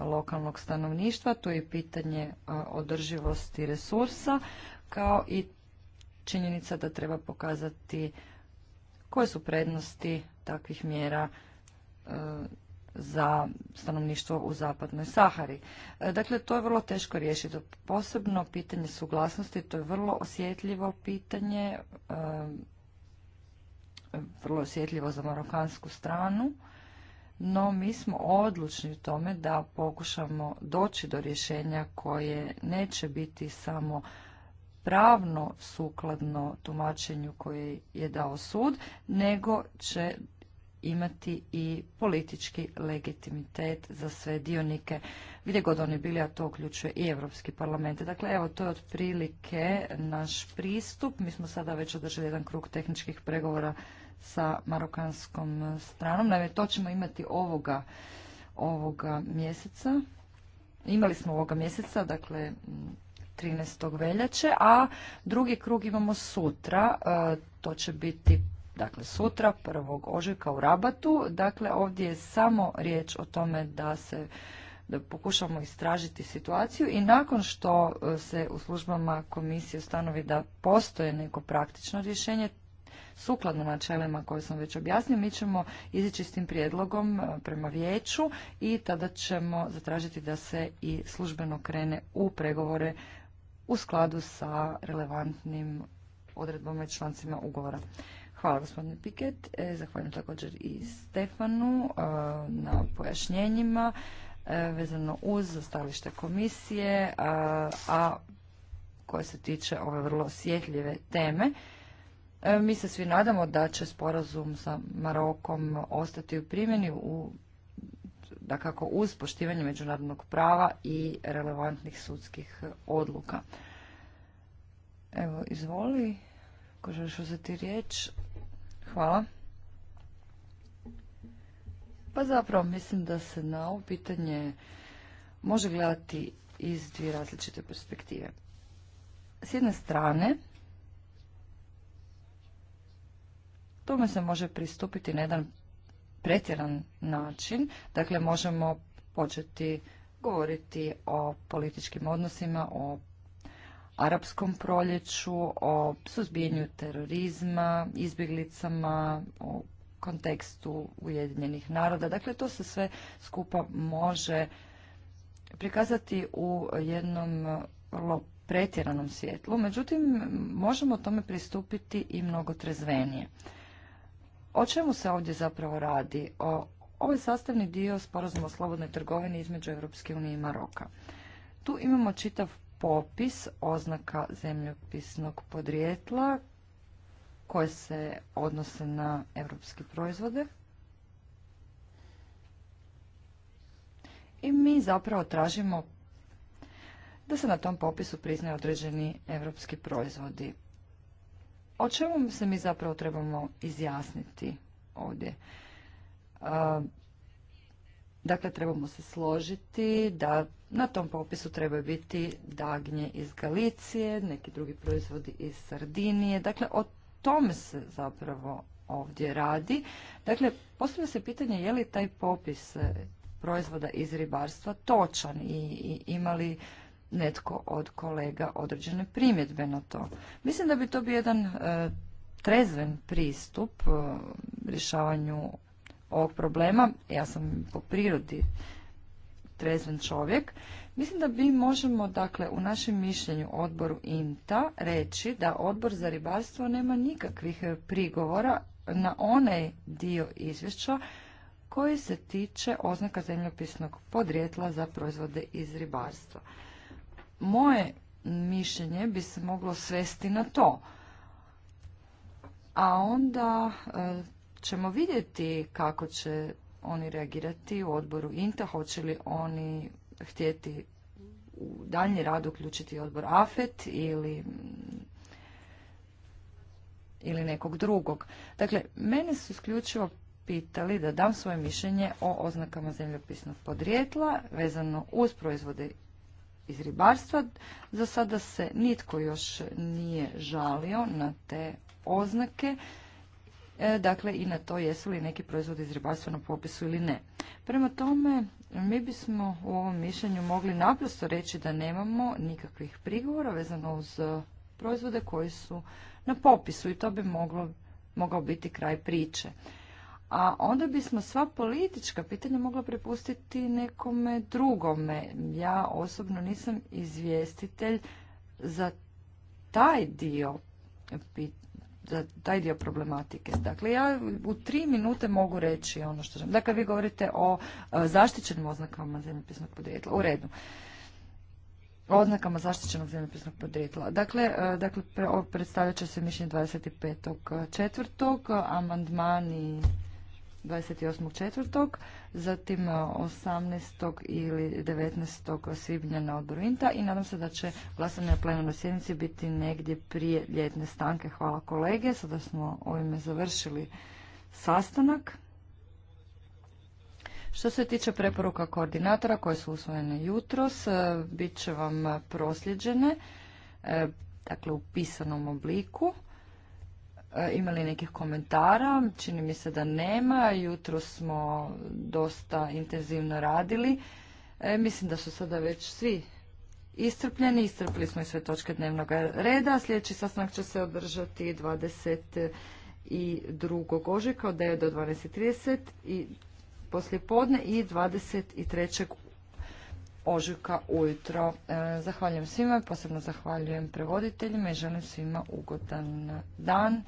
lokalnog stanovništva, to je pitanje e, održivosti resursa, kao i činjenica da treba pokazati koje su prednosti takvih mjera e, za stanovništvo u zapadnoj Sahari. E, dakle, to je vrlo teško riješiti. Posebno pitanje suglasnosti, to je vrlo osjetljivo pitanje, vrlo osjetljivo za marokansku stranu no mi smo odlučni u tome da pokušamo doći do rješenja koje neće biti samo pravno sukladno tumačenju koje je dao sud, nego će imati i politički legitimitet za sve dionike, gdje god oni bili, a to uključuje i Europski parlament. Dakle, evo, to je otprilike naš pristup. Mi smo sada već održali jedan krug tehničkih pregovora sa marokanskom stranom. Naime, to ćemo imati ovoga, ovoga mjeseca. Imali smo ovoga mjeseca, dakle 13. veljače, a drugi krug imamo sutra. E, to će biti dakle sutra prvog ožujka u Rabatu. Dakle ovdje je samo riječ o tome da se da pokušamo istražiti situaciju i nakon što e, se u službama komisije ustanovi da postoje neko praktično rješenje, sukladno načelima koje sam već objasnio, mi ćemo izići s tim prijedlogom e, prema vijeću i tada ćemo zatražiti da se i službeno krene u pregovore u skladu sa relevantnim odredbama i člancima ugovora. Hvala gospodine Piket. E, zahvaljujem također i Stefanu e, na pojašnjenjima vezano uz stalište komisije, a koje se tiče ove vrlo osjetljive teme. E, mi se svi nadamo da će sporazum sa Marokom ostati u primjeni u da kako uz poštivanje međunarodnog prava i relevantnih sudskih odluka. Evo, izvoli, ko želiš uzeti riječ. Hvala. Pa zapravo mislim da se na ovo pitanje može gledati iz dvije različite perspektive. S jedne strane, Tome se može pristupiti na jedan pretjeran način. Dakle, možemo početi govoriti o političkim odnosima, o arapskom proljeću, o suzbijanju terorizma, izbjeglicama, o kontekstu Ujedinjenih naroda. Dakle, to se sve skupa može prikazati u jednom vrlo pretjeranom svjetlu. Međutim, možemo tome pristupiti i mnogo trezvenije. O čemu se ovdje zapravo radi? O, ovo ovaj je sastavni dio sporazuma o slobodnoj trgovini između Europske unije i Maroka. Tu imamo čitav popis oznaka zemljopisnog podrijetla koje se odnose na europske proizvode. I mi zapravo tražimo da se na tom popisu priznaju određeni europski proizvodi o čemu se mi zapravo trebamo izjasniti ovdje? Dakle, trebamo se složiti da na tom popisu trebaju biti dagnje iz Galicije, neki drugi proizvodi iz Sardinije. Dakle, o tome se zapravo ovdje radi. Dakle, postavlja se pitanje je li taj popis e, proizvoda iz ribarstva točan i, i li netko od kolega određene primjedbe na to. Mislim da bi to bio jedan e, trezven pristup e, rješavanju ovog problema. Ja sam po prirodi trezven čovjek. Mislim da bi možemo, dakle, u našem mišljenju odboru INTA reći da odbor za ribarstvo nema nikakvih prigovora na onaj dio izvješća koji se tiče oznaka zemljopisnog podrijetla za proizvode iz ribarstva. Moje mišljenje bi se moglo svesti na to. A onda e, ćemo vidjeti kako će oni reagirati u odboru INTA, hoće li oni htjeti u daljnji rad uključiti odbor AFET ili ili nekog drugog. Dakle, mene su isključivo pitali da dam svoje mišljenje o oznakama zemljopisnog podrijetla vezano uz proizvode iz ribarstva. Za sada se nitko još nije žalio na te oznake, e, dakle i na to jesu li neki proizvodi iz ribarstva na popisu ili ne. Prema tome, mi bismo u ovom mišljenju mogli naprosto reći da nemamo nikakvih prigovora vezano uz e, proizvode koji su na popisu i to bi moglo, mogao biti kraj priče a onda bismo sva politička pitanja mogla prepustiti nekome drugome. Ja osobno nisam izvjestitelj za taj dio za taj dio problematike. Dakle, ja u tri minute mogu reći ono što želim. Dakle, vi govorite o e, zaštićenim oznakama zemljopisnog podrijetla. U redu oznakama zaštićenog zemljopisnog podrijetla. Dakle, e, dakle predstavljat će se mišljenje četvrtog. Amandmani 28.4. Zatim 18. E, ili 19. svibnja na odboru INTA i nadam se da će glasanje na plenarnoj sjednici biti negdje prije ljetne stanke. Hvala kolege. Sada smo ovime završili sastanak. Što se tiče preporuka koordinatora koje su usvojene jutros, e, bit će vam prosljeđene, e, dakle u pisanom obliku. E, imali nekih komentara, čini mi se da nema, jutro smo dosta intenzivno radili. E, mislim da su sada već svi iscrpljeni, iscrpili smo i sve točke dnevnog reda. Sljedeći sastanak će se održati 22. ožujka od 9 do 12.30 i poslije podne i 23 ožujka ujutro. E, zahvaljujem svima, posebno zahvaljujem prevoditeljima i želim svima ugodan dan.